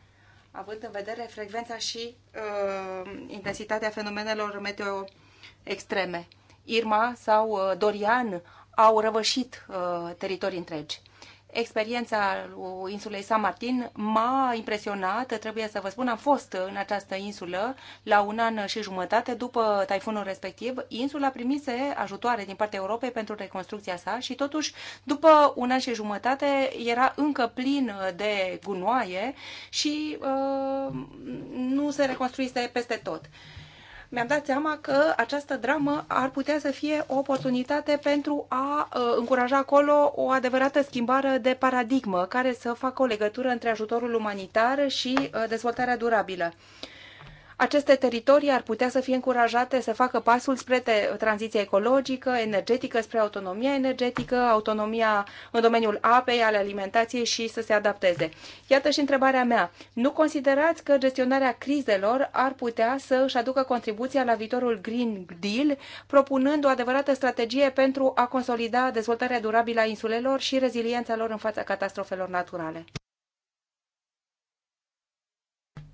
S1: având în vedere frecvența și uh, intensitatea fenomenelor meteo extreme. Irma sau uh, Dorian au răvășit uh, teritorii întregi. Experiența insulei San Martin m-a impresionat, trebuie să vă spun, am fost în această insulă la un an și jumătate după taifunul respectiv. Insula primise ajutoare din partea Europei pentru reconstrucția sa și totuși după un an și jumătate era încă plin de gunoaie și uh, nu se reconstruise peste tot. Uh, mi-am dat seama că această dramă ar putea să fie o oportunitate pentru a uh, încuraja acolo o adevărată schimbare de paradigmă care să facă o legătură între ajutorul umanitar și uh, dezvoltarea durabilă. Aceste teritorii ar putea să fie încurajate să facă pasul spre tranziția ecologică, energetică, spre autonomia energetică, autonomia în domeniul apei, al alimentației și să se adapteze. Iată și întrebarea mea. Nu considerați că gestionarea crizelor ar putea să își aducă contribuția la viitorul Green Deal, propunând o adevărată strategie pentru a consolida dezvoltarea durabilă a insulelor și reziliența lor în fața catastrofelor naturale?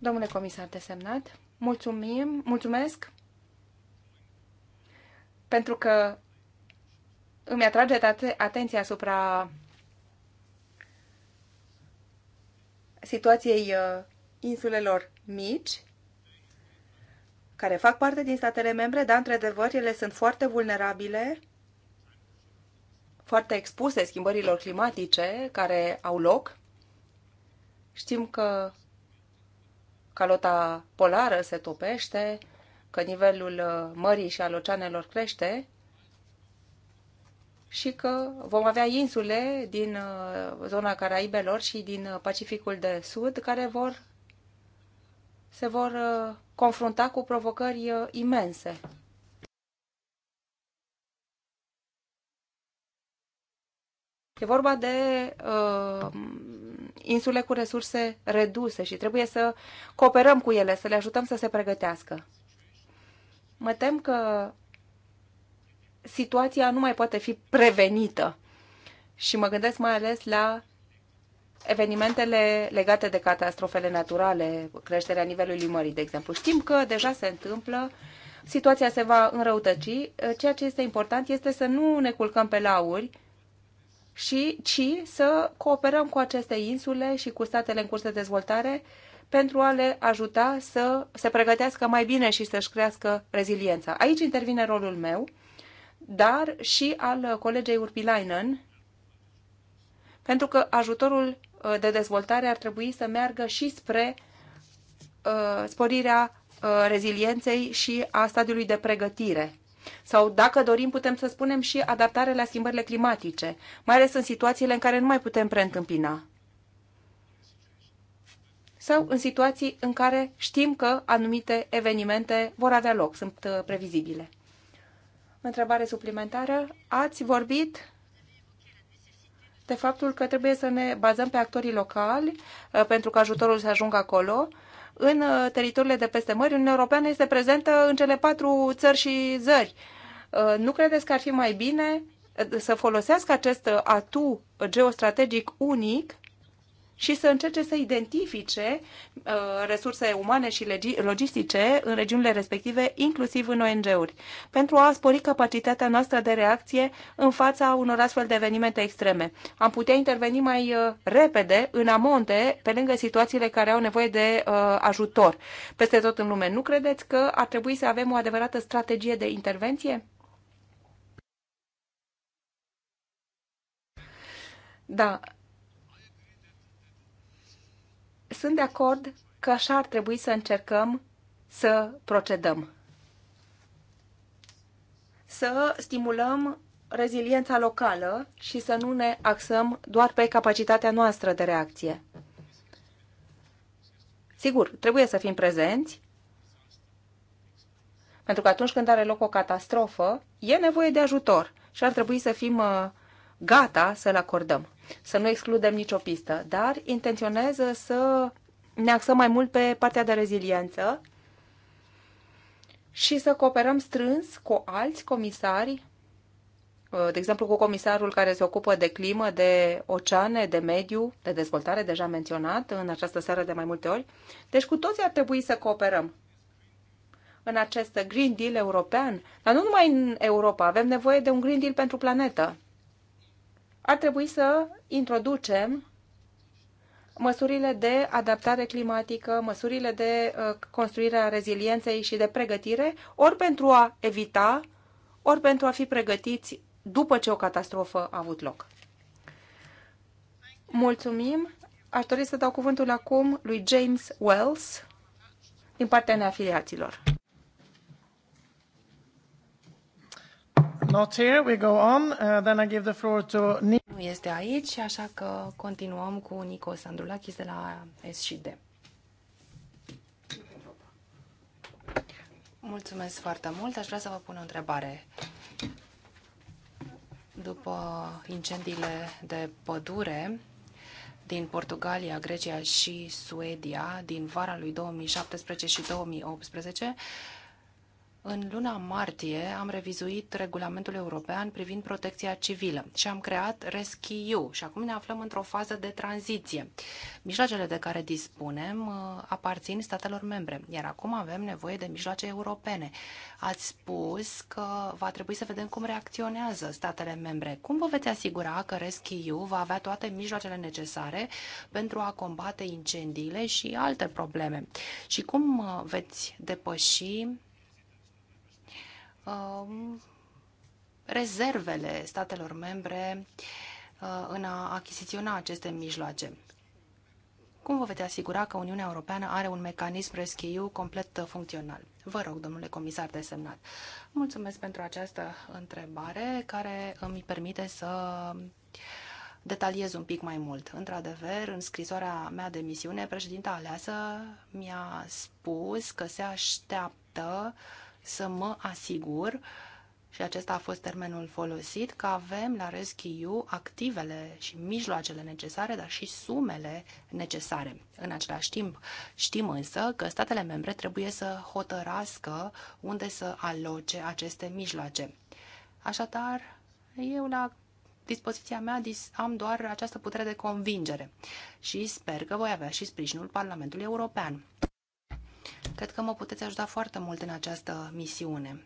S1: Domnule comisar desemnat, mulțumim, mulțumesc pentru că îmi atrage atenția asupra situației uh, insulelor mici, care fac parte din statele membre, dar, într-adevăr, ele sunt foarte vulnerabile, foarte expuse schimbărilor climatice care au loc. Știm că calota polară se topește, că nivelul uh, mării și al oceanelor crește și că vom avea insule din uh, zona Caraibelor și din uh, Pacificul de Sud care vor se vor confrunta cu provocări imense. E vorba de uh, insule cu resurse reduse și trebuie să cooperăm cu ele, să le ajutăm să se pregătească. Mă tem că situația nu mai poate fi prevenită și mă gândesc mai ales la evenimentele legate de catastrofele naturale, creșterea nivelului mării, de exemplu. Știm că deja se întâmplă, situația se va înrăutăci. Ceea ce este important este să nu ne culcăm pe lauri, și ci să cooperăm cu aceste insule și cu statele în curs de dezvoltare pentru a le ajuta să se pregătească mai bine și să-și crească reziliența. Aici intervine rolul meu, dar și al colegei Urpilainen, pentru că ajutorul uh, de dezvoltare ar trebui să meargă și spre uh, sporirea uh, rezilienței și a stadiului de pregătire sau, dacă dorim, putem să spunem și adaptare la schimbările climatice, mai ales în situațiile în care nu mai putem preîntâmpina. Sau în situații în care știm că anumite evenimente vor avea loc, sunt uh, previzibile. Întrebare suplimentară. Ați vorbit de faptul că trebuie să ne bazăm pe actorii locali uh, pentru că ajutorul să ajungă acolo în uh, teritoriile de peste mări. Uniunea Europeană este prezentă în cele patru țări și zări. Uh, nu credeți că ar fi mai bine uh, să folosească acest atu geostrategic unic și să încerce să identifice uh, resurse umane și logistice în regiunile respective, inclusiv în ONG-uri, pentru a spori capacitatea noastră de reacție în fața unor astfel de evenimente extreme. Am putea interveni mai uh, repede, în amonte, pe lângă situațiile care au nevoie de uh, ajutor peste tot în lume. Nu credeți că ar trebui să avem o adevărată strategie de intervenție? Da, sunt de acord că așa ar trebui să încercăm să procedăm. Să stimulăm reziliența locală și să nu ne axăm doar pe capacitatea noastră de reacție. Sigur, trebuie să fim prezenți, pentru că atunci când are loc o catastrofă, e nevoie de ajutor și ar trebui să fim uh, gata să-l acordăm să nu excludem nicio pistă, dar intenționez să ne axăm mai mult pe partea de reziliență și să cooperăm strâns cu alți comisari, uh, de exemplu cu comisarul care se ocupă de climă, de oceane, de mediu, de dezvoltare, deja menționat în această seară de mai multe ori. Deci cu toții ar trebui să cooperăm în acest Green Deal european, dar nu numai în Europa, avem nevoie de un Green Deal pentru planetă ar trebui să introducem măsurile de adaptare climatică, măsurile de uh, construire a rezilienței și de pregătire, ori pentru a evita, ori pentru a fi pregătiți după ce o catastrofă a avut loc. Mulțumim! Aș dori să dau cuvântul acum lui James Wells din partea neafiliaților.
S3: Not here, we go on. Uh, then I give the floor to Nu este aici, așa că continuăm cu Nico Sandulakis de la SCD. Mulțumesc foarte mult. Aș vrea să vă pun o întrebare. După incendiile de pădure din Portugalia, Grecia și Suedia din vara lui 2017 și 2018, în luna martie am revizuit regulamentul european privind protecția civilă și am creat Rescue și acum ne aflăm într-o fază de tranziție. Mijloacele de care dispunem uh, aparțin statelor membre, iar acum avem nevoie de mijloace europene. Ați spus că va trebui să vedem cum reacționează statele membre. Cum vă veți asigura că Rescue va avea toate mijloacele necesare pentru a combate incendiile și alte probleme? Și cum uh, veți depăși Um, rezervele statelor membre uh, în a achiziționa aceste mijloace. Cum vă veți asigura că Uniunea Europeană are un mecanism rescue complet funcțional? Vă rog, domnule comisar de semnat. Mulțumesc pentru această întrebare care îmi permite să detaliez un pic mai mult. Într-adevăr, în scrisoarea mea de misiune, președinta aleasă mi-a spus că se așteaptă uh, să mă asigur și acesta a fost termenul folosit, că avem la Rescue activele și mijloacele necesare, dar și sumele necesare. În același timp, știm însă că statele membre trebuie să hotărască unde să aloce aceste mijloace. Așadar, eu la dispoziția mea am doar această putere de convingere și sper că voi avea și sprijinul Parlamentului European. Cred că mă puteți ajuta foarte mult în această misiune,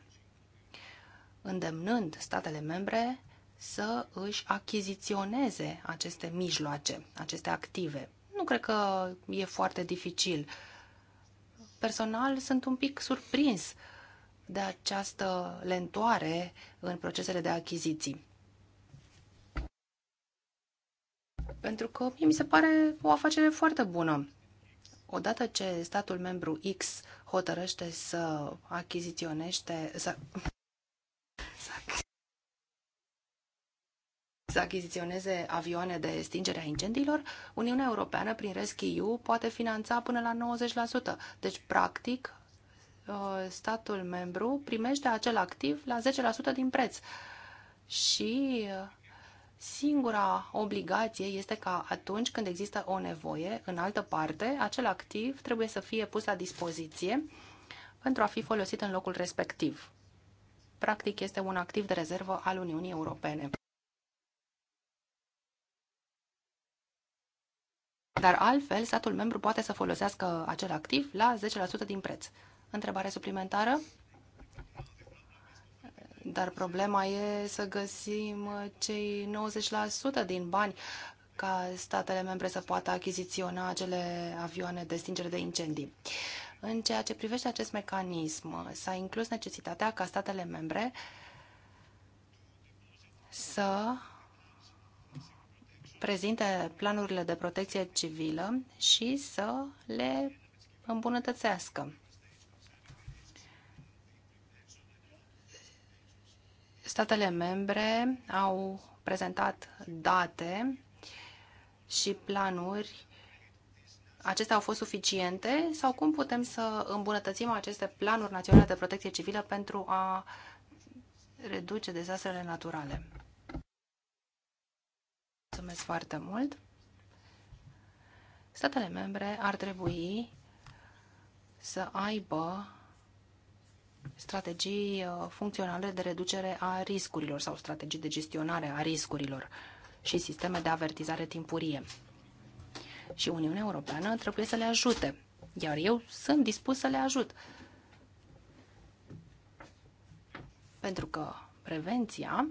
S3: îndemnând statele membre să își achiziționeze aceste mijloace, aceste active. Nu cred că e foarte dificil. Personal sunt un pic surprins de această lentoare în procesele de achiziții. Pentru că mi se pare o afacere foarte bună. Odată ce statul membru X hotărăște să achiziționește, să, să achiziționeze avioane de stingere a incendiilor, Uniunea Europeană, prin RescueU, poate finanța până la 90%. Deci, practic, uh, statul membru primește acel activ la 10% din preț. Și uh, singura obligație este ca atunci când există o nevoie în altă parte, acel activ trebuie să fie pus la dispoziție pentru a fi folosit în locul respectiv. Practic este un activ de rezervă al Uniunii Europene. Dar altfel, statul membru poate să folosească acel activ la 10% din preț. Întrebare suplimentară? Dar problema e să găsim cei 90% din bani ca statele membre să poată achiziționa acele avioane de stingere de incendii. În ceea ce privește acest mecanism, s-a inclus necesitatea ca statele membre să prezinte planurile de protecție civilă și să le îmbunătățească. Statele membre au prezentat date și planuri. Acestea au fost suficiente sau cum putem să îmbunătățim aceste planuri naționale de protecție civilă pentru a reduce dezastrele naturale? Mulțumesc foarte mult! Statele membre ar trebui să aibă strategii uh, funcționale de reducere a riscurilor sau strategii de gestionare a riscurilor și sisteme de avertizare timpurie. Și Uniunea Europeană trebuie să le ajute, iar eu sunt dispus să le ajut. Pentru că prevenția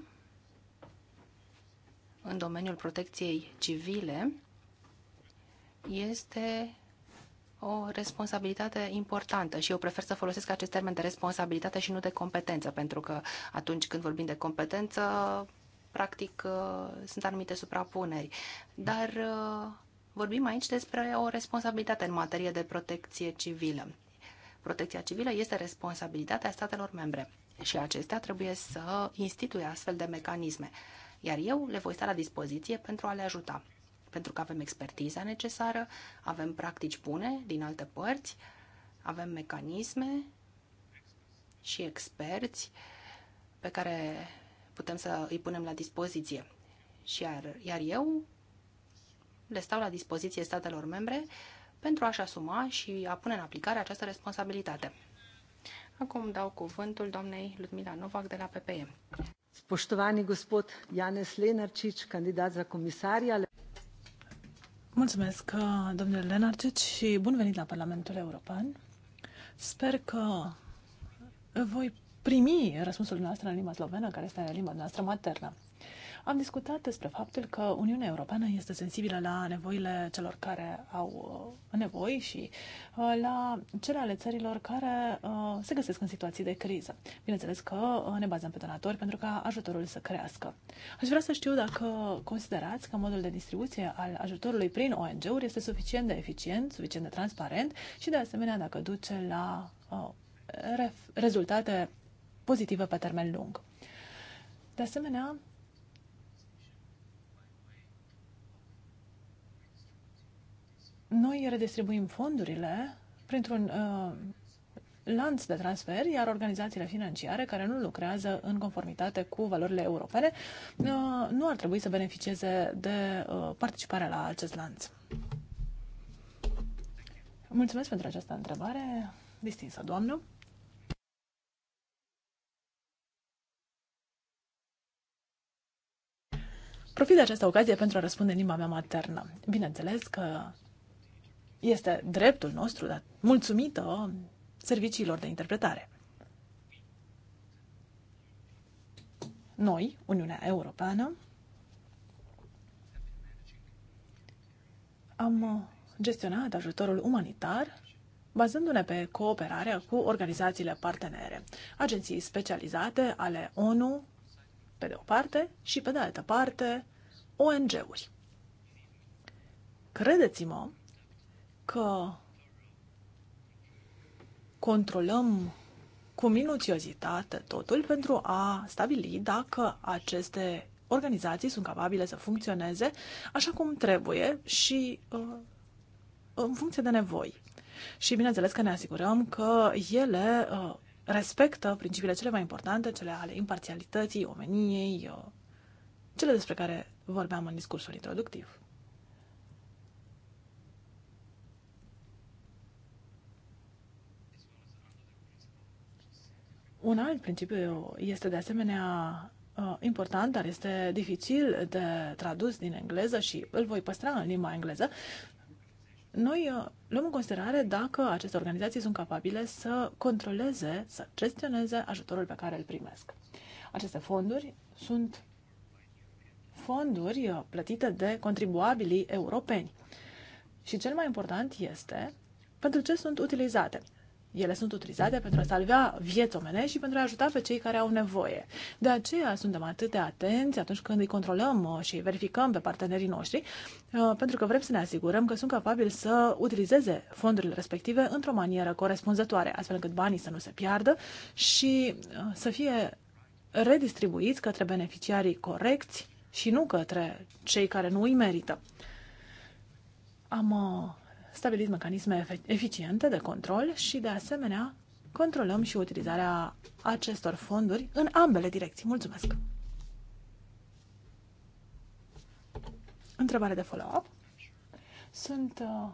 S3: în domeniul protecției civile este o responsabilitate importantă și eu prefer să folosesc acest termen de responsabilitate și nu de competență, pentru că atunci când vorbim de competență, practic uh, sunt anumite suprapuneri. Dar uh, vorbim aici despre o responsabilitate în materie de protecție civilă. Protecția civilă este responsabilitatea statelor membre și acestea trebuie să instituie astfel de mecanisme, iar eu le voi sta la dispoziție pentru a le ajuta pentru că avem expertiza necesară, avem practici bune din alte părți, avem mecanisme și experți pe care putem să îi punem la dispoziție. Și iar, iar eu le stau la dispoziție statelor membre pentru a-și asuma și a pune în aplicare această responsabilitate. Acum dau cuvântul doamnei Ludmila Novak de la PPM. Spoštovani gospod
S1: Janez Lenarcic, candidat comisarii ale...
S2: Mulțumesc, uh, domnule Lenarcic, și bun venit la Parlamentul European. Sper că voi primi răspunsul dumneavoastră în limba slovenă, care este limba noastră maternă. Am discutat despre faptul că Uniunea Europeană este sensibilă la nevoile celor care au uh, nevoi și uh, la cele ale țărilor care uh, se găsesc în situații de criză. Bineînțeles că ne bazăm pe donatori pentru ca ajutorul să crească. Aș vrea să știu dacă considerați că modul de distribuție al ajutorului prin ONG-uri este suficient de eficient, suficient de transparent și de asemenea dacă duce la rezultate pozitive pe termen lung. De asemenea, noi redistribuim fondurile printr-un uh, lanț de transfer, iar organizațiile financiare care nu lucrează în conformitate cu valorile europene uh, nu ar trebui să beneficieze de uh, participarea la acest lanț. Mulțumesc pentru această întrebare, distinsă doamnă. Profit de această ocazie pentru a răspunde în limba mea maternă. Bineînțeles că este dreptul nostru, dar mulțumită serviciilor de interpretare. Noi, Uniunea Europeană, am gestionat ajutorul umanitar bazându-ne pe cooperarea cu organizațiile partenere, agenții specializate ale ONU, pe de o parte, și pe de altă parte, ONG-uri. Credeți-mă că controlăm cu minuțiozitate totul pentru a stabili dacă aceste organizații sunt capabile să funcționeze așa cum trebuie și uh, în funcție de nevoi. Și bineînțeles că ne asigurăm că ele uh, respectă principiile cele mai importante, cele ale imparțialității, omeniei, uh, cele despre care vorbeam în discursul introductiv. Un alt principiu este de asemenea uh, important, dar este dificil de tradus din engleză și îl voi păstra în limba engleză. Noi uh, luăm în considerare dacă aceste organizații sunt capabile să controleze, să gestioneze ajutorul pe care îl primesc. Aceste fonduri sunt fonduri uh, plătite de contribuabilii europeni. Și cel mai important este pentru ce sunt utilizate. Ele sunt utilizate pentru a salva vieți omenești și pentru a ajuta pe cei care au nevoie. De aceea suntem atât de atenți atunci când îi controlăm uh, și îi verificăm pe partenerii noștri, uh, pentru că vrem să ne asigurăm că sunt capabili să utilizeze fondurile respective într-o manieră corespunzătoare, astfel încât banii să nu se piardă și uh, să fie redistribuiți către beneficiarii corecți și nu către cei care nu îi merită. Am stabilit mecanisme eficiente de control și, de asemenea, controlăm și utilizarea acestor fonduri în ambele direcții. Mulțumesc! Întrebare de follow-up. Sunt uh,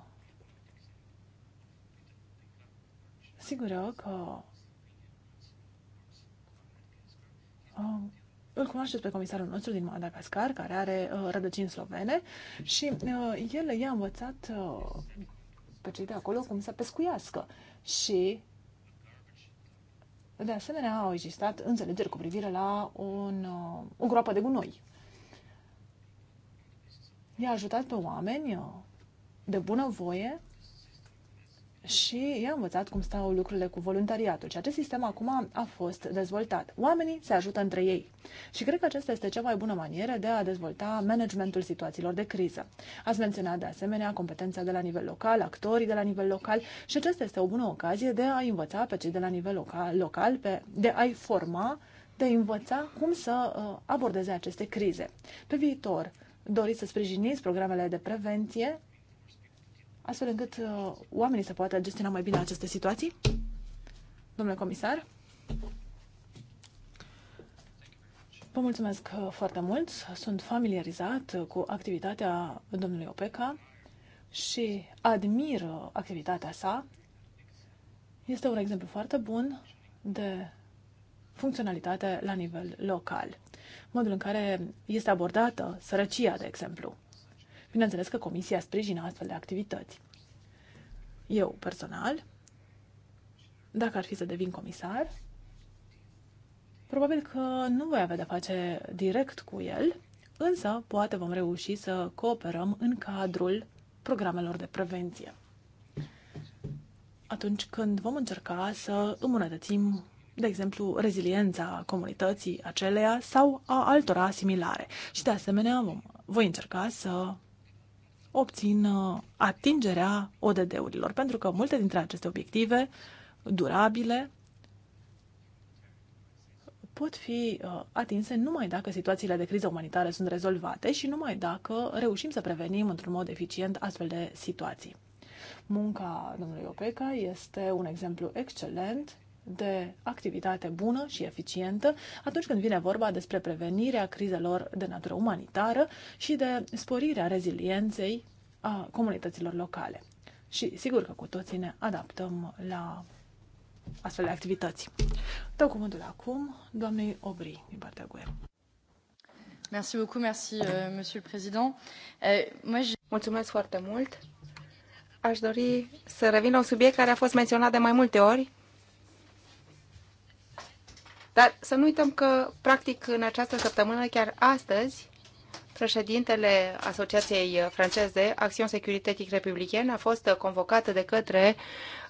S2: sigură că uh, îl cunoașteți pe comisarul nostru din Madagascar, care are uh, rădăcini slovene și uh, el i-a învățat uh, pe cei de acolo cum să pescuiască. Și, de asemenea, au existat înțelegeri cu privire la un, uh, o groapă de gunoi. I-a ajutat pe oameni de bună voie și i-a învățat cum stau lucrurile cu voluntariatul. Și acest sistem acum a fost dezvoltat. Oamenii se ajută între ei. Și cred că aceasta este cea mai bună manieră de a dezvolta managementul situațiilor de criză. Ați menționat de asemenea competența de la nivel local, actorii de la nivel local și aceasta este o bună ocazie de a învăța pe cei de la nivel local, local pe, de a-i forma, de a învăța cum să uh, abordeze aceste crize. Pe viitor, doriți să sprijiniți programele de prevenție astfel încât uh, oamenii să poată gestiona mai bine aceste situații? Domnule comisar? Vă mulțumesc uh, foarte mult. Sunt familiarizat uh, cu activitatea domnului Opeca și admir activitatea sa. Este un exemplu foarte bun de funcționalitate la nivel local. Modul în care este abordată sărăcia, de exemplu. Bineînțeles că Comisia sprijină astfel de activități. Eu, personal, dacă ar fi să devin comisar, probabil că nu voi avea de face direct cu el, însă poate vom reuși să cooperăm în cadrul programelor de prevenție. Atunci când vom încerca să îmbunătățim, de exemplu, reziliența comunității aceleia sau a altora similare. Și de asemenea vom, voi încerca să obțin uh, atingerea ODD-urilor, pentru că multe dintre aceste obiective durabile pot fi uh, atinse numai dacă situațiile de criză umanitară sunt rezolvate și numai dacă reușim să prevenim într-un mod eficient astfel de situații. Munca domnului Opeca este un exemplu excelent de activitate bună și eficientă atunci când vine vorba despre prevenirea crizelor de natură umanitară și de sporirea rezilienței a comunităților locale. Și sigur că cu toții ne adaptăm la astfel de activități. Dau cuvântul acum doamnei Obri din partea GUE. Merci beaucoup, merci, euh, monsieur le président. Euh, Mulțumesc foarte mult.
S1: Aș dori să revin la un subiect care a fost menționat de mai multe ori dar să nu uităm că, practic, în această săptămână, chiar astăzi, Președintele Asociației franceze Action Securitetic Republicaine a fost convocată de către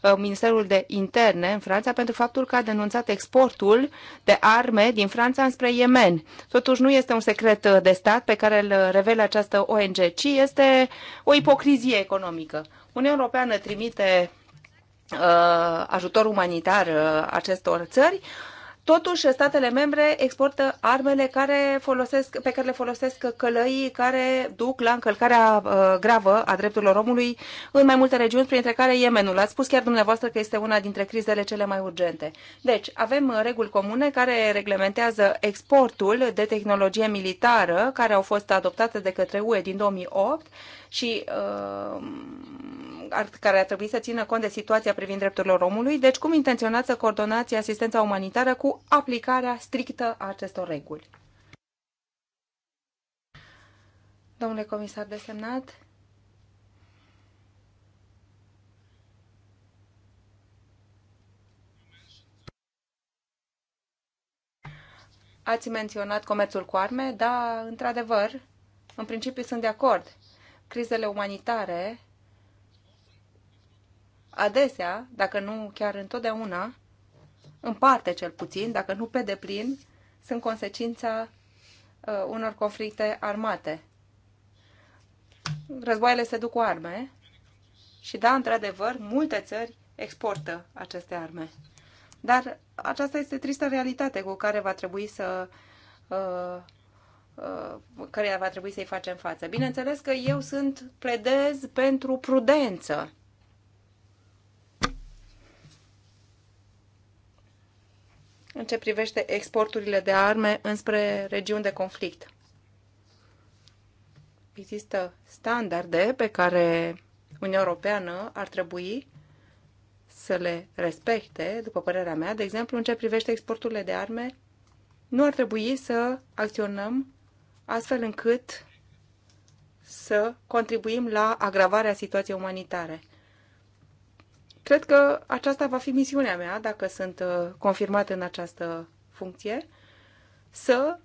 S1: uh, Ministerul de Interne în Franța pentru faptul că a denunțat exportul de arme din Franța înspre Yemen. Totuși nu este un secret uh, de stat pe care îl revele această ONG, ci este o ipocrizie economică. Uniunea Europeană trimite uh, ajutor umanitar acestor țări, Totuși, statele membre exportă armele care folosesc, pe care le folosesc călăii care duc la încălcarea uh, gravă a drepturilor omului în mai multe regiuni, printre care Yemenul. Ați spus chiar dumneavoastră că este una dintre crizele cele mai urgente. Deci, avem uh, reguli comune care reglementează exportul de tehnologie militară care au fost adoptate de către UE din 2008 și uh, care ar trebui să țină cont de situația privind drepturile omului. Deci, cum intenționați să coordonați asistența umanitară cu aplicarea strictă a acestor reguli? Domnule comisar desemnat, Ați menționat comerțul cu arme, da, într-adevăr, în principiu sunt de acord. Crizele umanitare adesea, dacă nu chiar întotdeauna, în parte cel puțin, dacă nu pe deplin, sunt consecința uh, unor conflicte armate. Războaiele se duc cu arme și da, într-adevăr, multe țări exportă aceste arme. Dar aceasta este tristă realitate cu care va trebui să uh, uh care va trebui să-i facem față. Bineînțeles că eu sunt pledez pentru prudență în ce privește exporturile de arme înspre regiuni de conflict. Există standarde pe care Uniunea Europeană ar trebui să le respecte, după părerea mea, de exemplu, în ce privește exporturile de arme, nu ar trebui să acționăm astfel încât să contribuim la agravarea situației umanitare. Cred că aceasta va fi misiunea mea, dacă sunt uh, confirmat în această funcție, să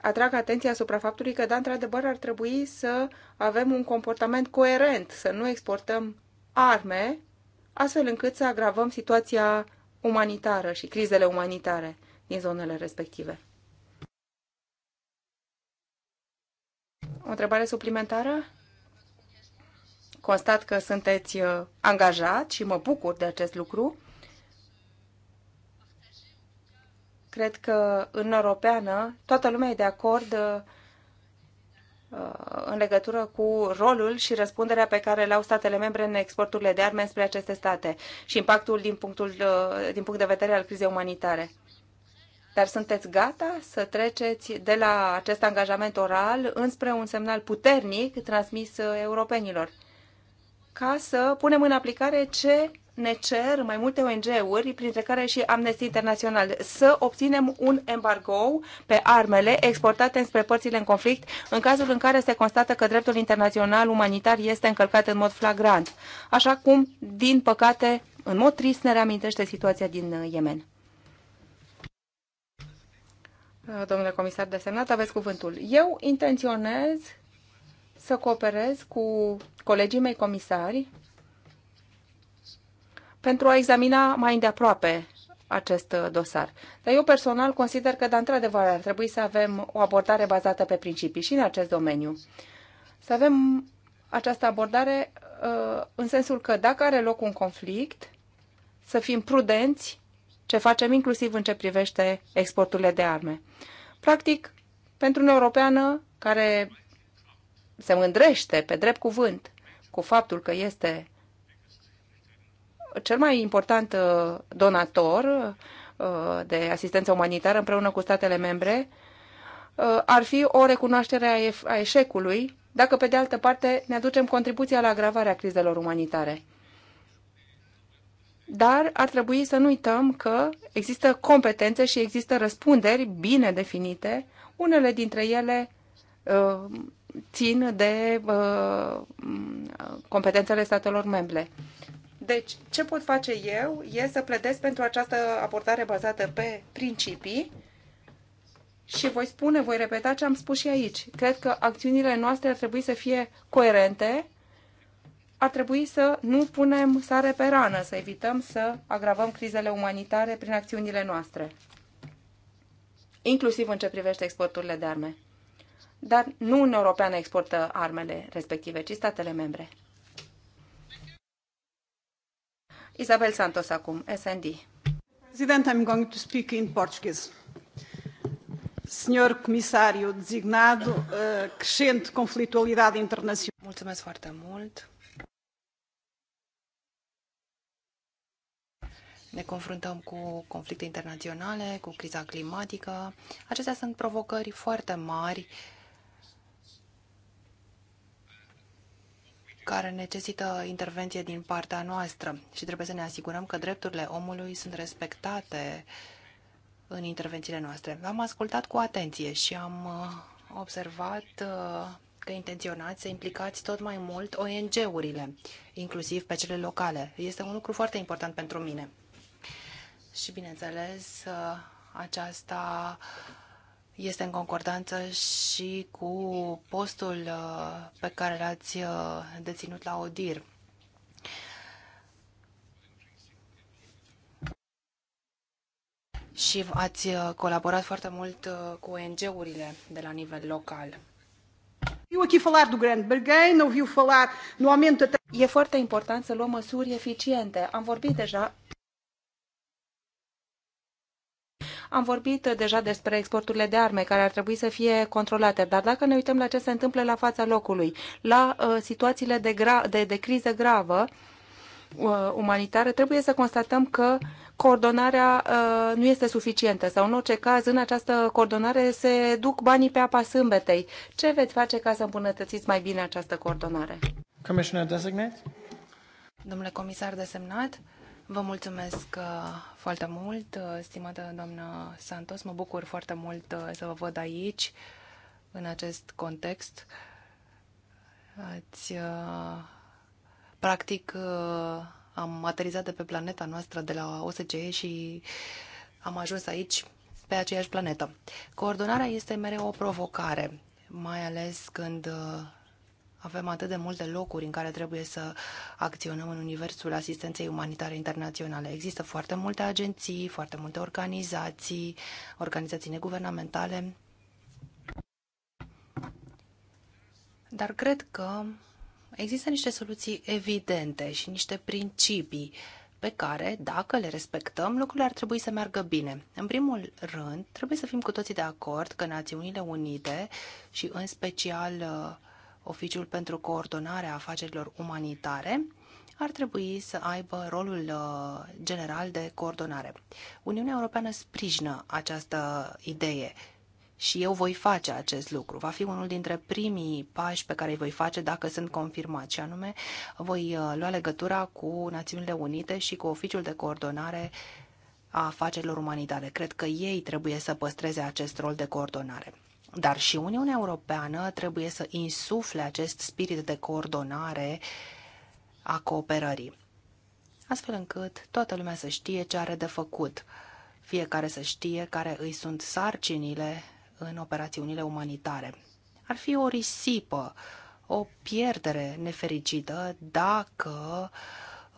S1: atrag atenția asupra faptului că, da, într-adevăr, ar trebui să avem un comportament coerent, să nu exportăm arme, astfel încât să agravăm situația umanitară și crizele umanitare din zonele respective. O întrebare suplimentară? constat că sunteți uh, angajat și mă bucur de acest lucru. Cred că în Europeană toată lumea e de acord uh, uh, în legătură cu rolul și răspunderea pe care le-au statele membre în exporturile de arme spre aceste state și impactul din, punctul, din punct de vedere al crizei umanitare. Dar sunteți gata să treceți de la acest angajament oral înspre un semnal puternic transmis europenilor? ca să punem în aplicare ce ne cer mai multe ONG-uri, printre care și Amnesty International, să obținem un embargo pe armele exportate spre părțile în conflict, în cazul în care se constată că dreptul internațional umanitar este încălcat în mod flagrant, așa cum, din păcate, în mod trist ne reamintește situația din uh, Yemen. Domnule comisar desemnat, aveți cuvântul. Eu intenționez să cooperez cu colegii mei comisari pentru a examina mai îndeaproape acest uh, dosar. Dar eu personal consider că, da, într-adevăr, ar trebui să avem o abordare bazată pe principii și în acest domeniu. Să avem această abordare uh, în sensul că dacă are loc un conflict, să fim prudenți ce facem inclusiv în ce privește exporturile de arme. Practic, pentru un europeană care se mândrește pe drept cuvânt cu faptul că este cel mai important uh, donator uh, de asistență umanitară împreună cu statele membre, uh, ar fi o recunoaștere a eșecului dacă, pe de altă parte, ne aducem contribuția la agravarea crizelor umanitare. Dar ar trebui să nu uităm că există competențe și există răspunderi bine definite, unele dintre ele țin de uh, competențele statelor membre. Deci, ce pot face eu e să pledez pentru această abordare bazată pe principii și voi spune, voi repeta ce am spus și aici. Cred că acțiunile noastre ar trebui să fie coerente, ar trebui să nu punem sare pe rană, să evităm să agravăm crizele umanitare prin acțiunile noastre, inclusiv în ce privește exporturile de arme dar nu Uniunea Europeană exportă armele respective, ci statele membre. Isabel Santos acum,
S2: SND. President, I'm going to speak in Portuguese. Senhor Comissário designado, uh, crescente conflitualidade internacional. Mulțumesc foarte mult.
S3: Ne confruntăm cu conflicte internaționale, cu criza climatică. Acestea sunt provocări foarte mari care necesită intervenție din partea noastră și trebuie să ne asigurăm că drepturile omului sunt respectate în intervențiile noastre. Am ascultat cu atenție și am uh, observat uh, că intenționați să implicați tot mai mult ONG-urile, inclusiv pe cele locale. Este un lucru foarte important pentru mine. Și, bineînțeles, uh, aceasta este în concordanță și cu postul uh, pe care l-ați uh, deținut la ODIR. Și ați uh, colaborat foarte mult cu ONG-urile de la nivel local.
S2: Eu aqui falar do grande bargain, ouviu
S1: falar no aumento E foarte important să luăm măsuri eficiente. Am vorbit deja Am vorbit deja despre exporturile de arme care ar trebui să fie controlate, dar dacă ne uităm la ce se întâmplă la fața locului, la uh, situațiile de, gra- de, de criză gravă, uh, umanitară, trebuie să constatăm că coordonarea uh, nu este suficientă sau în orice caz în această coordonare se duc banii pe apa sâmbetei. Ce veți face ca să îmbunătățiți mai bine această coordonare?
S3: Commissioner designate. Domnule comisar desemnat, uh, Vă mulțumesc uh, foarte mult, uh, stimată doamnă Santos. Mă bucur foarte mult uh, să vă văd aici, în acest context. Ați, practic, am aterizat de pe planeta noastră de la OSCE și am ajuns aici pe aceeași planetă. Coordonarea este mereu o provocare, mai ales când avem atât de multe locuri în care trebuie să acționăm în universul asistenței umanitare internaționale. Există foarte multe agenții, foarte multe organizații, organizații neguvernamentale. Dar cred că există niște soluții evidente și niște principii pe care, dacă le respectăm, lucrurile ar trebui să meargă bine. În primul rând, trebuie să fim cu toții de acord că Națiunile Unite și în special Oficiul pentru Coordonarea Afacerilor Umanitare, ar trebui să aibă rolul uh, general de coordonare. Uniunea Europeană sprijină această idee și eu voi face acest lucru. Va fi unul dintre primii pași pe care îi voi face dacă sunt confirmat, și anume voi uh, lua legătura cu Națiunile Unite și cu Oficiul de Coordonare a Afacerilor Umanitare. Cred că ei trebuie să păstreze acest rol de coordonare. Dar și Uniunea Europeană trebuie să insufle acest spirit de coordonare a cooperării, astfel încât toată lumea să știe ce are de făcut, fiecare să știe care îi sunt sarcinile în operațiunile umanitare. Ar fi o risipă, o pierdere nefericită dacă uh,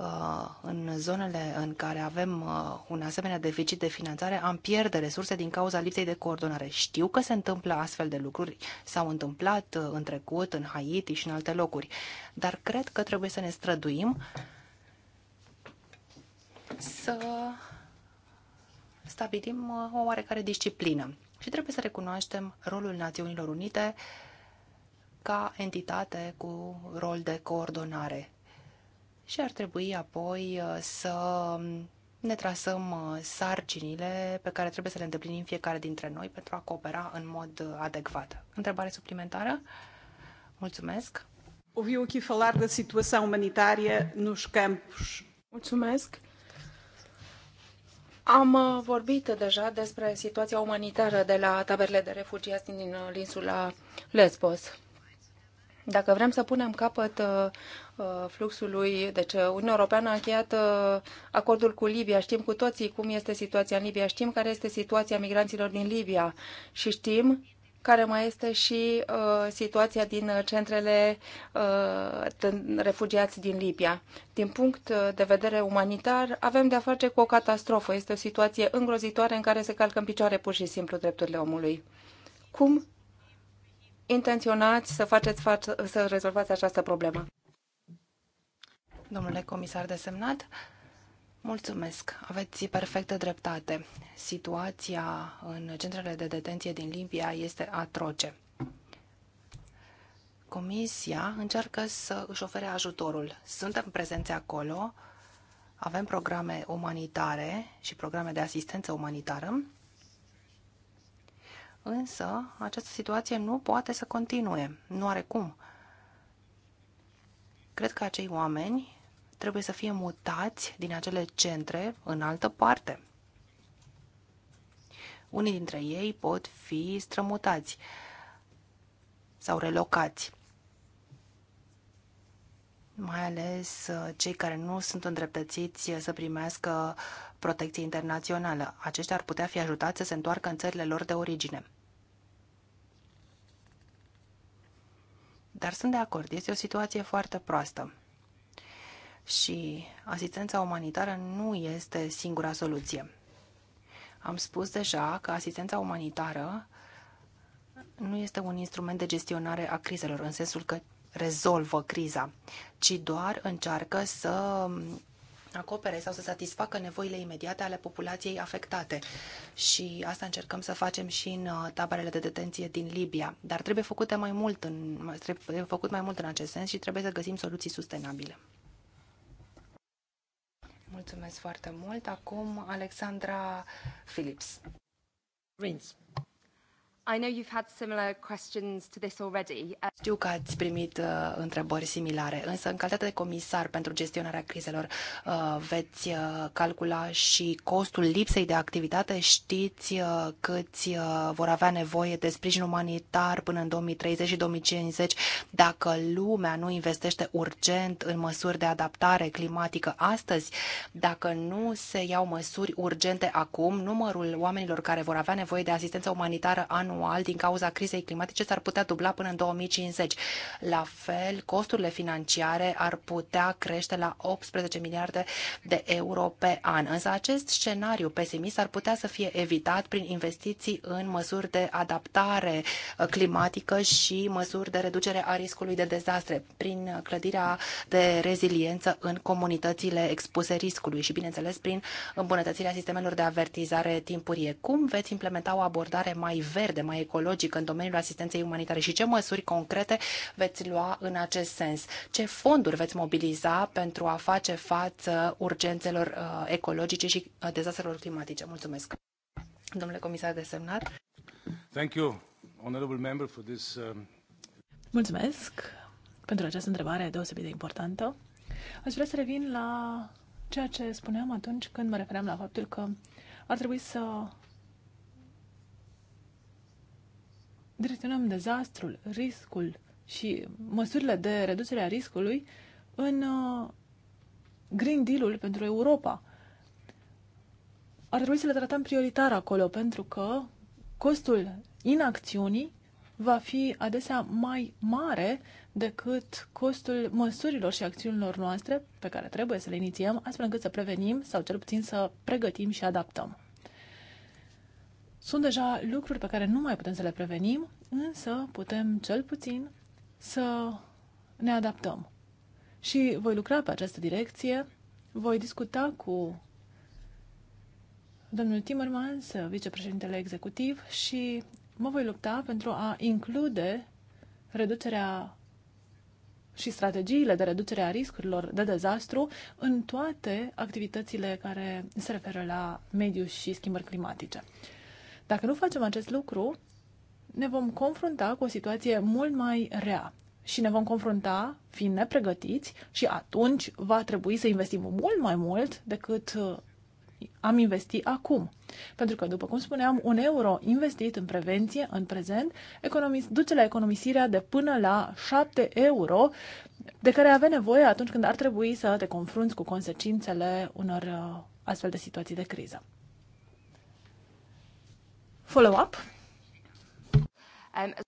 S3: Uh, în zonele în care avem uh, un asemenea deficit de finanțare, am pierde resurse din cauza lipsei de coordonare. Știu că se întâmplă astfel de lucruri, s-au întâmplat uh, în trecut, în Haiti și în alte locuri, dar cred că trebuie să ne străduim să stabilim o oarecare disciplină. Și trebuie să recunoaștem rolul Națiunilor Unite ca entitate cu rol de coordonare și ar trebui apoi uh, să ne trasăm uh, sarcinile pe care trebuie să le îndeplinim fiecare dintre noi pentru a coopera în mod uh, adecvat. Întrebare suplimentară? Mulțumesc. Ouviu aqui
S2: falar da situação humanitária nos campos. Mulțumesc.
S1: Am vorbit deja despre situația umanitară de la taberele de refugiați din insula Lesbos. Dacă vrem să punem capăt Uh, fluxului. Deci uh, Uniunea Europeană a încheiat uh, acordul cu Libia. Știm cu toții cum este situația în Libia, știm care este situația migranților din Libia și știm care mai este și uh, situația din centrele uh, de refugiați din Libia. Din punct de vedere umanitar, avem de-a face cu o catastrofă. Este o situație îngrozitoare în care se calcă în picioare pur și simplu drepturile omului. Cum intenționați să faceți față, să rezolvați această problemă?
S3: domnule comisar desemnat. Mulțumesc, aveți perfectă dreptate. Situația în centrele de detenție din Limpia este atroce. Comisia încearcă să își ofere ajutorul. Suntem prezenți acolo, avem programe umanitare și programe de asistență umanitară, însă această situație nu poate să continue, nu are cum. Cred că acei oameni trebuie să fie mutați din acele centre în altă parte. Unii dintre ei pot fi strămutați sau relocați, mai ales uh, cei care nu sunt îndreptățiți să primească protecție internațională. Aceștia ar putea fi ajutați să se întoarcă în țările lor de origine. Dar sunt de acord, este o situație foarte proastă și asistența umanitară nu este singura soluție. Am spus deja că asistența umanitară nu este un instrument de gestionare a crizelor, în sensul că rezolvă criza, ci doar încearcă să acopere sau să satisfacă nevoile imediate ale populației afectate. Și asta încercăm să facem și în uh, taberele de detenție din Libia. Dar trebuie, făcute mai mult în, trebuie făcut mai mult în acest sens și trebuie să găsim soluții sustenabile. Mulțumesc foarte mult. Acum Alexandra Philips. I know you've had similar questions to this already. Uh, Știu că ați primit uh, întrebări similare, însă în calitate de comisar pentru gestionarea crizelor uh, veți uh, calcula și costul lipsei de activitate. Știți uh, câți uh, vor avea nevoie de sprijin umanitar până în 2030 și 2050 dacă lumea nu investește urgent în măsuri de adaptare climatică astăzi, dacă nu se iau măsuri urgente acum, numărul oamenilor care vor avea nevoie de asistență umanitară anul anual din cauza crizei climatice s-ar putea dubla până în 2050. La fel, costurile financiare ar putea crește la 18 miliarde de euro pe an. Însă acest scenariu pesimist ar putea să fie evitat prin investiții în măsuri de adaptare climatică și măsuri de reducere a riscului de dezastre, prin clădirea de reziliență în comunitățile expuse riscului și, bineînțeles, prin îmbunătățirea sistemelor de avertizare timpurie. Cum veți implementa o abordare mai verde verde, mai ecologic în domeniul asistenței umanitare și ce măsuri concrete veți lua în acest sens? Ce fonduri veți mobiliza pentru a face față urgențelor uh, ecologice și uh, dezastrelor climatice? Mulțumesc. Domnule comisar semnat.
S1: Thank you, honorable member, for this, um...
S2: Mulțumesc pentru această întrebare deosebit de importantă. Aș vrea să revin la ceea ce spuneam atunci când mă refeream la faptul că ar trebui să direcționăm dezastrul, riscul și măsurile de reducere a riscului în uh, Green Deal-ul pentru Europa. Ar trebui să le tratăm prioritar acolo, pentru că costul inacțiunii va fi adesea mai mare decât costul măsurilor și acțiunilor noastre pe care trebuie să le inițiem, astfel încât să prevenim sau cel puțin să pregătim și adaptăm. Sunt deja lucruri pe care nu mai putem să le prevenim, însă putem cel puțin să ne adaptăm. Și voi lucra pe această direcție, voi discuta cu domnul Timmermans, vicepreședintele executiv, și mă voi lupta pentru a include reducerea și strategiile de reducere a riscurilor de dezastru în toate activitățile care se referă la mediu și schimbări climatice. Dacă nu facem acest lucru, ne vom confrunta cu o situație mult mai rea și ne vom confrunta fiind nepregătiți și atunci va trebui să investim mult mai mult decât uh, am investit acum. Pentru că, după cum spuneam, un euro investit în prevenție în prezent economis- duce la economisirea de până la 7 euro de care avea nevoie atunci când ar trebui să te confrunți cu consecințele unor uh, astfel de situații de criză follow-up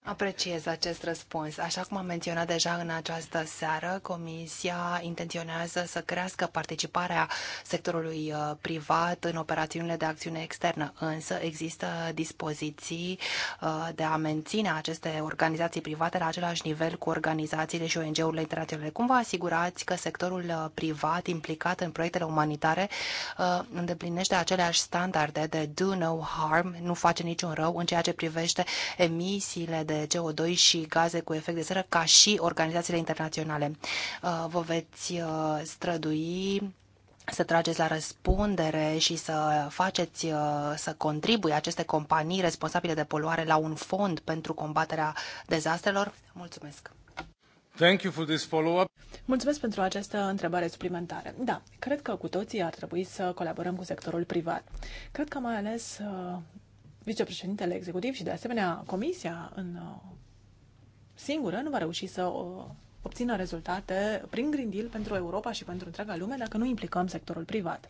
S3: Apreciez acest răspuns. Așa cum am menționat deja în această seară, Comisia intenționează să crească participarea sectorului uh, privat în operațiunile de acțiune externă, însă există dispoziții uh, de a menține aceste organizații private la același nivel cu organizațiile și ONG-urile internaționale. Cum vă asigurați că sectorul uh, privat implicat în proiectele umanitare îndeplinește aceleași standarde de do no harm, nu face niciun rău în ceea ce privește emisii emisiile de CO2 și gaze cu efect de seră ca și organizațiile internaționale. Uh, vă veți uh, strădui să trageți la răspundere și să faceți, uh, să contribuie aceste companii responsabile de poluare la un fond
S2: pentru combaterea dezastrelor? Mulțumesc!
S3: Thank you for this follow-up.
S2: Mulțumesc pentru această întrebare suplimentară. Da, cred că cu toții ar trebui să colaborăm cu sectorul privat. Cred că mai ales vicepreședintele executiv și de asemenea comisia în uh, singură nu va reuși să uh, obțină rezultate prin Green Deal pentru Europa și pentru întreaga lume dacă nu implicăm sectorul privat.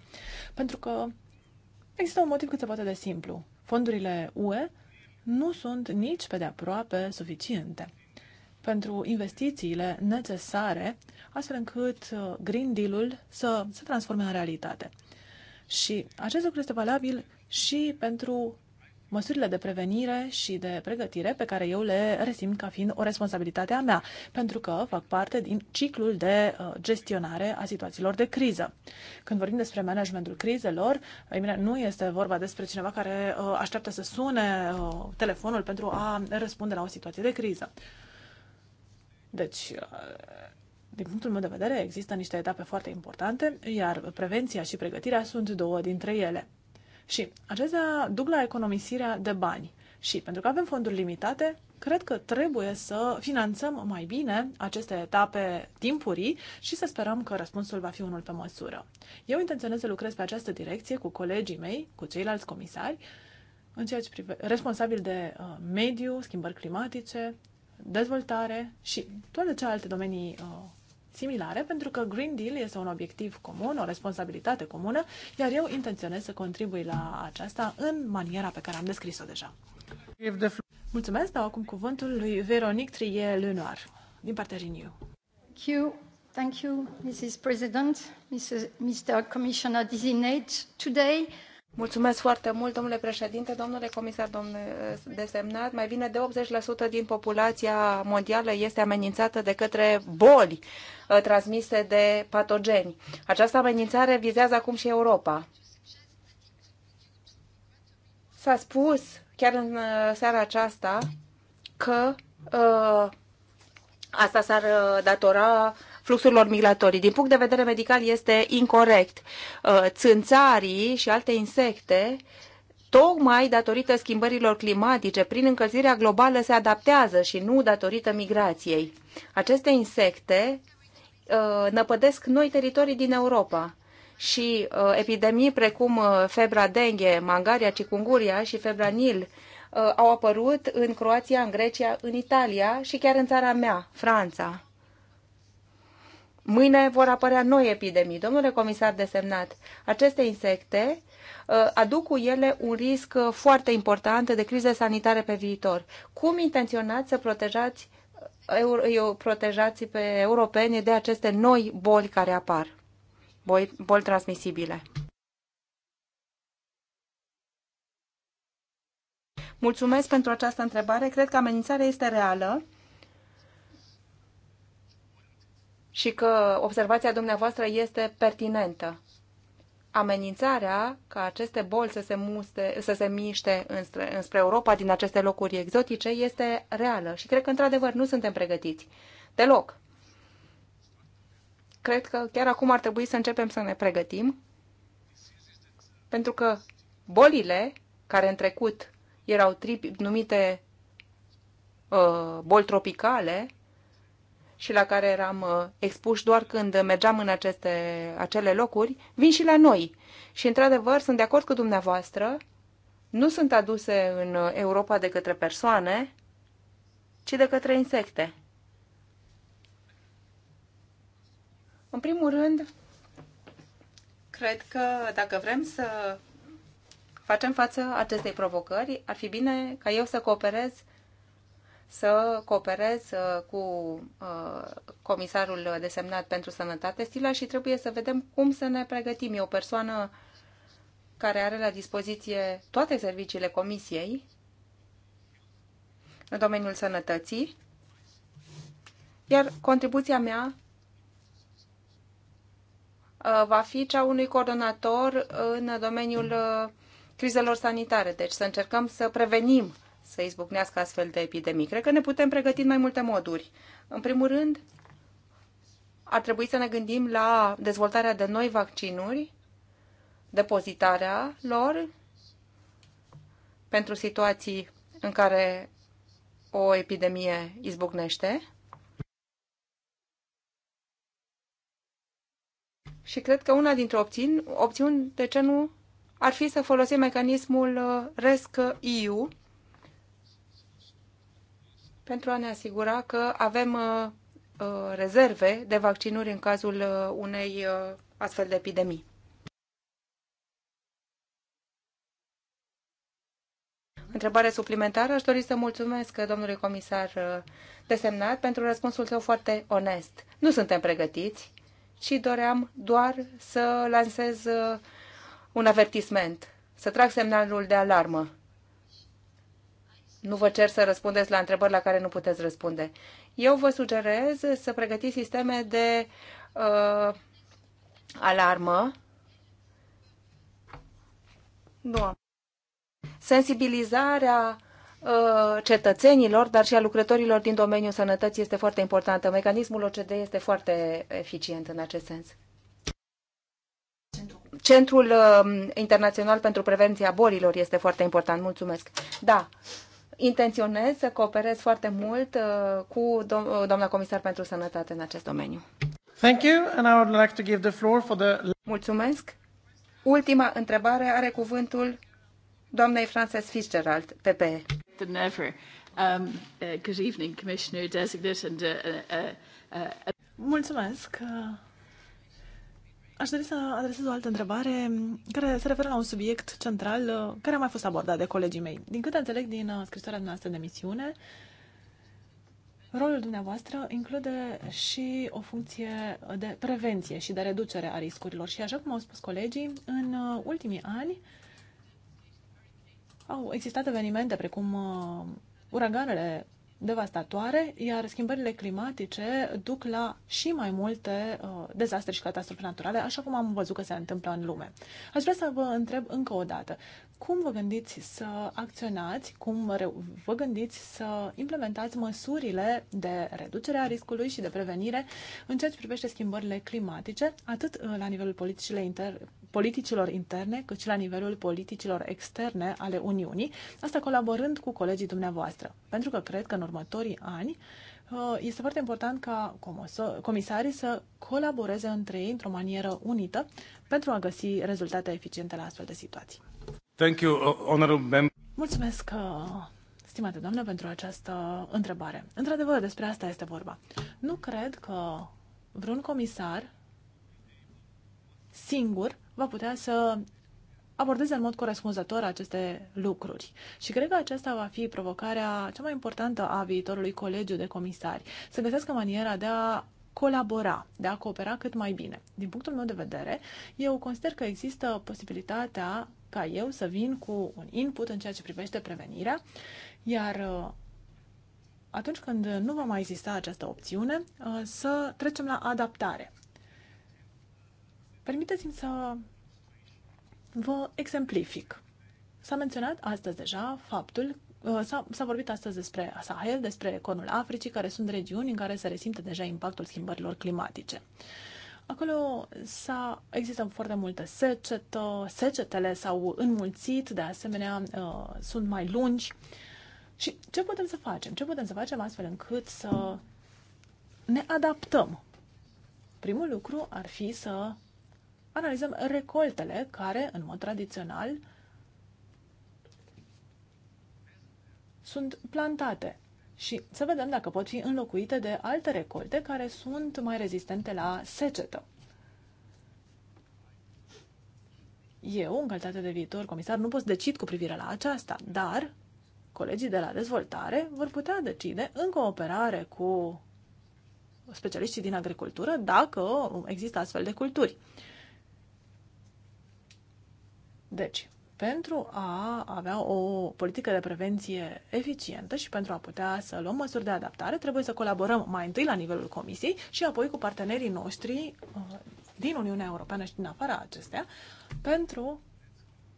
S2: Pentru că există un motiv cât se poate de simplu. Fondurile UE nu sunt nici pe de aproape suficiente pentru investițiile necesare, astfel încât uh, Green Deal-ul să se transforme în realitate. Și acest lucru este valabil și pentru măsurile de prevenire și de pregătire pe care eu le resimt ca fiind o responsabilitate a mea, pentru că fac parte din ciclul de uh, gestionare a situațiilor de criză. Când vorbim despre managementul crizelor, bine, nu este vorba despre cineva care uh, așteaptă să sune uh, telefonul pentru a răspunde la o situație de criză. Deci, din punctul meu de vedere, există niște etape foarte importante, iar prevenția și pregătirea sunt două dintre ele. Și acestea duc la economisirea de bani. Și pentru că avem fonduri limitate, cred că trebuie să finanțăm mai bine aceste etape timpurii și să sperăm că răspunsul va fi unul pe măsură. Eu intenționez să lucrez pe această direcție cu colegii mei, cu ceilalți comisari, în ceea ce prive, responsabil de uh, mediu, schimbări climatice, dezvoltare și toate cealaltă domenii uh, similare, pentru că Green Deal este un obiectiv comun, o responsabilitate comună, iar eu intenționez să contribui la aceasta în maniera pe care am descris-o deja. Mulțumesc, dau acum cuvântul lui Veronique Trie Lenoir, din partea Renew. Thank you.
S3: Thank you, Mrs. President, Mr. Commissioner Designate. Today,
S1: Mulțumesc foarte mult, domnule președinte, domnule comisar, domnule eh, desemnat. Mai bine de 80% din populația mondială este amenințată de către boli eh, transmise de patogeni. Această amenințare vizează acum și Europa. S-a spus chiar în eh, seara aceasta că uh, asta s-ar datora uh, fluxurilor migratorii. Din punct de vedere medical este incorrect. Uh, țânțarii și alte insecte tocmai datorită schimbărilor climatice, prin încălzirea globală, se adaptează și nu datorită migrației. Aceste insecte uh, năpădesc noi teritorii din Europa și uh, epidemii precum febra dengue, mangaria, cicunguria și febra nil au apărut în Croația, în Grecia, în Italia și chiar în țara mea, Franța. Mâine vor apărea noi epidemii. Domnule comisar desemnat, aceste insecte uh, aduc cu ele un risc uh, foarte important de crize sanitare pe viitor. Cum intenționați să protejați, uh, eu, protejați pe europeni de aceste noi boli care apar, boli, boli transmisibile? Mulțumesc pentru această întrebare. Cred că amenințarea este reală și că observația dumneavoastră este pertinentă. Amenințarea ca aceste boli să se, muste, să se miște înspre, înspre Europa din aceste locuri exotice este reală și cred că, într-adevăr, nu suntem pregătiți. Deloc. Cred că chiar acum ar trebui să începem să ne pregătim, pentru că bolile care în trecut erau tri, numite uh, boli tropicale, și la care eram uh, expuși doar când mergeam în aceste, acele locuri, vin și la noi. Și, într-adevăr, sunt de acord cu dumneavoastră, nu sunt aduse în uh, Europa de către persoane, ci de către insecte. În primul rând, cred că dacă vrem să facem față acestei provocări, ar fi bine ca eu să cooperez să cooperez uh, cu uh, comisarul desemnat pentru sănătate, Stila, și trebuie să vedem cum să ne pregătim. E o persoană care are la dispoziție toate serviciile comisiei în domeniul sănătății, iar contribuția mea uh, va fi cea unui coordonator în domeniul crizelor sanitare. Deci să încercăm să prevenim să izbucnească astfel de epidemii. Cred că ne putem pregăti în mai multe moduri. În primul rând, ar trebui să ne gândim la dezvoltarea de noi vaccinuri, depozitarea lor pentru situații în care o epidemie izbucnește. Și cred că una dintre opțiuni, opțiuni, de ce nu, ar fi să folosim mecanismul uh, RESC-EU, pentru a ne asigura că avem uh, uh, rezerve de vaccinuri în cazul uh, unei astfel de epidemii. Întrebare suplimentară. Aș dori să mulțumesc domnului comisar desemnat pentru răspunsul său foarte onest. Nu suntem pregătiți și doream doar să lansez un avertisment, să trag semnalul de alarmă nu vă cer să răspundeți la întrebări la care nu puteți răspunde. Eu vă sugerez să pregătiți sisteme de uh, alarmă. Nu am. Sensibilizarea uh, cetățenilor, dar și a lucrătorilor din domeniul sănătății este foarte importantă. Mecanismul OCD este foarte eficient în acest sens. Centrul uh, Internațional pentru Prevenția Bolilor este foarte important. Mulțumesc. Da, intenționez să cooperez foarte mult uh, cu uh, doamna comisar pentru sănătate în acest domeniu.
S3: Thank you and I would like to give the floor for the... Mulțumesc.
S1: Ultima întrebare are cuvântul doamnei
S2: Frances Fitzgerald, PPE. Than ever. Um, uh, good evening, Commissioner Designate and uh, uh, uh, uh Mulțumesc. Aș dori să adresez o altă întrebare care se referă la un subiect central uh, care a mai fost abordat de colegii mei. Din câte înțeleg din uh, scrisoarea noastră de misiune, rolul dumneavoastră include și o funcție de prevenție și de reducere a riscurilor. Și așa cum au spus colegii, în uh, ultimii ani au existat evenimente precum uraganele devastatoare, iar schimbările climatice duc la și mai multe uh, dezastre și catastrofe naturale, așa cum am văzut că se întâmplă în lume. Aș vrea să vă întreb încă o dată, cum vă gândiți să acționați, cum vă gândiți să implementați măsurile de reducere a riscului și de prevenire în ceea ce privește schimbările climatice, atât uh, la nivelul politicile inter- politicilor interne, cât și la nivelul politicilor externe ale Uniunii, asta colaborând cu colegii dumneavoastră. Pentru că cred că în următorii ani uh, este foarte important ca comisarii să colaboreze între ei într-o manieră unită pentru a găsi rezultate eficiente la astfel de situații.
S1: Thank you, honorable
S2: Mulțumesc, uh, stimate doamnă, pentru această întrebare. Într-adevăr, despre asta este vorba. Nu cred că vreun comisar singur va putea să abordeze în mod corespunzător aceste lucruri. Și cred că aceasta va fi provocarea cea mai importantă a viitorului colegiu de comisari, să găsească maniera de a colabora, de a coopera cât mai bine. Din punctul meu de vedere, eu consider că există posibilitatea ca eu să vin cu un input în ceea ce privește prevenirea, iar uh, atunci când nu va mai exista această opțiune, uh, să trecem la adaptare. Permiteți-mi să vă exemplific. S-a menționat astăzi deja faptul uh, S-a, vorbit astăzi despre Sahel, despre Conul Africii, care sunt regiuni în care se resimte deja impactul schimbărilor climatice. Uh, Acolo s-a, există foarte multă secetă, secetele s-au înmulțit, de asemenea uh, sunt mai lungi. Și ce putem să facem? Ce putem să facem astfel încât să ne adaptăm? Primul lucru ar fi să analizăm recoltele care, în mod tradițional, sunt plantate și să vedem dacă pot fi înlocuite de alte recolte care sunt mai rezistente la secetă. Eu, în calitate de viitor comisar, nu pot decid cu privire la aceasta, dar colegii de la dezvoltare vor putea decide, în cooperare cu specialiștii din agricultură, dacă există astfel de culturi. Deci, pentru a avea o politică de prevenție eficientă și pentru a putea să luăm măsuri de adaptare, trebuie să colaborăm mai întâi la nivelul Comisiei și apoi cu partenerii noștri uh, din Uniunea Europeană și din afara acestea pentru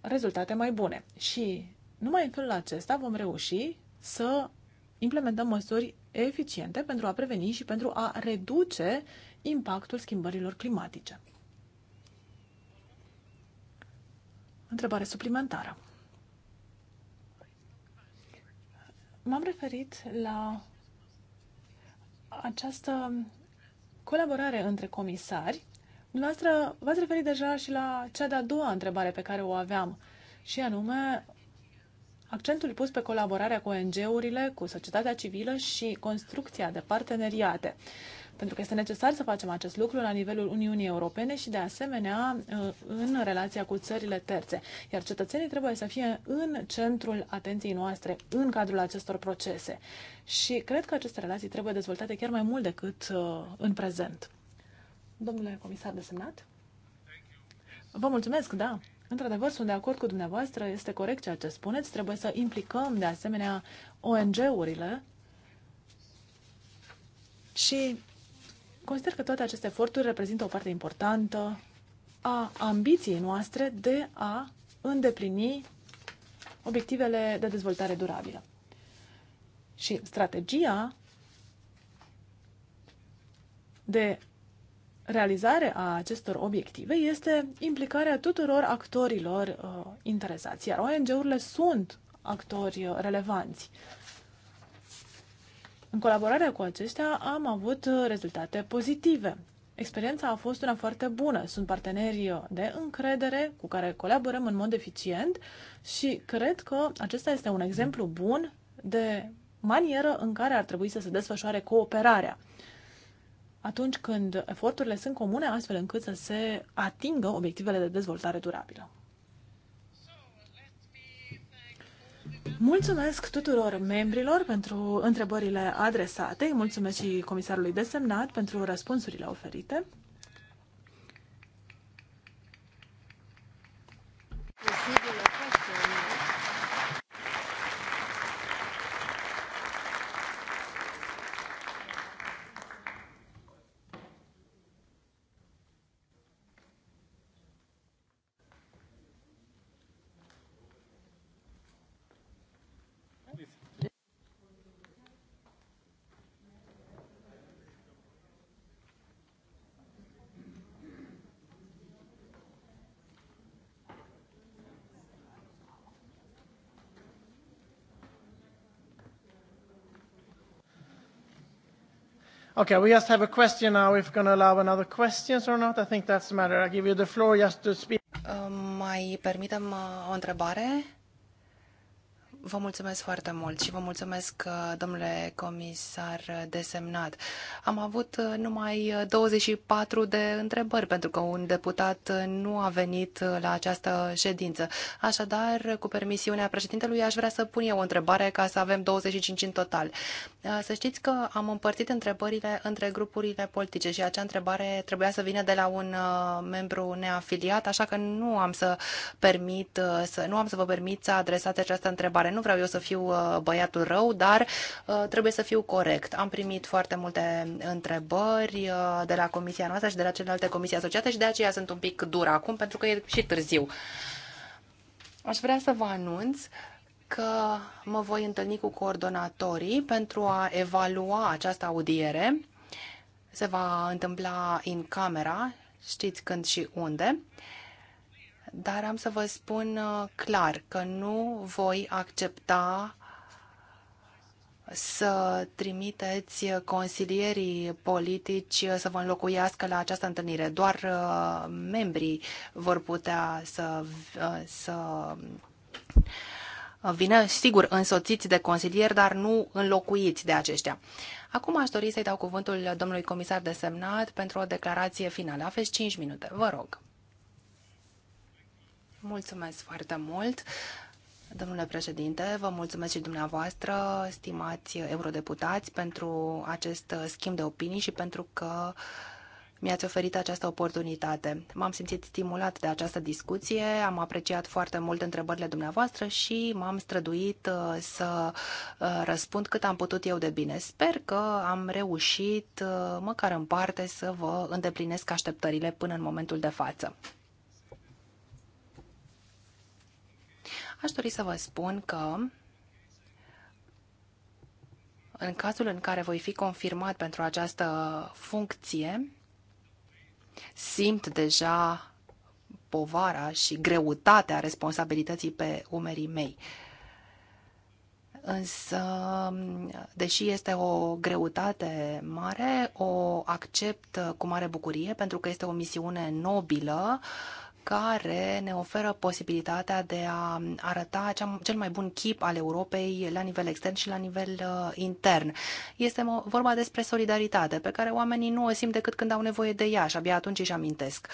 S2: rezultate mai bune. Și numai în felul acesta vom reuși să implementăm măsuri eficiente pentru a preveni și pentru a reduce impactul schimbărilor climatice. Întrebare suplimentară. M-am referit la această colaborare între comisari. Dumneavoastră v-ați referit deja și la cea de-a doua întrebare pe care o aveam, și anume accentul pus pe colaborarea cu ONG-urile, cu societatea civilă și construcția de parteneriate pentru că este necesar să facem acest lucru la nivelul Uniunii Europene și, de asemenea, uh, în relația cu țările terțe. Iar cetățenii trebuie să fie în centrul atenției noastre în cadrul acestor procese. Și cred că aceste relații trebuie dezvoltate chiar mai mult decât uh, în prezent. Domnule comisar desemnat? Vă mulțumesc, da. Într-adevăr, sunt de acord cu dumneavoastră, este corect ceea ce spuneți, trebuie să implicăm de asemenea ONG-urile și Consider că toate aceste eforturi reprezintă o parte importantă a ambiției noastre de a îndeplini obiectivele de dezvoltare durabilă. Și strategia de realizare a acestor obiective este implicarea tuturor actorilor uh, interesați, iar ONG-urile sunt actori uh, relevanți. Uh, în colaborarea cu aceștia am avut uh, rezultate pozitive. Experiența a fost una foarte bună. Sunt parteneri uh, de încredere cu care colaborăm în mod eficient și cred că acesta este un exemplu bun de manieră în care ar trebui să se desfășoare cooperarea. Atunci când eforturile sunt comune, astfel încât să se atingă obiectivele de dezvoltare durabilă. Mulțumesc tuturor membrilor pentru întrebările adresate. Mulțumesc și comisarului desemnat pentru răspunsurile oferite.
S3: Okay, we just have a question now if going to allow another questions or not. I think that's the matter. I give you the floor just to speak. Uh, mai permitem uh, o întrebare? Vă mulțumesc foarte mult și vă mulțumesc, uh, domnule comisar desemnat. Am avut numai 24 de întrebări pentru că un deputat nu a venit la această ședință. Așadar, cu permisiunea președintelui, aș vrea să pun eu o întrebare ca să avem 25 în total. Eh, să știți că am împărțit întrebările între grupurile politice și acea întrebare trebuia să vină de la un eh, membru neafiliat, așa că nu am să permit, eh, să, nu am să vă permit să adresați această întrebare. Nu vreau eu să fiu băiatul rău, dar trebuie să fiu corect. Am primit foarte multe întrebări de la comisia noastră și de la celelalte comisii asociate și de aceea sunt un pic dur acum pentru că e și târziu. Aș vrea să vă anunț uh, că mă voi întâlni cu coordonatorii pentru a evalua această audiere. Se va întâmpla în camera, știți când și unde, dar am să vă spun uh, clar că nu voi accepta să trimiteți consilierii politici să vă înlocuiască la această întâlnire. Doar uh, membrii vor putea să, uh, să Vine, sigur, însoțiți de consilieri, dar nu înlocuiți de aceștia. Acum aș dori să-i dau cuvântul domnului comisar de semnat pentru o declarație finală. Aveți 5 minute, vă rog. Mulțumesc foarte mult. Domnule președinte, vă mulțumesc și dumneavoastră, stimați eurodeputați, pentru acest schimb de opinii și pentru că uh, mi-ați oferit această oportunitate. M-am simțit stimulat de această discuție, am apreciat foarte mult întrebările dumneavoastră și m-am străduit uh, să uh, răspund cât am putut eu de bine. Sper că am reușit, uh, măcar în parte, să vă îndeplinesc așteptările până în momentul de față. Aș dori să vă spun că în cazul în care voi fi confirmat pentru această funcție, simt deja povara și greutatea responsabilității pe umerii mei. Însă, deși este o greutate mare, o accept cu mare bucurie pentru că este o misiune nobilă uh, care ne oferă posibilitatea de a arăta cea, cel mai bun chip al Europei la nivel extern și la nivel uh, intern. Este vorba despre solidaritate, pe care oamenii nu o simt decât când au nevoie de ea și abia atunci își amintesc.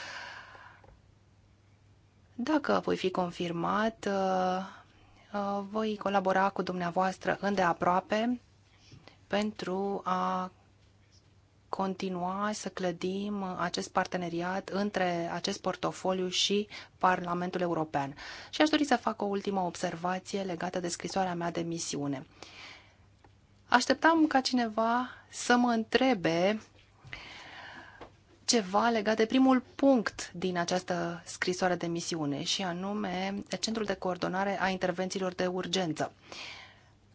S3: Dacă voi fi confirmat, uh, uh voi colabora cu dumneavoastră îndeaproape pentru a continua să clădim acest parteneriat între acest portofoliu și Parlamentul European. Și aș dori să fac o ultimă observație legată de scrisoarea mea de misiune. Așteptam ca cineva să mă întrebe ceva legat de primul punct din această scrisoare de misiune, și anume Centrul de Coordonare a Intervențiilor de Urgență. Uh,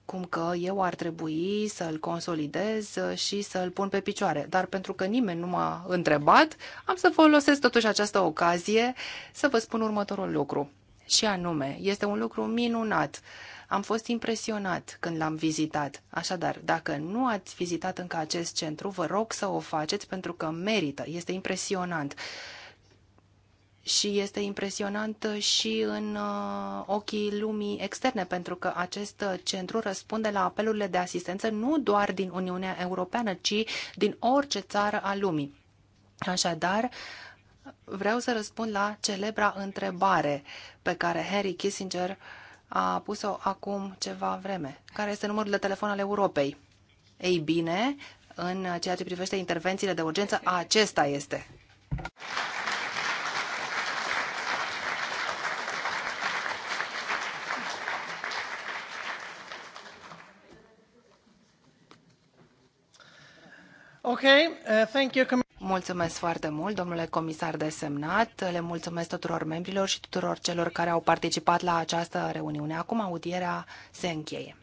S3: cum că eu ar trebui să-l consolidez și să-l pun pe picioare. Dar pentru că nimeni nu m-a întrebat, am să folosesc totuși această ocazie să vă spun următorul lucru. Și anume, este un lucru minunat. Am fost impresionat când l-am vizitat. Așadar, dacă nu ați vizitat încă acest centru, vă rog să o faceți pentru că merită, este impresionant și este impresionant și în uh, ochii lumii externe, pentru că acest centru răspunde la apelurile de asistență nu doar din Uniunea Europeană, ci din orice țară a lumii. Așadar, vreau să răspund la celebra întrebare pe care Henry Kissinger a pus-o acum ceva vreme. Care este numărul de telefon al Europei? Ei bine, în ceea ce privește intervențiile de urgență, acesta este. Okay, uh, thank you. Mulțumesc foarte mult, domnule comisar desemnat. Le mulțumesc tuturor membrilor și tuturor celor care au participat la această reuniune. Acum audierea se încheie.